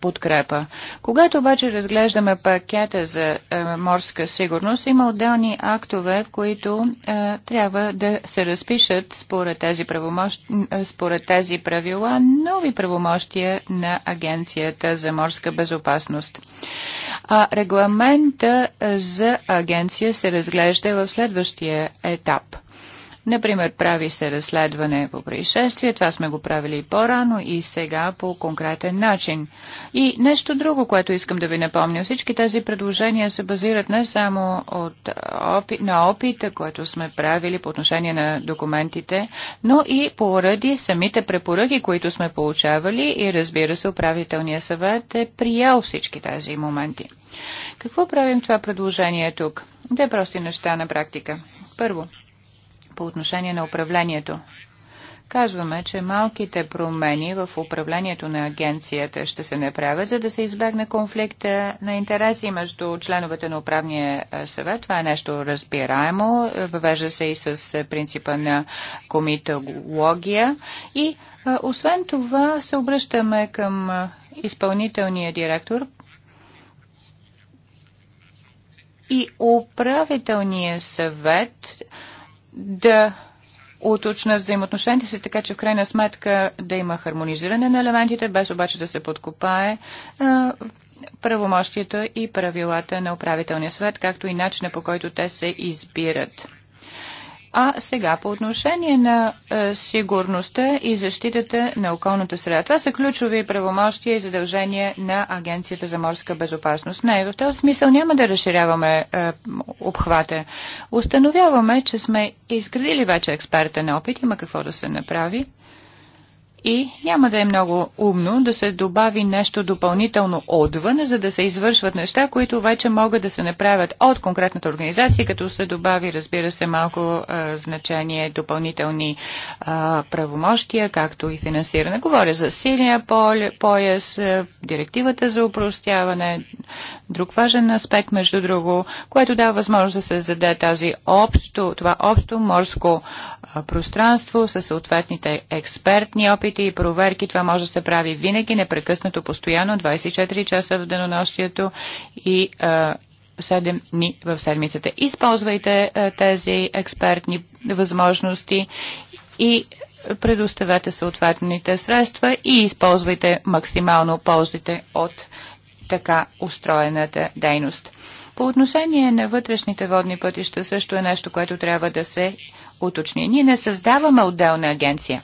подкрепа. Когато обаче разглеждаме пакета за морска сигурност, има отделни актове, в които трябва да се разпишат според тези, правомощ... според тези правила нови правомощия на Агенцията за морска безопасност. А регламента за агенция се разглежда в следващия етап – Например, прави се разследване по происшествие, това сме го правили и по-рано и сега по конкретен начин. И нещо друго, което искам да ви напомня, всички тези предложения се базират не само от опи... на опита, който сме правили по отношение на документите, но и поради самите препоръки, които сме получавали и разбира се, управителния съвет е приел всички тези моменти. Какво правим това предложение тук? Две прости неща на практика. Първо, по отношение на управлението. Казваме, че малките промени в управлението на агенцията ще се направят, за да се избегне конфликта на интереси между членовете на управния съвет. Това е нещо разбираемо. Въвежда се и с принципа на комитология. И освен това се обръщаме към изпълнителния директор и управителния съвет да уточна взаимоотношенията си, така че в крайна сметка да има хармонизиране на елементите, без обаче да се подкопае правомощията и правилата на управителния съвет, както и начина по който те се избират. А сега по отношение на е, сигурността и защитата на околната среда. Това са ключови правомощия и задължения на Агенцията за морска безопасност. Не, в този смисъл няма да разширяваме е, обхвата. Установяваме, че сме изградили вече експерта на опит, има какво да се направи и няма да е много умно да се добави нещо допълнително отвън, за да се извършват неща, които вече могат да се направят от конкретната организация, като се добави, разбира се, малко а, значение допълнителни а, правомощия, както и финансиране. Говоря за силия пояс, директивата за упростяване, друг важен аспект, между друго, което дава възможност да се заде тази общо, това общо морско а, пространство със съответните експертни опити, опити и проверки. Това може да се прави винаги, непрекъснато, постоянно, 24 часа в денонощието и а, 7 дни в седмицата. Използвайте а, тези експертни възможности и предоставете съответните средства и използвайте максимално ползите от така устроената дейност. По отношение на вътрешните водни пътища също е нещо, което трябва да се уточни. Ние не създаваме отделна агенция.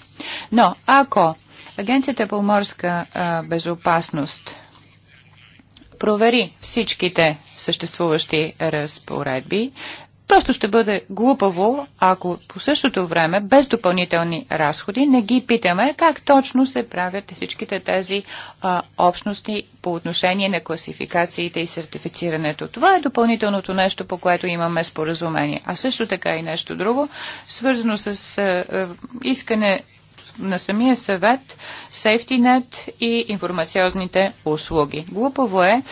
Но ако Агенцията по морска а, безопасност провери всичките съществуващи разпоредби, Просто ще бъде глупаво, ако по същото време, без допълнителни разходи, не ги питаме как точно се правят всичките тези а, общности по отношение на класификациите и сертифицирането. Това е допълнителното нещо, по което имаме споразумение. А също така и нещо друго, свързано с а, а, искане на самия съвет, SafetyNet и информационните услуги. Глупаво е,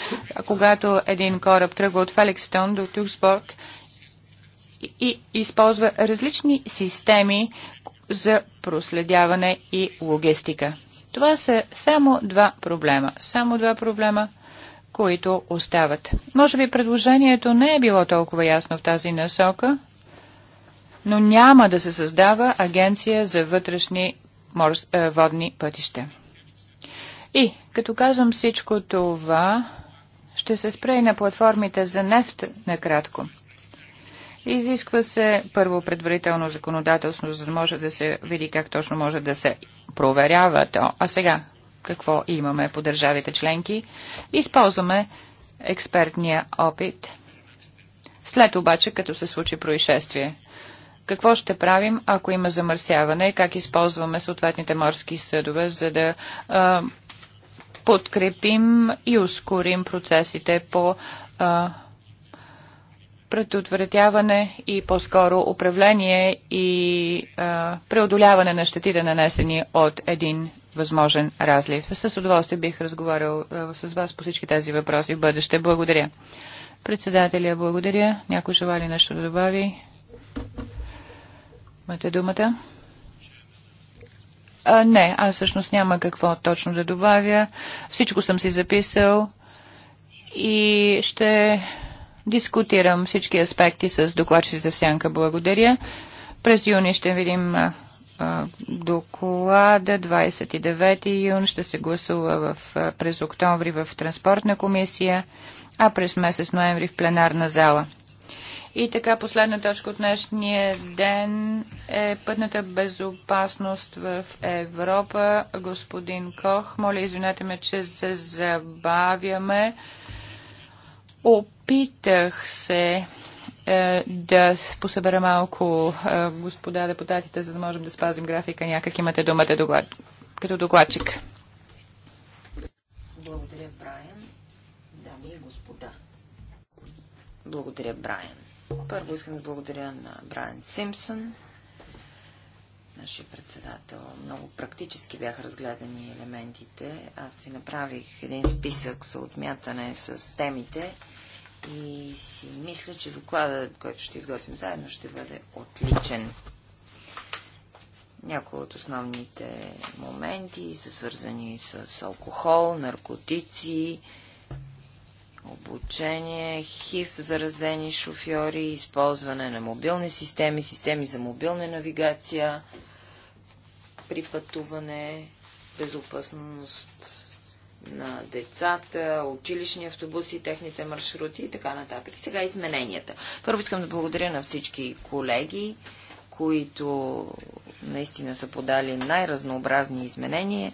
когато един кораб тръгва от Феликстон до Тюксборг и използва различни системи за проследяване и логистика. Това са само два проблема. Само два проблема, които остават. Може би предложението не е било толкова ясно в тази насока, но няма да се създава агенция за вътрешни морс, е, водни пътища. И, като казвам всичко това, ще се спре и на платформите за нефт накратко. Изисква се първо предварително законодателство, за да може да се види как точно може да се проверява то. А сега какво имаме по държавите членки? Използваме експертния опит. След обаче, като се случи происшествие. Какво ще правим, ако има замърсяване? Как използваме съответните морски съдове, за да а, подкрепим и ускорим процесите по а, предотвратяване и по-скоро управление и а, преодоляване на щетите нанесени от един възможен разлив. С удоволствие бих разговарял а, с вас по всички тези въпроси в бъдеще. Благодаря. Председателя, благодаря. Някой желая ли нещо да добави? Имате думата. А, не, аз всъщност няма какво точно да добавя. Всичко съм си записал и ще дискутирам всички аспекти с докладчите в сянка. Благодаря. През юни ще видим доклада 29 юн ще се гласува в, през октомври в транспортна комисия, а през месец ноември в пленарна зала. И така, последна точка от днешния ден е пътната безопасност в Европа. Господин Кох, моля извинете ме, че се забавяме. Оп Опитах се е, да посъбера малко е, господа депутатите, за да можем да спазим графика. Някак имате думата доклад... като докладчик. Благодаря, Брайан. Дами и господа. Благодаря, Брайан. Първо искам да благодаря на Брайан Симпсон, нашия председател. Много практически бяха разгледани елементите. Аз си направих един списък за отмятане с темите и си мисля, че докладът, който ще изготвим заедно, ще бъде отличен. Някои от основните моменти са свързани с алкохол, наркотици, обучение, хив заразени шофьори, използване на мобилни системи, системи за мобилна навигация, при пътуване, безопасност на децата, училищни автобуси, техните маршрути и така нататък. сега измененията. Първо искам да благодаря на всички колеги, които наистина са подали най-разнообразни изменения.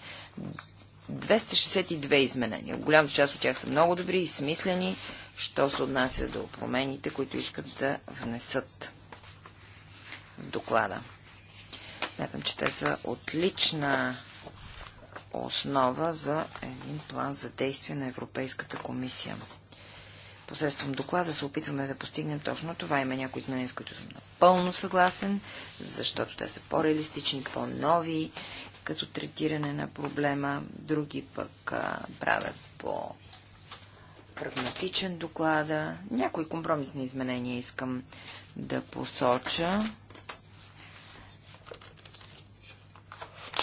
262 изменения. Голямата част от тях са много добри и смислени, що се отнася до промените, които искат да внесат в доклада. Смятам, че те са отлична основа за един план за действие на Европейската комисия. Посредством доклада се опитваме да постигнем точно това. Има някои изменения, с които съм напълно съгласен, защото те са по-реалистични, по-нови, като третиране на проблема. Други пък а, правят по прагматичен доклада. Някои компромисни изменения искам да посоча.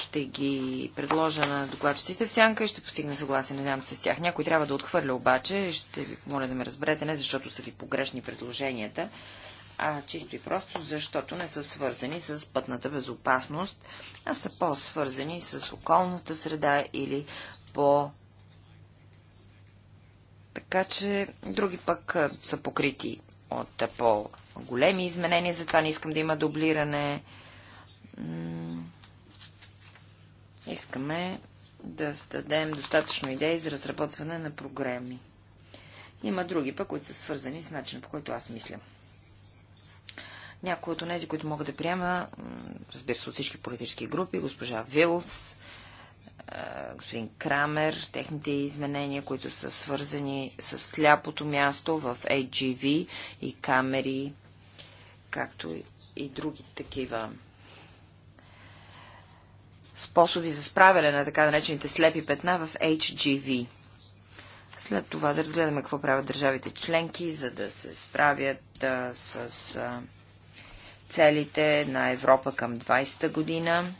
ще ги предложа на докладчиците в сянка и ще постигна съгласие, надявам се с тях. Някой трябва да отхвърля обаче, ще ви моля да ме разберете, не защото са ви погрешни предложенията, а чисто и просто защото не са свързани с пътната безопасност, а са по-свързани с околната среда или по... Така че други пък са покрити от по-големи изменения, затова не искам да има дублиране. Искаме да дадем достатъчно идеи за разработване на програми. Има други пък, които са свързани с начина по който аз мисля. Някои от тези, които мога да приема, разбира се, от всички политически групи, госпожа Вилс, господин Крамер, техните изменения, които са свързани с сляпото място в AGV и камери, както и други такива способи за справяне на така наречените слепи петна в HGV. След това да разгледаме какво правят държавите членки, за да се справят а, с а, целите на Европа към 20-та година.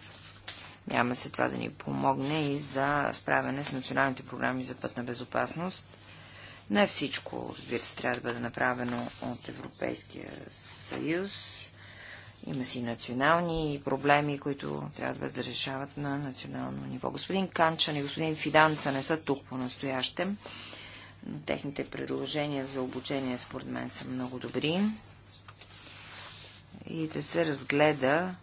Няма се това да ни помогне и за справяне с националните програми за пътна безопасност. Не всичко, разбира се, трябва да бъде направено от Европейския съюз. Има си национални проблеми, които трябва да разрешават решават на национално ниво. Господин Канчан и господин Фиданца не са тук по-настоящем, но техните предложения за обучение според мен са много добри. И да се разгледа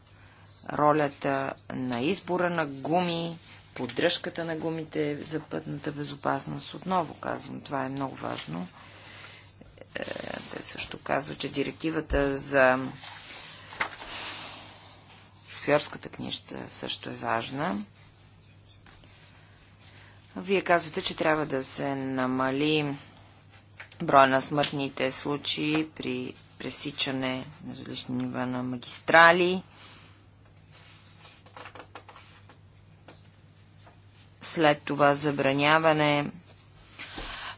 ролята на избора на гуми, поддръжката на гумите за пътната безопасност. Отново казвам, това е много важно. Те също казва, че директивата за шофьорската книжка също е важна. Вие казвате, че трябва да се намали броя на смъртните случаи при пресичане на различни нива на магистрали. След това забраняване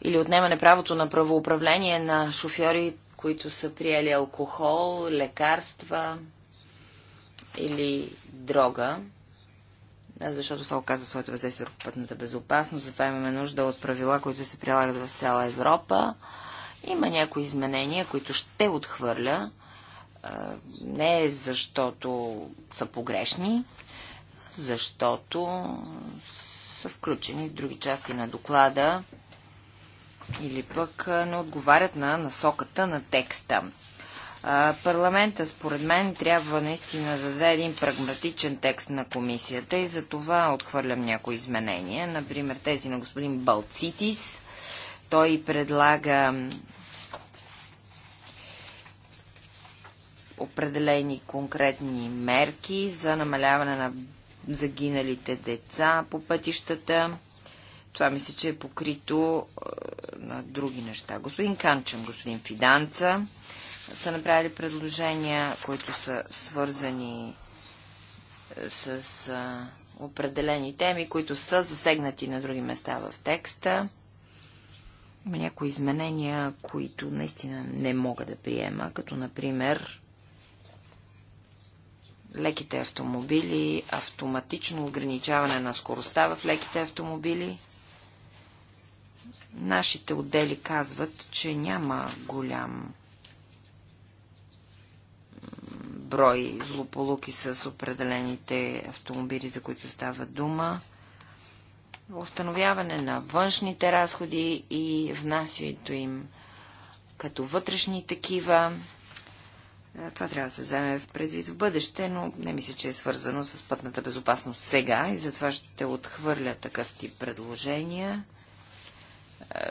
или отнемане правото на правоуправление на шофьори, които са приели алкохол, лекарства или дрога, защото това оказва своето въздействие върху пътната безопасност. Затова имаме нужда от правила, които се прилагат в цяла Европа. Има някои изменения, които ще отхвърля. Не защото са погрешни, защото са включени в други части на доклада или пък не отговарят на насоката на текста. Парламента, според мен, трябва наистина да даде един прагматичен текст на комисията и за това отхвърлям някои изменения. Например, тези на господин Балцитис. Той предлага определени конкретни мерки за намаляване на загиналите деца по пътищата. Това мисля, че е покрито на други неща. Господин Канчем, господин Фиданца са направили предложения, които са свързани е, с а, е, определени теми, които са засегнати на други места в текста. Има някои изменения, които наистина не мога да приема, като например леките автомобили, автоматично ограничаване на скоростта в леките автомобили. Нашите отдели казват, че няма голям брой злополуки с определените автомобили, за които става дума. Установяване на външните разходи и внасянето им като вътрешни такива. Е, това трябва да се вземе в предвид в бъдеще, но не мисля, че е свързано с пътната безопасност сега и затова ще отхвърля такъв тип предложения.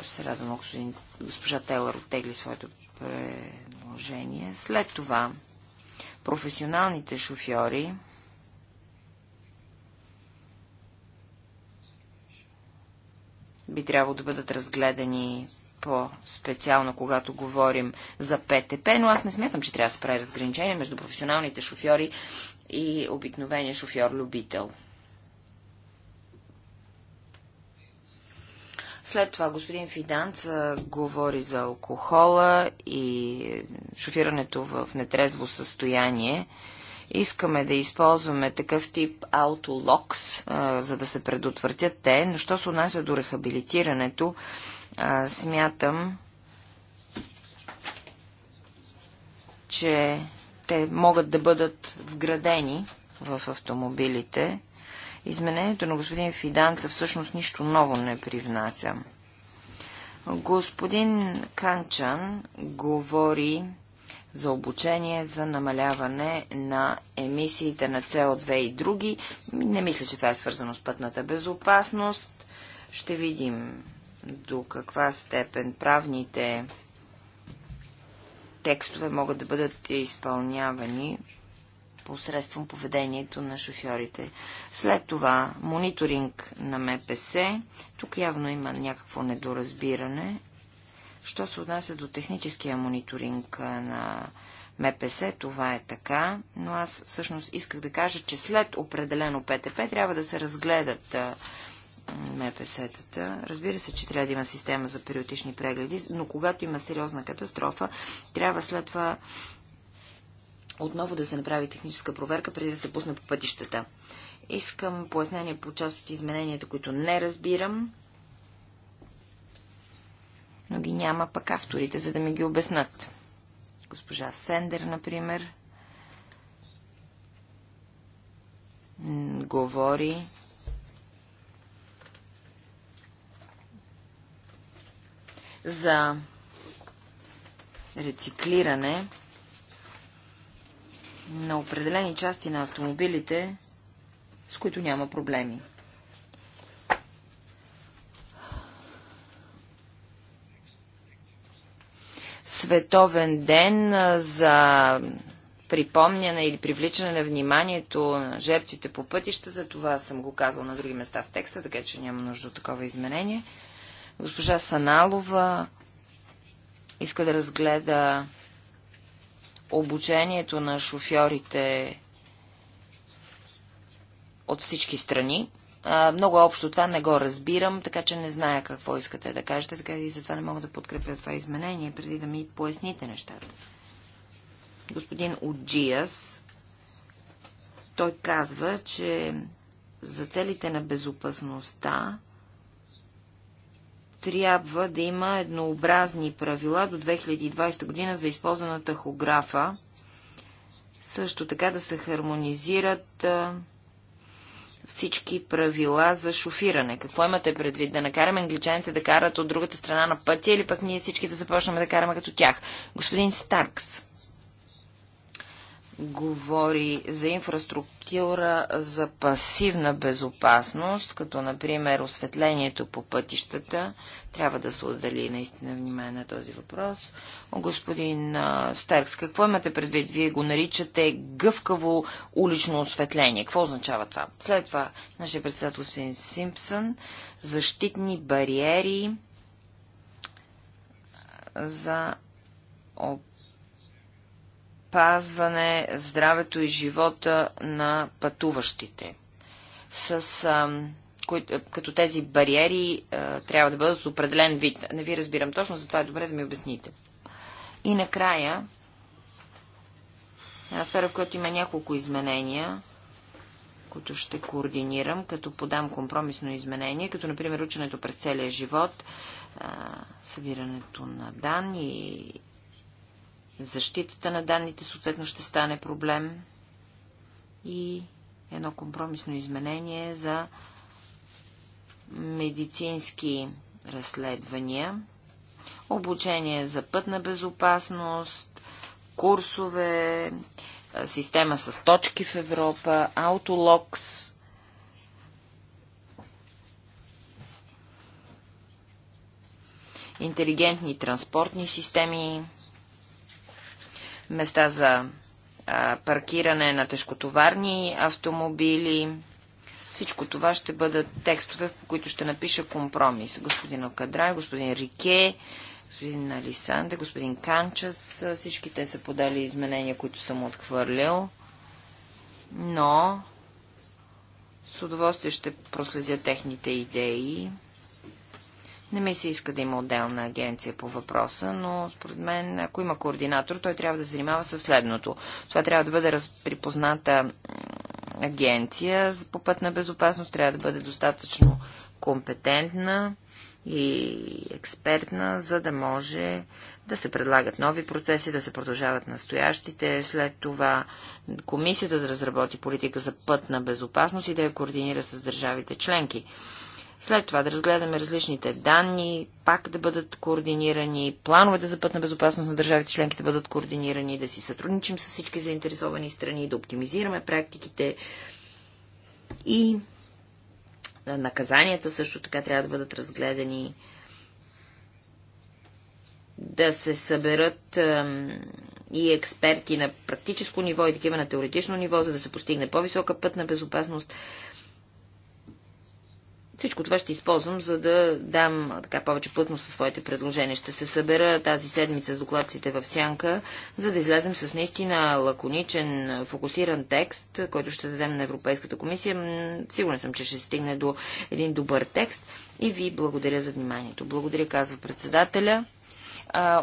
Ще се радвам, господин, госпожа Телър оттегли своето предложение. След това професионалните шофьори би трябвало да бъдат разгледани по-специално, когато говорим за ПТП, но аз не смятам, че трябва да се прави разграничение между професионалните шофьори и обикновения шофьор-любител. След това господин Фиданц говори за алкохола и шофирането в нетрезво състояние. Искаме да използваме такъв тип аутолокс, за да се предотвратят те, но що се отнася до рехабилитирането, а, смятам, че те могат да бъдат вградени в автомобилите Изменението на господин Фиданца всъщност нищо ново не привнася. Господин Канчан говори за обучение за намаляване на емисиите на CO2 и други. Не мисля, че това е свързано с пътната безопасност. Ще видим до каква степен правните текстове могат да бъдат изпълнявани посредством поведението на шофьорите. След това мониторинг на МПС. Тук явно има някакво недоразбиране. Що се отнася до техническия мониторинг на МПС, това е така, но аз всъщност исках да кажа, че след определено ПТП трябва да се разгледат МПС-тата. Разбира се, че трябва да има система за периодични прегледи, но когато има сериозна катастрофа, трябва след това отново да се направи техническа проверка преди да се пусне по пътищата. Искам пояснение по част от измененията, които не разбирам, но ги няма пък авторите, за да ми ги обяснат. Госпожа Сендер, например, говори за рециклиране на определени части на автомобилите, с които няма проблеми. Световен ден за припомняне или привличане на вниманието на жертвите по пътищата. Това съм го казал на други места в текста, така че няма нужда от такова изменение. Госпожа Саналова иска да разгледа обучението на шофьорите от всички страни. А, много общо това не го разбирам, така че не зная какво искате да кажете, така и затова не мога да подкрепя това изменение, преди да ми поясните нещата. Господин Уджиас, той казва, че за целите на безопасността трябва да има еднообразни правила до 2020 година за използвана тахографа. Също така да се хармонизират всички правила за шофиране. Какво имате предвид? Да накараме англичаните да карат от другата страна на пътя или пък ние всички да започнем да караме като тях? Господин Старкс говори за инфраструктура за пасивна безопасност, като например осветлението по пътищата. Трябва да се отдели наистина внимание на този въпрос. Господин Стеркс, какво имате предвид? Вие го наричате гъвкаво улично осветление. Какво означава това? След това нашия председател господин Симпсън, защитни бариери за опазване здравето и живота на пътуващите. С, а, кои, е, като тези бариери а, е, трябва да бъдат определен вид. Не ви разбирам точно, затова е добре да ми обясните. И накрая, една сфера, в която има няколко изменения, които ще координирам, като подам компромисно изменение, като например ученето през целия живот, а, събирането на данни и защитата на данните съответно ще стане проблем и едно компромисно изменение за медицински разследвания, обучение за пътна безопасност, курсове, система с точки в Европа, аутолокс. интелигентни транспортни системи, места за а, паркиране на тежкотоварни автомобили. Всичко това ще бъдат текстове, по които ще напиша компромис. Господин Окадрай, господин Рике, господин Алисанде, господин Канчас, всички те са подали изменения, които съм отхвърлил. Но с удоволствие ще проследя техните идеи не ми се иска да има отделна агенция по въпроса, но според мен, ако има координатор, той трябва да се занимава с следното. Това трябва да бъде разпрепозната агенция по път на безопасност, трябва да бъде достатъчно компетентна и експертна, за да може да се предлагат нови процеси, да се продължават настоящите. След това комисията да разработи политика за път на безопасност и да я координира с държавите членки. След това да разгледаме различните данни, пак да бъдат координирани, плановете за пътна безопасност на държавите членки да бъдат координирани, да си сътрудничим с всички заинтересовани страни, да оптимизираме практиките и наказанията също така трябва да бъдат разгледани, да се съберат и експерти на практическо ниво и такива на теоретично ниво, за да се постигне по-висока пътна безопасност. Всичко това ще използвам, за да дам така повече плътност със своите предложения. Ще се събера тази седмица с докладците в сянка, за да излезем с наистина лаконичен, фокусиран текст, който ще дадем на Европейската комисия. Сигурен съм, че ще стигне до един добър текст и ви благодаря за вниманието. Благодаря, казва председателя.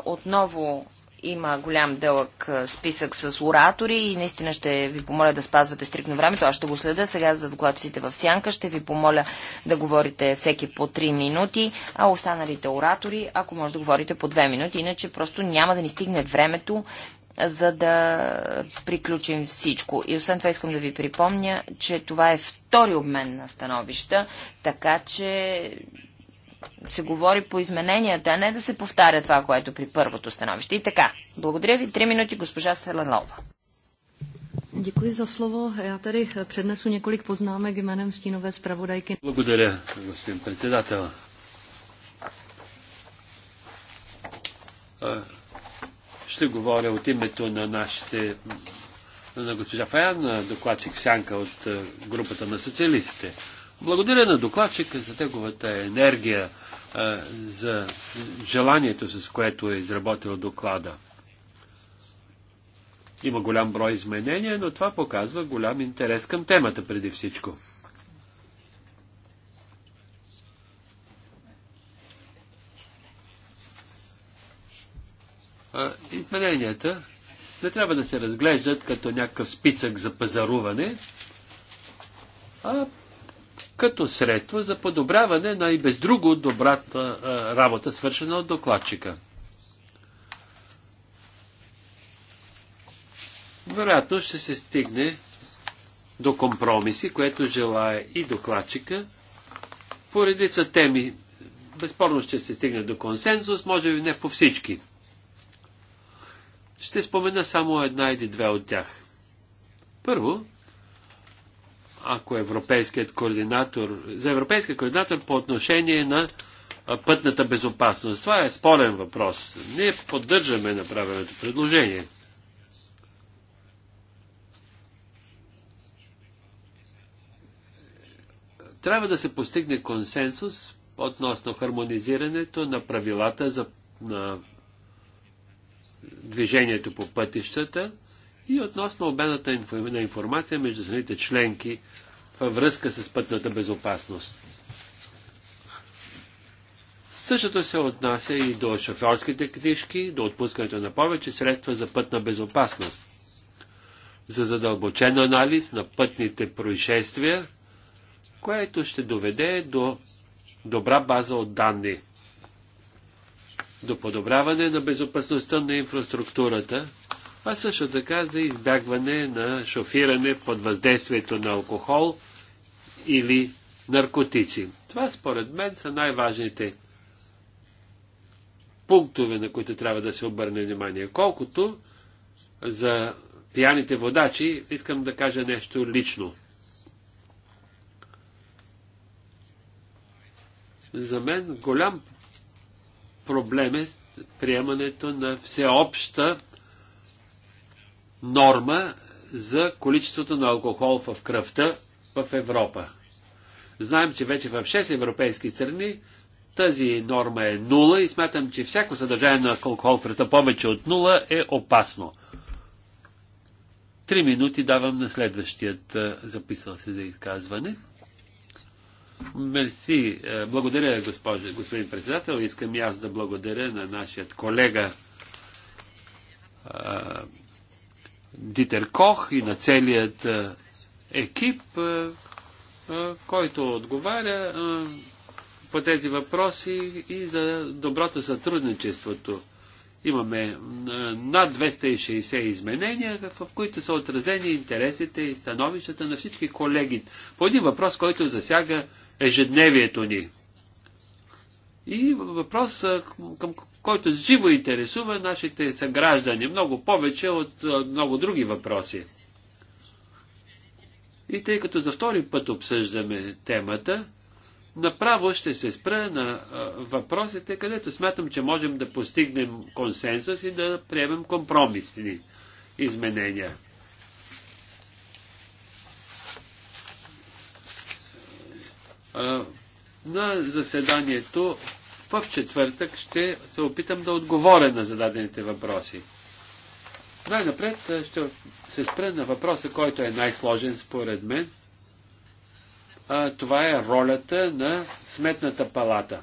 Отново има голям дълъг списък с оратори и наистина ще ви помоля да спазвате стрикно времето. Аз ще го следя сега за докладците в сянка. Ще ви помоля да говорите всеки по 3 минути, а останалите оратори, ако може да говорите по 2 минути, иначе просто няма да ни стигне времето за да приключим всичко. И освен това искам да ви припомня, че това е втори обмен на становища, така че се говори по измененията, а не да се повтаря това, което при първото становище. И така, благодаря ви. Три минути, госпожа Селенова. Děkuji za slovo. Já tady přednesu několik poznámek jménem stínové zpravodajky. Благодаря, господин председател. Ще говоря от името на нашите на госпожа Фаян, докладчик Сянка от групата на социалистите. Благодаря на докладчика за неговата енергия, е, за желанието, с което е изработил доклада. Има голям брой изменения, но това показва голям интерес към темата преди всичко. Е, измененията не трябва да се разглеждат като някакъв списък за пазаруване, а като средство за подобряване на и без друго добрата работа, свършена от докладчика. Вероятно ще се стигне до компромиси, което желая и докладчика. По редица теми безспорно ще се стигне до консенсус, може би не по всички. Ще спомена само една или две от тях. Първо, ако европейският координатор, за европейския координатор по отношение на пътната безопасност. Това е спорен въпрос. Ние поддържаме направеното предложение. Трябва да се постигне консенсус относно хармонизирането на правилата за на движението по пътищата и относно обмената на информация между страните членки във връзка с пътната безопасност. Същото се отнася и до шофьорските книжки, до отпускането на повече средства за пътна безопасност. За задълбочен анализ на пътните происшествия, което ще доведе до добра база от данни, до подобряване на безопасността на инфраструктурата – а също така за избягване на шофиране под въздействието на алкохол или наркотици. Това според мен са най-важните пунктове, на които трябва да се обърне внимание. Колкото за пияните водачи, искам да кажа нещо лично. За мен голям проблем е приемането на всеобща норма за количеството на алкохол в кръвта в Европа. Знаем, че вече в 6 европейски страни тази норма е 0 и смятам, че всяко съдържание на алкохол в кръвта повече от 0 е опасно. Три минути давам на следващият е, записал се за изказване. Мерси. Е, благодаря, госпожа, господин председател. Искам и аз да благодаря на нашия колега е, Дитер Кох и на целият екип, който отговаря по тези въпроси и за доброто сътрудничеството. Имаме над 260 изменения, в които са отразени интересите и становищата на всички колеги. По един въпрос, който засяга ежедневието ни. И въпрос, към който живо интересува нашите съграждани, много повече от е, много други въпроси. И тъй като за втори път обсъждаме темата, направо ще се спра на е, въпросите, където смятам, че можем да постигнем консенсус и да приемем компромисни изменения. Е, на заседанието в четвъртък ще се опитам да отговоря на зададените въпроси. Най-напред ще се спра на въпроса, който е най-сложен според мен. А, това е ролята на Сметната палата.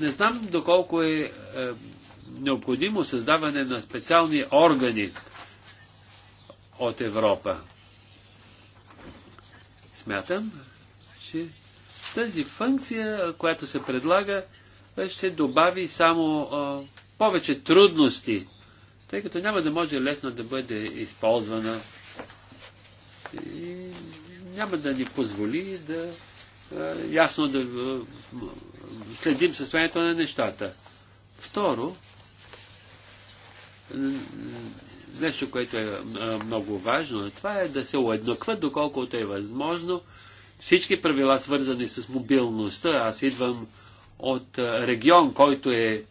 Не знам доколко е, е необходимо създаване на специални органи от Европа смятам, че тази функция, която се предлага, ще добави само а, повече трудности, тъй като няма да може лесно да бъде използвана и няма да ни позволи да а, ясно да а, следим състоянието на нещата. Второ, нещо, което е много важно, това е да се уеднокват, доколкото е възможно, всички правила, свързани с мобилността. Аз идвам от регион, който е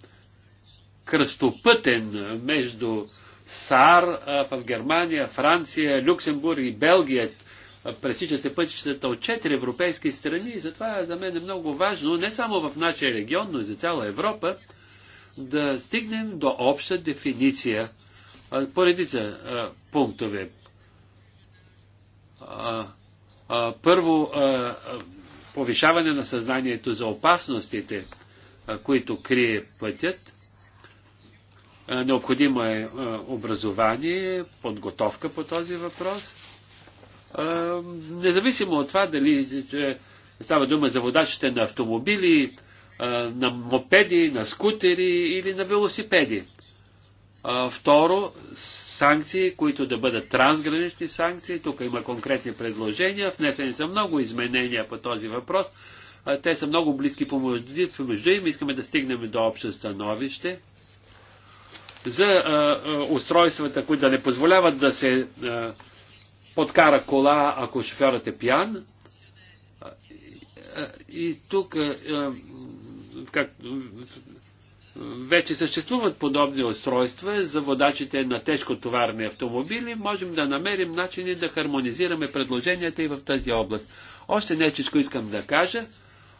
кръстопътен между САР в Германия, Франция, Люксембург и Белгия. Пресичат се пътищата от четири европейски страни и затова за мен е много важно, не само в нашия регион, но и за цяла Европа, да стигнем до обща дефиниция – Поредица а, пунктове. Първо, повишаване на съзнанието за опасностите, които крие пътят. Необходимо е образование, подготовка по този въпрос. Независимо от това дали става дума за водачите на автомобили, на мопеди, на скутери или на велосипеди. Второ, санкции, които да бъдат трансгранични санкции. Тук има конкретни предложения. Внесени са много изменения по този въпрос. Те са много близки помежду им. Искаме да стигнем до общо становище за а, устройствата, които да не позволяват да се а, подкара кола, ако шофьорът е пиян. И тук, как, вече съществуват подобни устройства за водачите на тежкотоварни автомобили. Можем да намерим начини да хармонизираме предложенията и в тази област. Още нещо искам да кажа,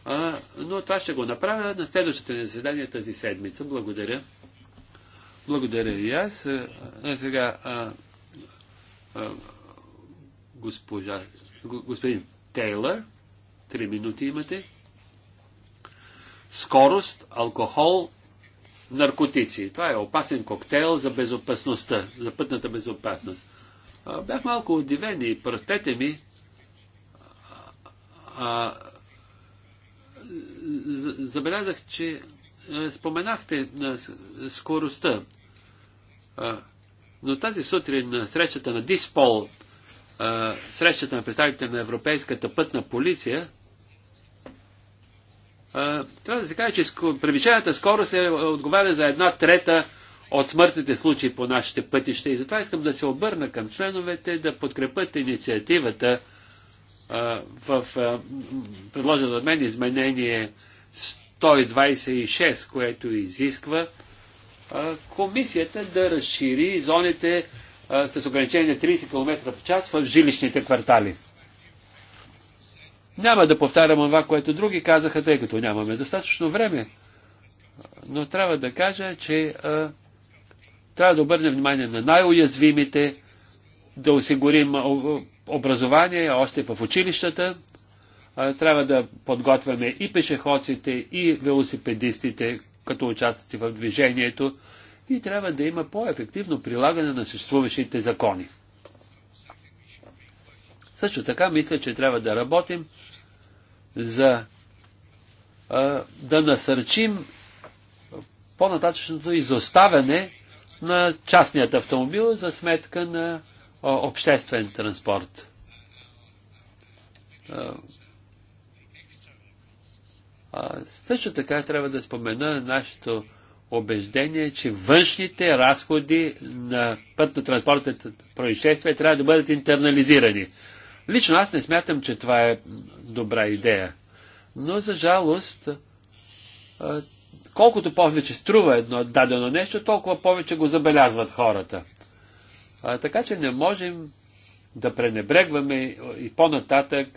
а, но това ще го направя на следващото ни заседание тази седмица. Благодаря. Благодаря и аз. А, сега а, а, госпожа, господин Тейлър, три минути имате. Скорост, алкохол наркотици. Това е опасен коктейл за безопасността, за пътната безопасност. А, бях малко удивен и простете ми, а, забелязах, че споменахте на скоростта. А, но тази сутрин на срещата на Диспол, срещата на представителите на Европейската пътна полиция, трябва да се каже, че превишената скорост е, е, отговаря за една трета от смъртните случаи по нашите пътища. И затова искам да се обърна към членовете да подкрепят инициативата в предложено от мен изменение 126, което изисква комисията да разшири зоните с ограничение 30 км в час в жилищните квартали. Няма да повтарям това, което други казаха, тъй като нямаме достатъчно време. Но трябва да кажа, че а, трябва да обърнем внимание на най-уязвимите, да осигурим образование още в училищата, а, трябва да подготвяме и пешеходците, и велосипедистите като участници в движението и трябва да има по-ефективно прилагане на съществуващите закони. Също така мисля, че трябва да работим за да насърчим по-нататъчното изоставяне на частният автомобил за сметка на обществен транспорт. също така трябва да спомена нашето убеждение, че външните разходи на пътно-транспортните происшествия трябва да бъдат интернализирани. Лично аз не смятам, че това е добра идея. Но за жалост, колкото повече струва едно дадено нещо, толкова повече го забелязват хората. така че не можем да пренебрегваме и по-нататък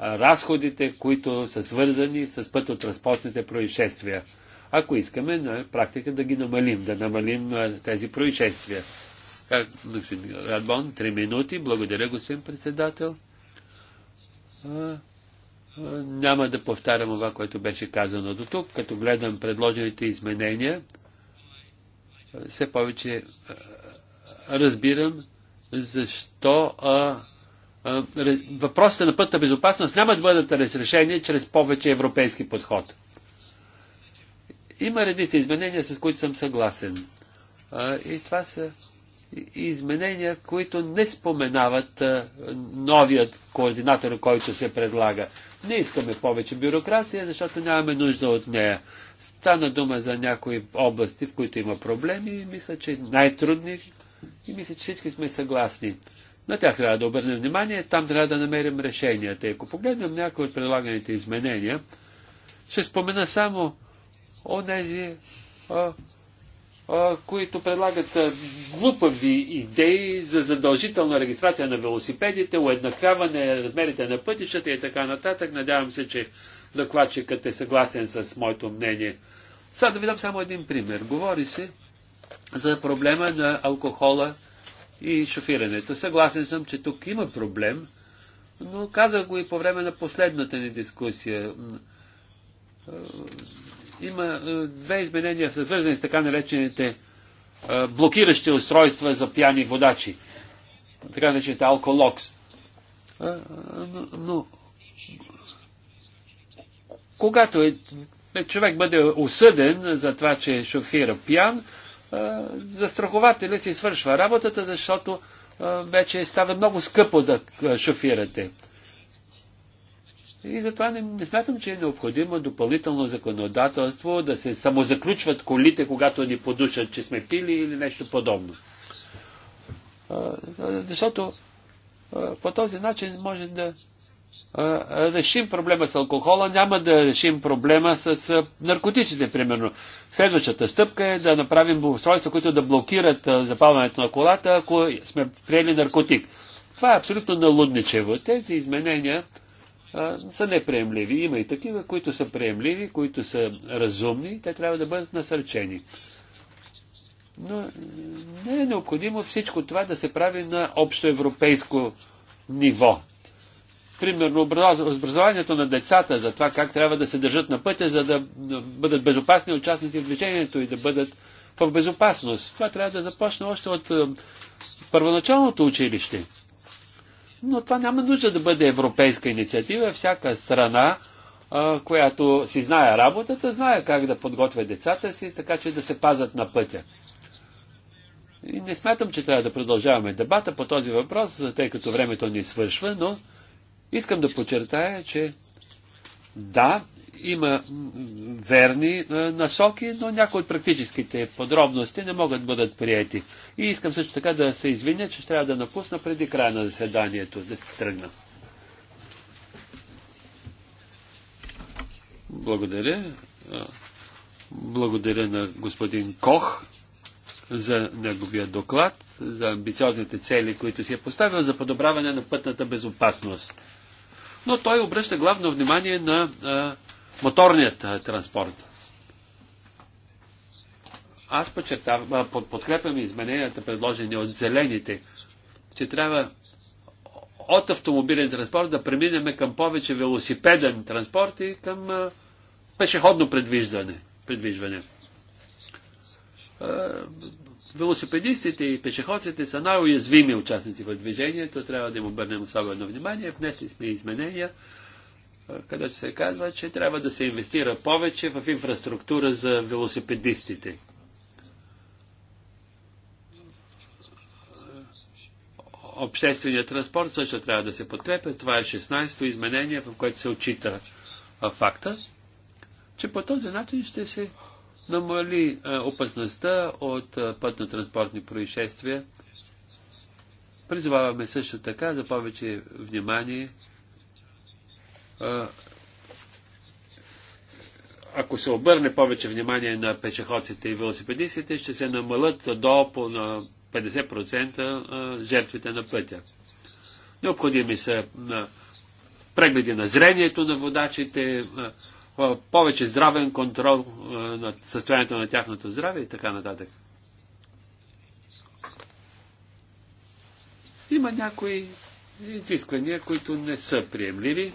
разходите, които са свързани с пътно-транспортните происшествия. Ако искаме на практика да ги намалим, да намалим тези происшествия. Как, Радбон, три минути. Благодаря, господин председател. А, а, няма да повтарям това, което беше казано до тук. Като гледам предложените изменения, все повече а, разбирам защо а, а, въпросите на пътна безопасност няма да бъдат разрешени чрез повече европейски подход. Има редица изменения, с които съм съгласен. А, и това са изменения, които не споменават новият координатор, който се предлага. Не искаме повече бюрокрация, защото нямаме нужда от нея. Стана дума за някои области, в които има проблеми и мисля, че най-трудни и мисля, че всички сме съгласни. На тях трябва да обърнем внимание, там трябва да намерим решенията. ако погледнем някои от предлаганите изменения, ще спомена само о тези които предлагат глупави идеи за задължителна регистрация на велосипедите, уеднаквяване размерите на пътищата и така нататък. Надявам се, че докладчикът е съгласен с моето мнение. Сега да ви дам само един пример. Говори се за проблема на алкохола и шофирането. Съгласен съм, че тук има проблем, но казах го и по време на последната ни дискусия има е, две изменения, свързани с така наречените е, блокиращи устройства за пияни водачи. Така наречените алколокс. Е, но, но когато е, човек бъде осъден за това, че шофира пиян, застрахователя си свършва работата, защото вече става много скъпо да шофирате. И затова не, не смятам, че е необходимо допълнително законодателство да се самозаключват колите, когато ни подушат, че сме пили или нещо подобно. А, защото а, по този начин може да а, решим проблема с алкохола, няма да решим проблема с наркотиците, примерно. Следващата стъпка е да направим устройства, които да блокират запалването на колата, ако сме приели наркотик. Това е абсолютно налудничево. Тези изменения а, са неприемливи. Има и такива, които са приемливи, които са разумни, те трябва да бъдат насърчени. Но не е необходимо всичко това да се прави на общоевропейско ниво. Примерно образованието на децата за това как трябва да се държат на пътя, за да бъдат безопасни участници в движението и да бъдат в безопасност. Това трябва да започне още от първоначалното училище. Но това няма нужда да бъде европейска инициатива. Всяка страна, а, която си знае работата, знае как да подготвя децата си, така че да се пазат на пътя. И не смятам, че трябва да продължаваме дебата по този въпрос, тъй като времето ни свършва, но искам да подчертая, че да, има верни насоки, но някои от практическите подробности не могат да бъдат прияти. И искам също така да се извиня, че трябва да напусна преди края на заседанието, да се тръгна. Благодаря. Благодаря на господин Кох за неговия доклад, за амбициозните цели, които си е поставил за подобряване на пътната безопасност. Но той обръща главно внимание на а, моторният транспорт. Аз подчертавам, под, подкрепям измененията, предложени от зелените, че трябва от автомобилен транспорт да преминем към повече велосипеден транспорт и към а, пешеходно предвиждане. предвиждане. велосипедистите и пешеходците са най-уязвими участници в движението, трябва да им обърнем особено внимание. Внесли сме изменения, където се казва, че трябва да се инвестира повече в инфраструктура за велосипедистите. Общественият транспорт също трябва да се подкрепя. Това е 16-то изменение, в което се отчита факта, че по този начин ще се намали опасността от пътно-транспортни происшествия. Призоваваме също така за повече внимание ако се обърне повече внимание на пешеходците и велосипедистите, ще се намалят до по на 50% жертвите на пътя. Необходими са прегледи на зрението на водачите, повече здравен контрол на състоянието на тяхното здраве и така нататък. Има някои изисквания, които не са приемливи.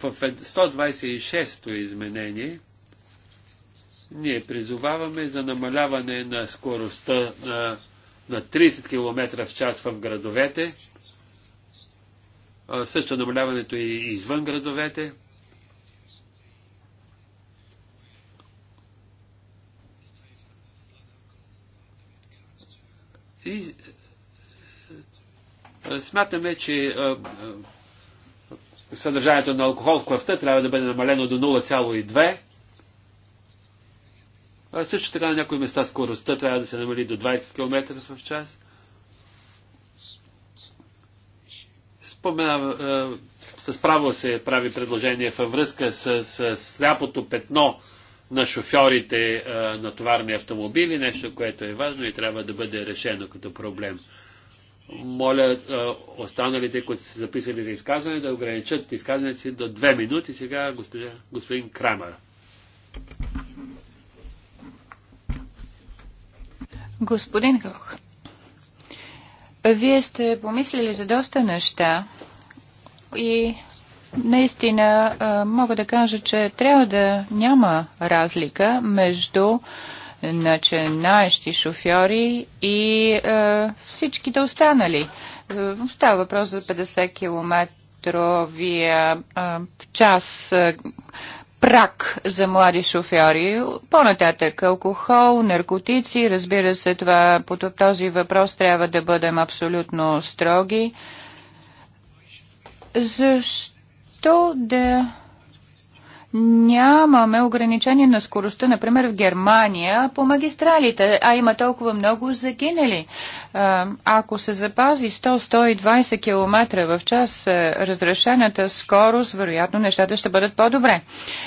в 126-то изменение ние призоваваме за намаляване на скоростта на, на 30 км в час в градовете, а, също намаляването и извън градовете. И смятаме, че а, съдържанието на алкохол в кръвта трябва да бъде намалено до 0,2. А също така на някои места скоростта трябва да се намали до 20 км в час. Споменава, е, с право се прави предложение във връзка с, с сляпото петно на шофьорите е, на товарни автомобили, нещо, което е важно и трябва да бъде решено като проблем. Моля останалите, които са записали за изказване, да ограничат изказването си до две минути. Сега господин, господин Крамер. Господин Хох, вие сте помислили за доста неща и наистина мога да кажа, че трябва да няма разлика между начинаещи шофьори и е, всичките останали. Е, става въпрос за 50 км в час е, прак за млади шофьори. По-нататък алкохол, наркотици, разбира се, това, по този въпрос трябва да бъдем абсолютно строги. Защо да нямаме ограничение на скоростта, например в Германия, по магистралите, а има толкова много загинали. Ако се запази 100-120 км в час разрешената скорост, вероятно нещата ще бъдат по-добре.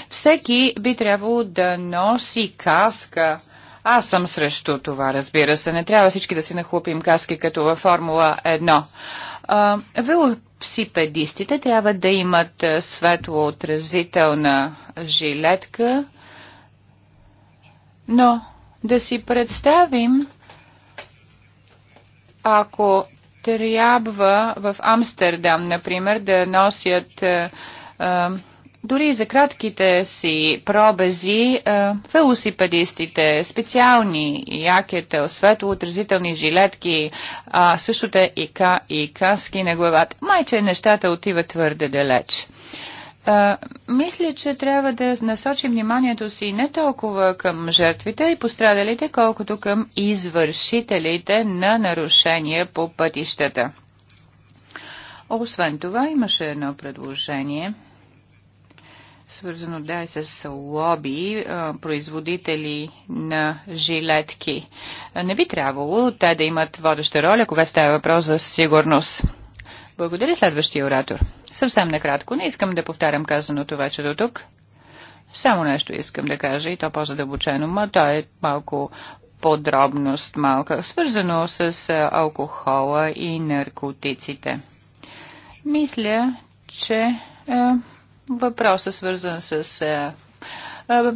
Всеки би трябвало да носи каска. Аз съм срещу това, разбира се. Не трябва всички да си нахлупим каски, като във Формула 1 псипедистите трябва да имат е, светлоотразителна жилетка, но да си представим, ако трябва в Амстердам, например, да носят е, е, дори за кратките си пробези, е, велосипедистите, специални якета, светоотразителни жилетки, а също те и, ка, и каски на главата. Майче нещата отиват твърде далеч. А, е, мисля, че трябва да насочим вниманието си не толкова към жертвите и пострадалите, колкото към извършителите на нарушения по пътищата. Освен това, имаше едно предложение – свързано да е с лоби, производители на жилетки. Не би трябвало те да имат водеща роля, когато става въпрос за сигурност. Благодаря следващия оратор. Съвсем накратко, не искам да повтарям казаното вече до тук. Само нещо искам да кажа и то по-задълбочено, но то е малко подробност малка, свързано с алкохола и наркотиците. Мисля, че е, въпроса, е свързан с а, е, а, е,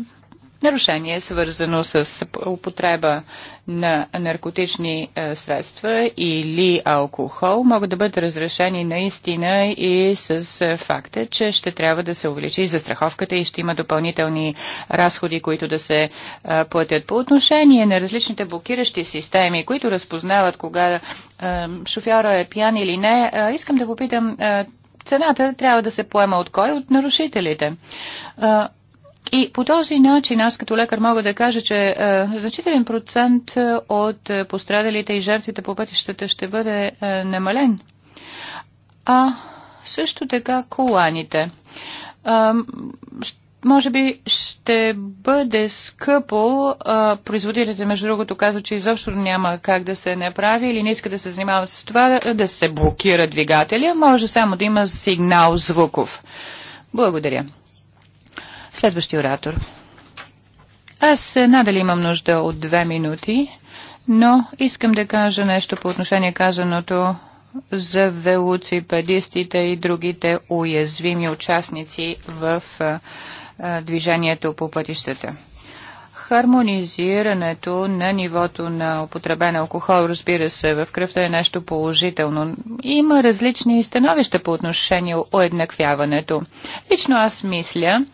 нарушение, свързано с употреба на наркотични а, средства или алкохол, могат да бъдат разрешени наистина и с а, факта, че ще трябва да се увеличи застраховката и ще има допълнителни разходи, които да се а, платят. По отношение на различните блокиращи системи, които разпознават кога шофьора е пиян или не, искам да попитам цената трябва да се поема от кой? От нарушителите. И по този начин аз като лекар мога да кажа, че е, значителен процент от пострадалите и жертвите по пътищата ще бъде е, намален. А също така коланите. Е, може би ще бъде скъпо. А, производителите, между другото, казват, че изобщо няма как да се направи или не иска да се занимава с това, да се блокира двигателя. Може само да има сигнал звуков. Благодаря. Следващия оратор. Аз надали имам нужда от две минути, но искам да кажа нещо по отношение казаното за велоципедистите и другите уязвими участници в движението по пътищата хармонизирането на нивото на употребен алкохол, разбира се, в кръвта е нещо положително. Има различни становища по отношение уеднаквяването. Лично аз мисля,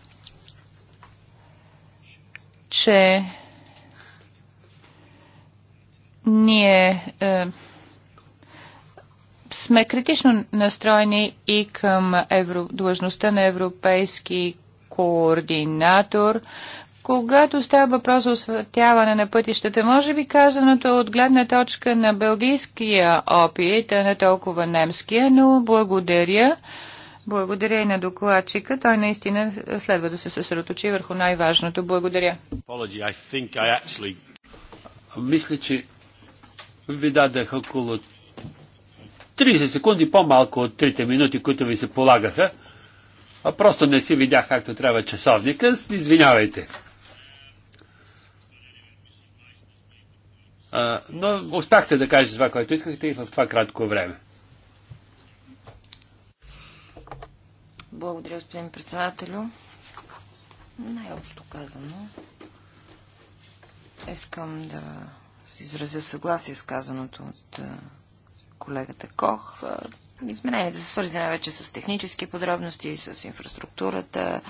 че ние е, сме критично настроени и към евро, длъжността на европейски координатор. Когато става въпрос за осветяване на пътищата, може би казаното от гледна точка на белгийския опит, а не толкова немския, но благодаря. Благодаря и на докладчика. Той наистина следва да се съсредоточи върху най-важното. Благодаря. Мисля, че ви дадах около 30 секунди по-малко от 3 минути, които ви се полагаха. А просто не си видях както трябва часовника. Извинявайте. А, но успяхте да кажете това, което искахте и в това кратко време. Благодаря, господин председателю. Най-общо казано, искам да се изразя съгласие с казаното от колегата Кох. Измененията са свързани вече с технически подробности, с инфраструктурата,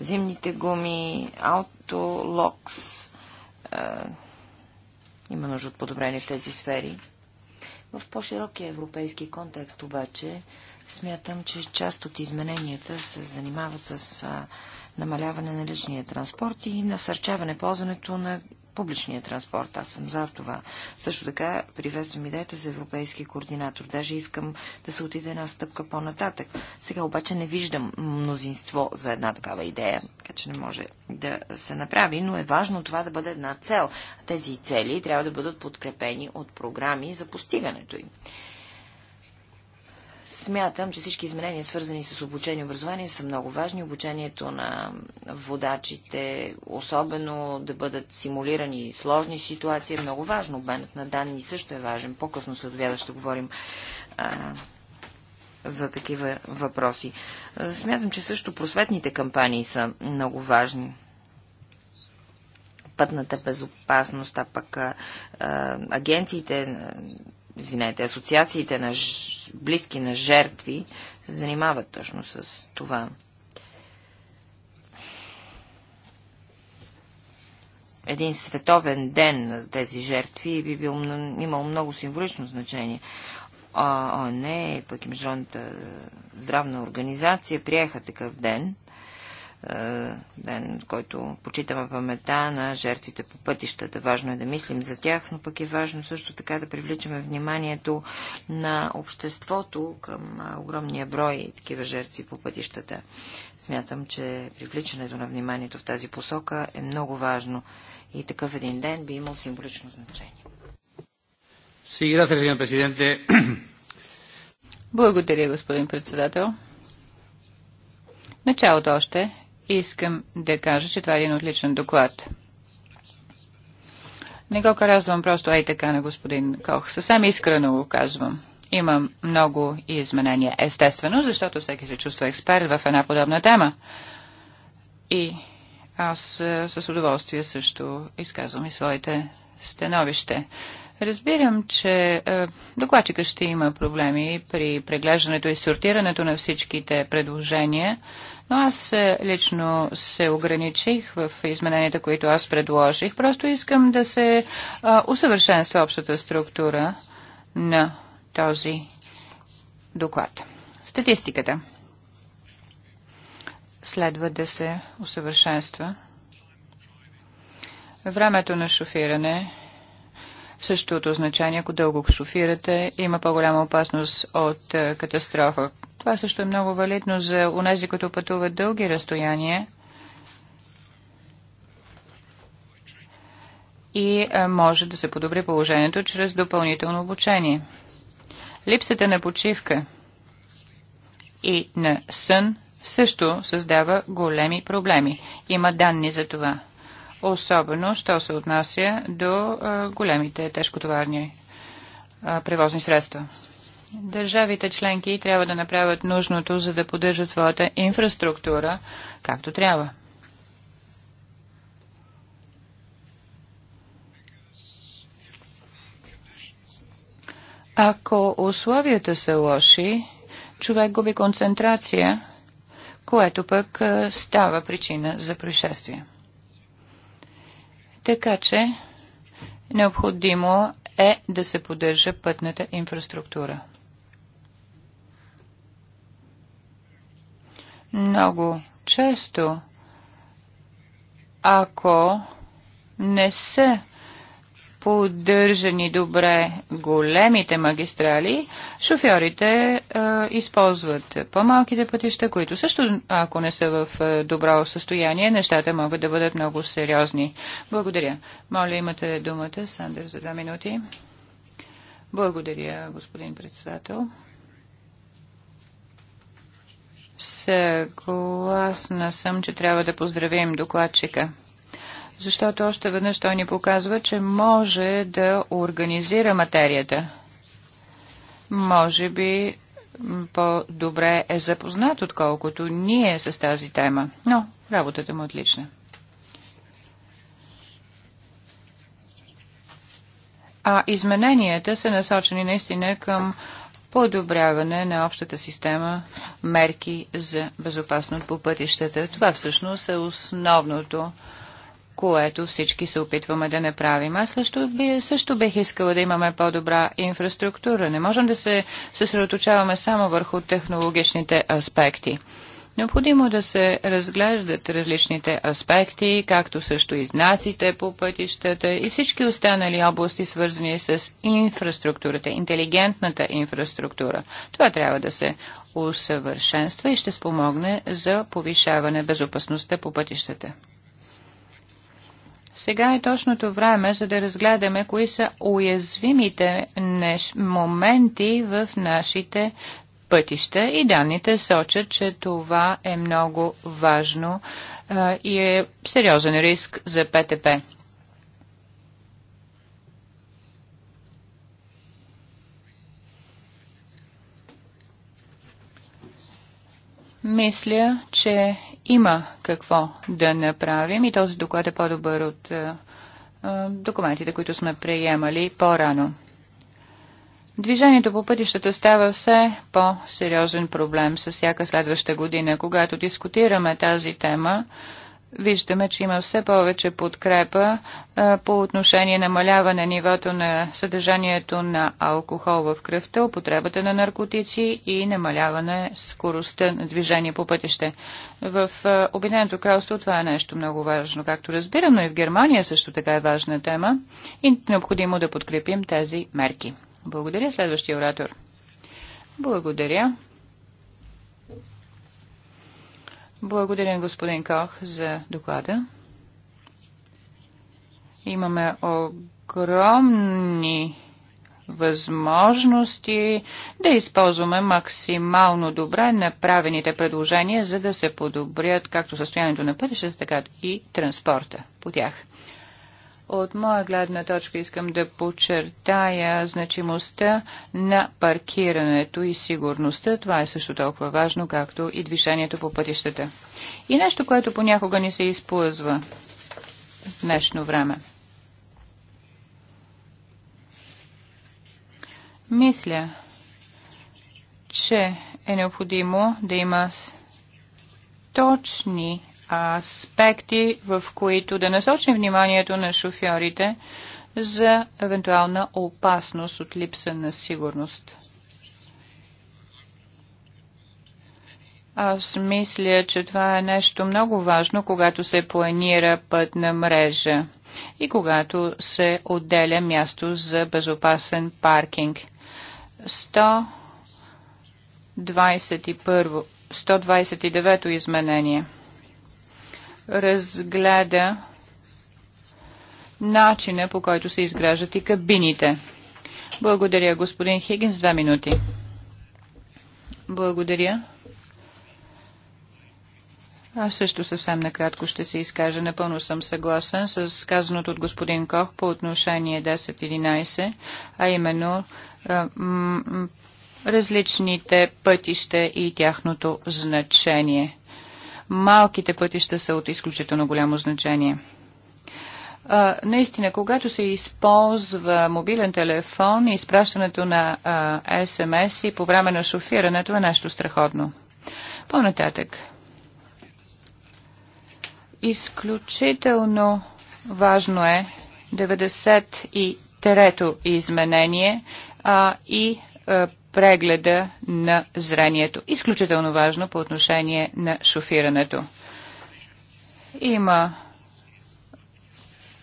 зимните гуми, аутолокс. локс. Е, има нужда от подобрение в тези сфери. В по-широкия европейски контекст обаче смятам, че част от измененията се занимават с намаляване на личния транспорт и насърчаване ползването на публичния транспорт. Аз съм за това. Също така приветствам идеята за европейски координатор. Даже искам да се отиде една стъпка по-нататък. Сега обаче не виждам мнозинство за една такава идея, така че не може да се направи, но е важно това да бъде една цел. Тези цели трябва да бъдат подкрепени от програми за постигането им. Смятам, че всички изменения, свързани с обучение и образование, са много важни. Обучението на водачите, особено да бъдат симулирани сложни ситуации, е много важно. Обменът на данни също е важен. По-късно след обяда ще говорим а, за такива въпроси. Смятам, че също просветните кампании са много важни пътната безопасност, а пък а, агенциите извинете, асоциациите на ж... близки на жертви се занимават точно с това. Един световен ден на тези жертви би бил, имал много символично значение. А, а не, пък и Международната здравна организация приеха такъв ден. Е, ден, който почитаме памета на жертвите по пътищата. Важно е да мислим за тях, но пък е важно също така да привличаме вниманието на обществото към огромния брой такива жертви по пътищата. Смятам, че привличането на вниманието в тази посока е много важно и такъв един ден би имал символично значение. Благодаря, господин председател. Началото още искам да кажа, че това е един отличен доклад. Не го казвам просто ей така на господин Кох. Съвсем искрено го казвам. Има много изменения, естествено, защото всеки се чувства експерт в една подобна тема. И аз с удоволствие също изказвам и своите становище. Разбирам, че е, докладчика ще има проблеми при преглеждането и сортирането на всичките предложения, но аз е, лично се ограничих в измененията, които аз предложих. Просто искам да се е, усъвършенства общата структура на този доклад. Статистиката следва да се усъвършенства. Времето на шофиране Същото значение, ако дълго шофирате, има по-голяма опасност от е, катастрофа. Това също е много валидно за унези, които пътуват дълги разстояния и е, може да се подобри положението чрез допълнително обучение. Липсата на почивка и на сън също създава големи проблеми. Има данни за това особено, що се отнася до големите тежкотоварни превозни средства. Държавите членки трябва да направят нужното, за да поддържат своята инфраструктура както трябва. Ако условията са лоши, човек губи концентрация, което пък става причина за происшествие. Така че необходимо е да се поддържа пътната инфраструктура. Много често, ако не се поддържани добре големите магистрали, шофьорите а, е, използват по-малките пътища, които също, ако не са в е, добро състояние, нещата могат да бъдат много сериозни. Благодаря. Моля, имате думата, Сандър, за два минути. Благодаря, господин председател. Съгласна съм, че трябва да поздравим докладчика защото още веднъж той ни показва, че може да организира материята. Може би по-добре е запознат, отколкото ние с тази тема, но работата му е отлична. А измененията са насочени наистина към подобряване на общата система мерки за безопасност по пътищата. Това всъщност е основното което всички се опитваме да направим. Аз също, би, също бих искала да имаме по-добра инфраструктура. Не можем да се съсредоточаваме само върху технологичните аспекти. Необходимо е да се разглеждат различните аспекти, както също и знаците по пътищата и всички останали области, свързани с инфраструктурата, интелигентната инфраструктура. Това трябва да се усъвършенства и ще спомогне за повишаване безопасността по пътищата. Сега е точното време, за да разгледаме кои са уязвимите моменти в нашите пътища и данните сочат, че това е много важно а, и е сериозен риск за ПТП. Мисля, че има какво да направим и този доклад е по-добър от е, е, документите, които сме приемали по-рано. Движението по пътищата става все по-сериозен проблем с всяка следваща година. Когато дискутираме тази тема, виждаме, че има все повече подкрепа а, по отношение намаляване нивото на съдържанието на алкохол в кръвта, употребата на наркотици и намаляване скоростта на движение по пътище. В Обединеното кралство това е нещо много важно, както разбирам, но и в Германия също така е важна тема и необходимо да подкрепим тези мерки. Благодаря. Следващия оратор. Благодаря. Благодаря, господин Кох, за доклада. Имаме огромни възможности да използваме максимално добре направените предложения, за да се подобрят както състоянието на пътищата, така и транспорта по тях. От моя гледна точка искам да подчертая значимостта на паркирането и сигурността. Това е също толкова важно, както и движението по пътищата. И нещо, което понякога ни се използва в днешно време. Мисля, че е необходимо да има точни аспекти, в които да насочим вниманието на шофьорите за евентуална опасност от липса на сигурност. Аз мисля, че това е нещо много важно, когато се планира пътна мрежа и когато се отделя място за безопасен паркинг. 121, 129 изменение – разгледа начина по който се изграждат и кабините. Благодаря, господин Хигинс. Два минути. Благодаря. Аз също съвсем накратко ще се изкажа. Напълно съм съгласен с казаното от господин Кох по отношение 10-11, а именно различните пътища и тяхното значение малките пътища са от изключително голямо значение. А, наистина, когато се използва мобилен телефон и изпращането на СМС и по време на шофирането е нещо страхотно. По-нататък. Изключително важно е 93-то изменение а, и прегледа на зрението. Изключително важно по отношение на шофирането. Има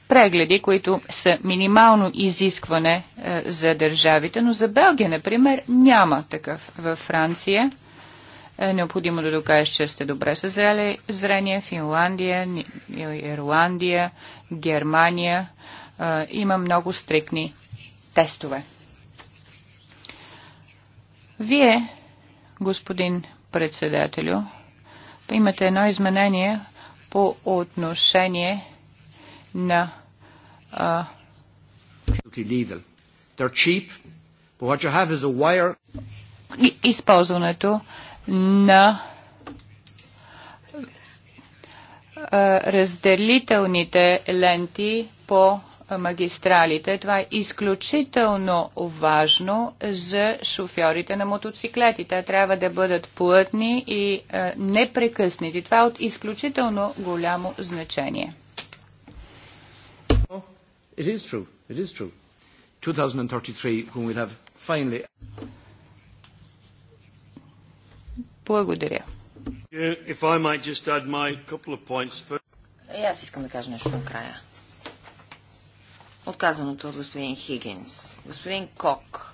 прегледи, които са минимално изискване е, за държавите, но за Белгия, например, няма такъв. Във Франция е необходимо да докажеш, че сте добре с зрение. Финландия, Ирландия, Германия е, има много стрикни тестове. Вие, господин председателю, имате едно изменение по отношение на а, използването на разделителните ленти по магистралите. Това е изключително важно за шофьорите на мотоциклети. Те трябва да бъдат плътни и е, непрекъснати. Това е от изключително голямо значение. Oh, it is true. It is true. 2033, when we'll have finally... Благодаря. If I might just add my couple of points first. Е, аз искам да кажа нещо накрая отказаното от господин Хигинс. Господин Кок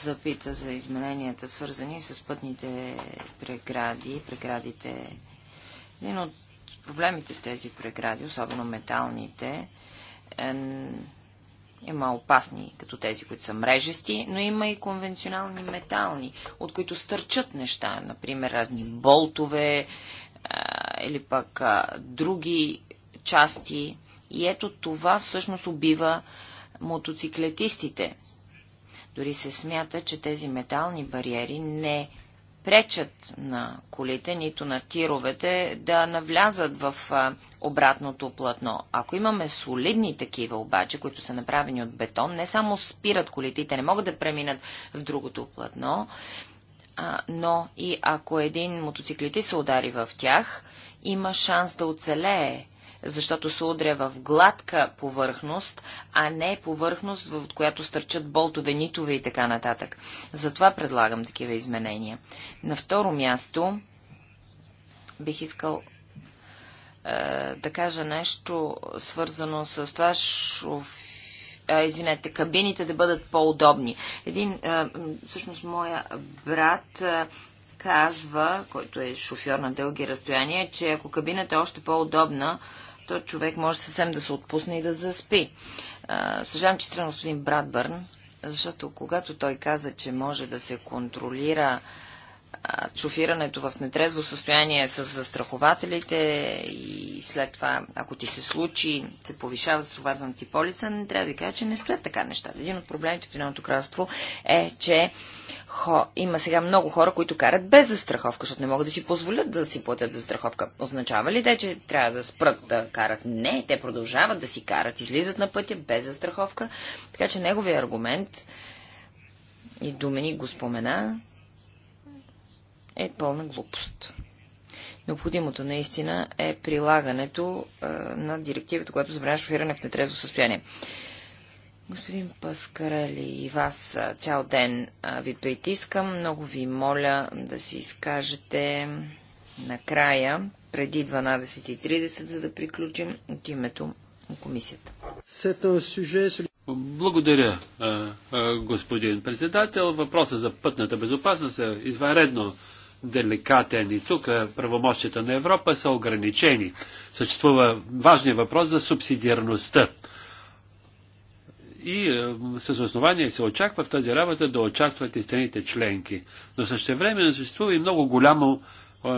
запита за измененията, свързани с пътните прегради, преградите. Един от проблемите с тези прегради, особено металните, е, има опасни, като тези, които са мрежести, но има и конвенционални метални, от които стърчат неща, например разни болтове а, или пък а, други части. И ето това всъщност убива мотоциклетистите. Дори се смята, че тези метални бариери не пречат на колите, нито на тировете да навлязат в обратното платно. Ако имаме солидни такива обаче, които са направени от бетон, не само спират колите, те не могат да преминат в другото платно, но и ако един мотоциклетист се удари в тях, има шанс да оцелее защото се удря в гладка повърхност, а не повърхност, в която стърчат болтове, нитове и така нататък. Затова предлагам такива изменения. На второ място бих искал е, да кажа нещо свързано с това шоф... а, извинете, кабините да бъдат по-удобни. Един, е, всъщност, моя брат е, казва, който е шофьор на дълги разстояния, че ако кабината е още по-удобна, то човек може съвсем да се отпусне и да заспи. Съжалявам, че трябва господин Братбърн, защото когато той каза, че може да се контролира шофирането в нетрезво състояние с застрахователите и след това, ако ти се случи, се повишава застрахователна ти полица, не трябва да ви кажа, че не стоят така нещата. Един от проблемите в Единеното кралство е, че хо, има сега много хора, които карат без застраховка, защото не могат да си позволят да си платят застраховка. Означава ли те, че трябва да спрат да карат? Не, те продължават да си карат, излизат на пътя без застраховка. Така че неговия аргумент и думени го спомена, е пълна глупост. Необходимото наистина е прилагането а, на директивата, която забранява шофиране в нетрезво състояние. Господин Паскарели, и вас цял ден а, ви притискам. Много ви моля да си изкажете накрая, преди 12.30, за да приключим от името на комисията. Е Благодаря, господин председател. Въпроса за пътната безопасност е извънредно деликатен. И тук е, правомощията на Европа са ограничени. Съществува важния въпрос за субсидиарността. И е, с основание се очаква в тази работа да участват и страните членки. Но време съществува и много голямо, е,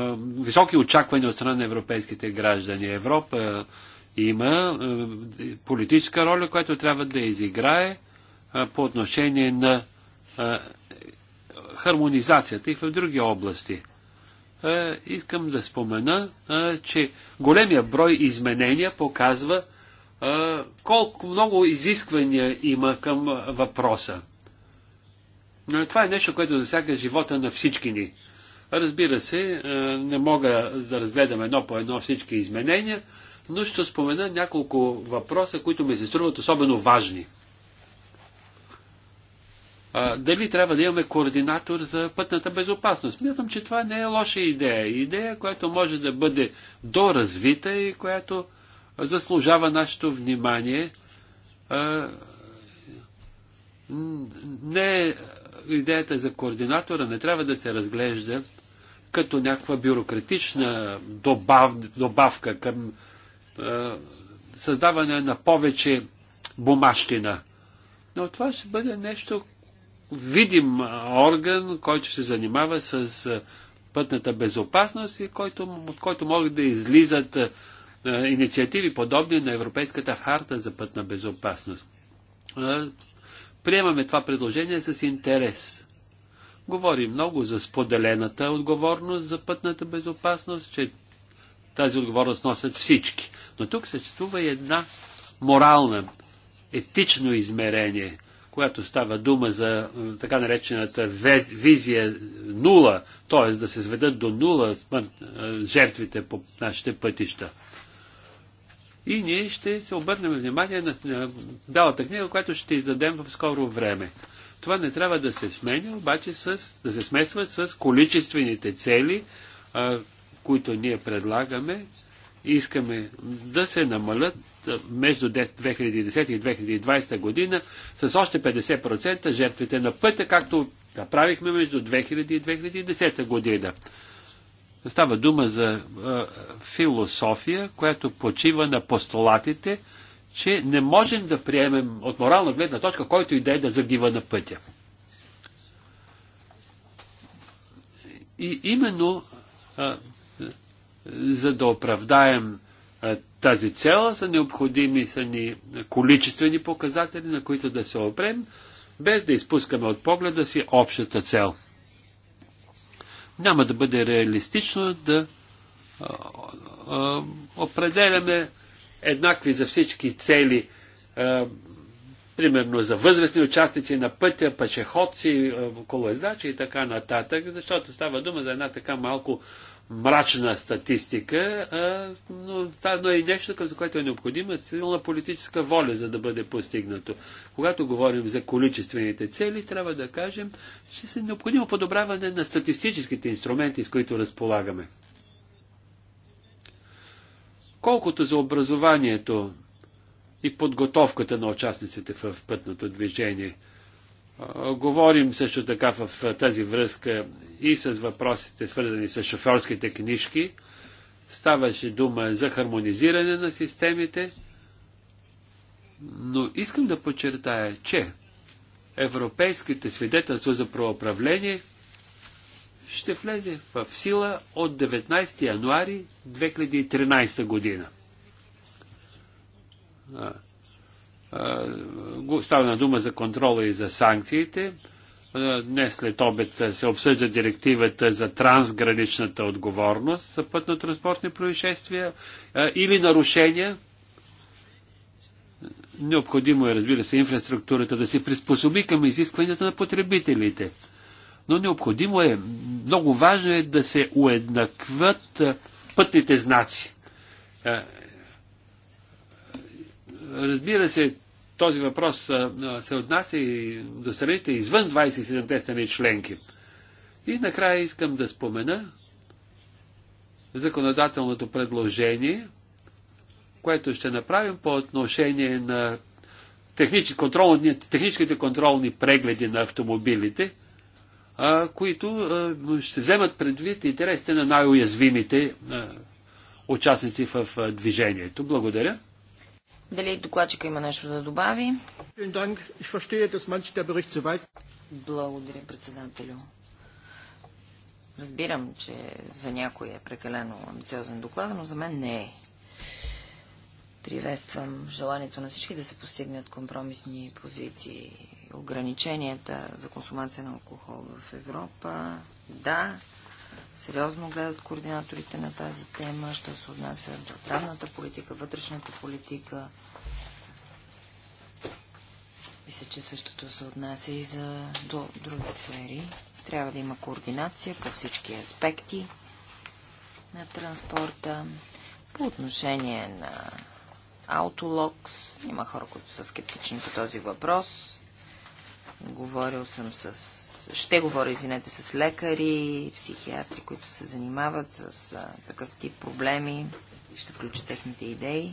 високи очаквания от страна на европейските граждани. Европа е, има е, политическа роля, която трябва да изиграе е, по отношение на хармонизацията и в други области. Е, искам да спомена, е, че големия брой изменения показва е, колко много изисквания има към въпроса. Но това е нещо, което засяга живота на всички ни. Разбира се, не мога да разгледам едно по едно всички изменения, но ще спомена няколко въпроса, които ми се струват особено важни – а, дали трябва да имаме координатор за пътната безопасност. Мятам, че това не е лоша идея. Идея, която може да бъде доразвита и която заслужава нашето внимание. А, не идеята за координатора не трябва да се разглежда като някаква бюрократична добав, добавка към е, създаване на повече бумащина. Но това ще бъде нещо, видим орган, който се занимава с пътната безопасност и който, от който могат да излизат инициативи подобни на Европейската харта за пътна безопасност. Приемаме това предложение с интерес. Говори много за споделената отговорност за пътната безопасност, че тази отговорност носят всички. Но тук съществува и една морална, етично измерение – която става дума за така наречената визия нула, т.е. да се сведат до нула жертвите по нашите пътища. И ние ще се обърнем внимание на бялата книга, която ще издадем в скоро време. Това не трябва да се сменя, обаче с, да се смесва с количествените цели, а, които ние предлагаме, Искаме да се намалят между 2010 и 2020 година с още 50% жертвите на пътя, както направихме между 2000 и 2010 година. Става дума за а, философия, която почива на постулатите, че не можем да приемем от морална гледна точка, който и да е да загива на пътя. И именно за да оправдаем тази цел, са необходими са ни количествени показатели, на които да се опрем, без да изпускаме от погледа си общата цел. Няма да бъде реалистично да определяме еднакви за всички цели, примерно за възрастни участници на пътя, пешеходци, колоездачи и така нататък, защото става дума за една така малко мрачна статистика, а, но, това е нещо, за което е необходима силна политическа воля, за да бъде постигнато. Когато говорим за количествените цели, трябва да кажем, че се необходимо подобряване на статистическите инструменти, с които разполагаме. Колкото за образованието и подготовката на участниците в пътното движение – Говорим също така в тази връзка и с въпросите, свързани с шофьорските книжки. Ставаше дума за хармонизиране на системите, но искам да подчертая, че европейските свидетелства за правоуправление ще влезе в сила от 19 януари 2013 година. Става на дума за контрола и за санкциите. Днес след обед се обсъжда директивата за трансграничната отговорност за пътно-транспортни происшествия или нарушения. Необходимо е, разбира се, инфраструктурата да се приспособи към изискванията на потребителите. Но необходимо е, много важно е да се уеднакват пътните знаци Разбира се, този въпрос се отнася и до страните извън 27-те страни членки. И накрая искам да спомена законодателното предложение, което ще направим по отношение на технически, техническите контролни прегледи на автомобилите, които ще вземат предвид интересите на най-уязвимите участници в движението. Благодаря. Дали докладчика има нещо да добави? Благодаря, председателю. Разбирам, че за някой е прекалено амбициозен доклад, но за мен не е. Приветствам желанието на всички да се постигнат компромисни позиции. Ограниченията за консумация на алкохол в Европа, да, сериозно гледат координаторите на тази тема, що се отнася до правната политика, вътрешната политика. Мисля, че същото се отнася и за до други сфери. Трябва да има координация по всички аспекти на транспорта. По отношение на Autolocks, има хора, които са скептични по този въпрос. Говорил съм с ще говоря, извинете, с лекари, психиатри, които се занимават с а, такъв тип проблеми. Ще включа техните идеи.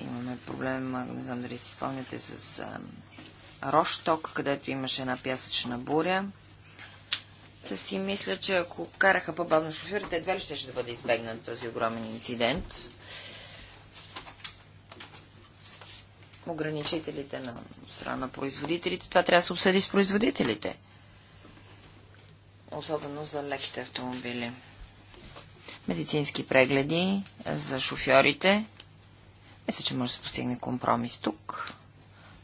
Имаме проблем, не знам дали си спомняте, с а, Рошток, където имаше една пясъчна буря. Та си мисля, че ако караха по-бавно шофьорите, едва ли ще, ще бъде избегнат този огромен инцидент. ограничителите на страна на производителите. Това трябва да се обсъди с производителите. Особено за леките автомобили. Медицински прегледи за шофьорите. Мисля, че може да се постигне компромис тук.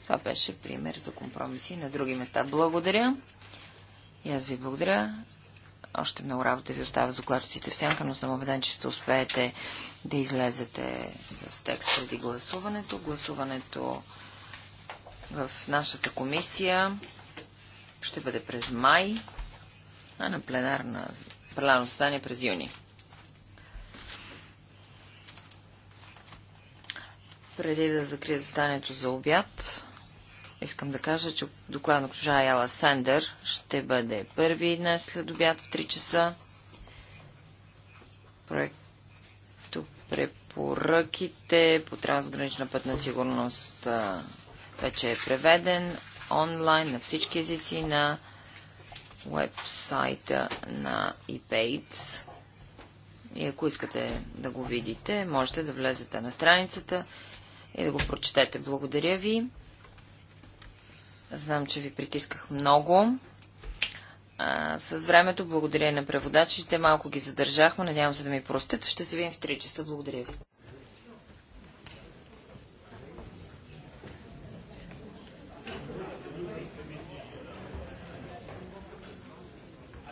Това беше пример за компромиси на други места. Благодаря. И аз ви благодаря. Още много работа ви остава за докладчиците в сянка, но съм убеден, че ще успеете да излезете с текст преди гласуването. Гласуването в нашата комисия ще бъде през май, а на пленарна, пленарно състояние през юни. Преди да закрия застанието за обяд, Искам да кажа, че доклад на госпожа Яла Сандър ще бъде първи днес след обяд в 3 часа. Проекто препоръките по трансгранична пътна сигурност вече е преведен онлайн на всички езици на вебсайта на ePates. И ако искате да го видите, можете да влезете на страницата и да го прочетете. Благодаря ви. Знам, че ви притисках много. А, с времето, благодаря на преводачите, малко ги задържахме, надявам се да ми простят. Ще се видим в 3 часа. Благодаря ви.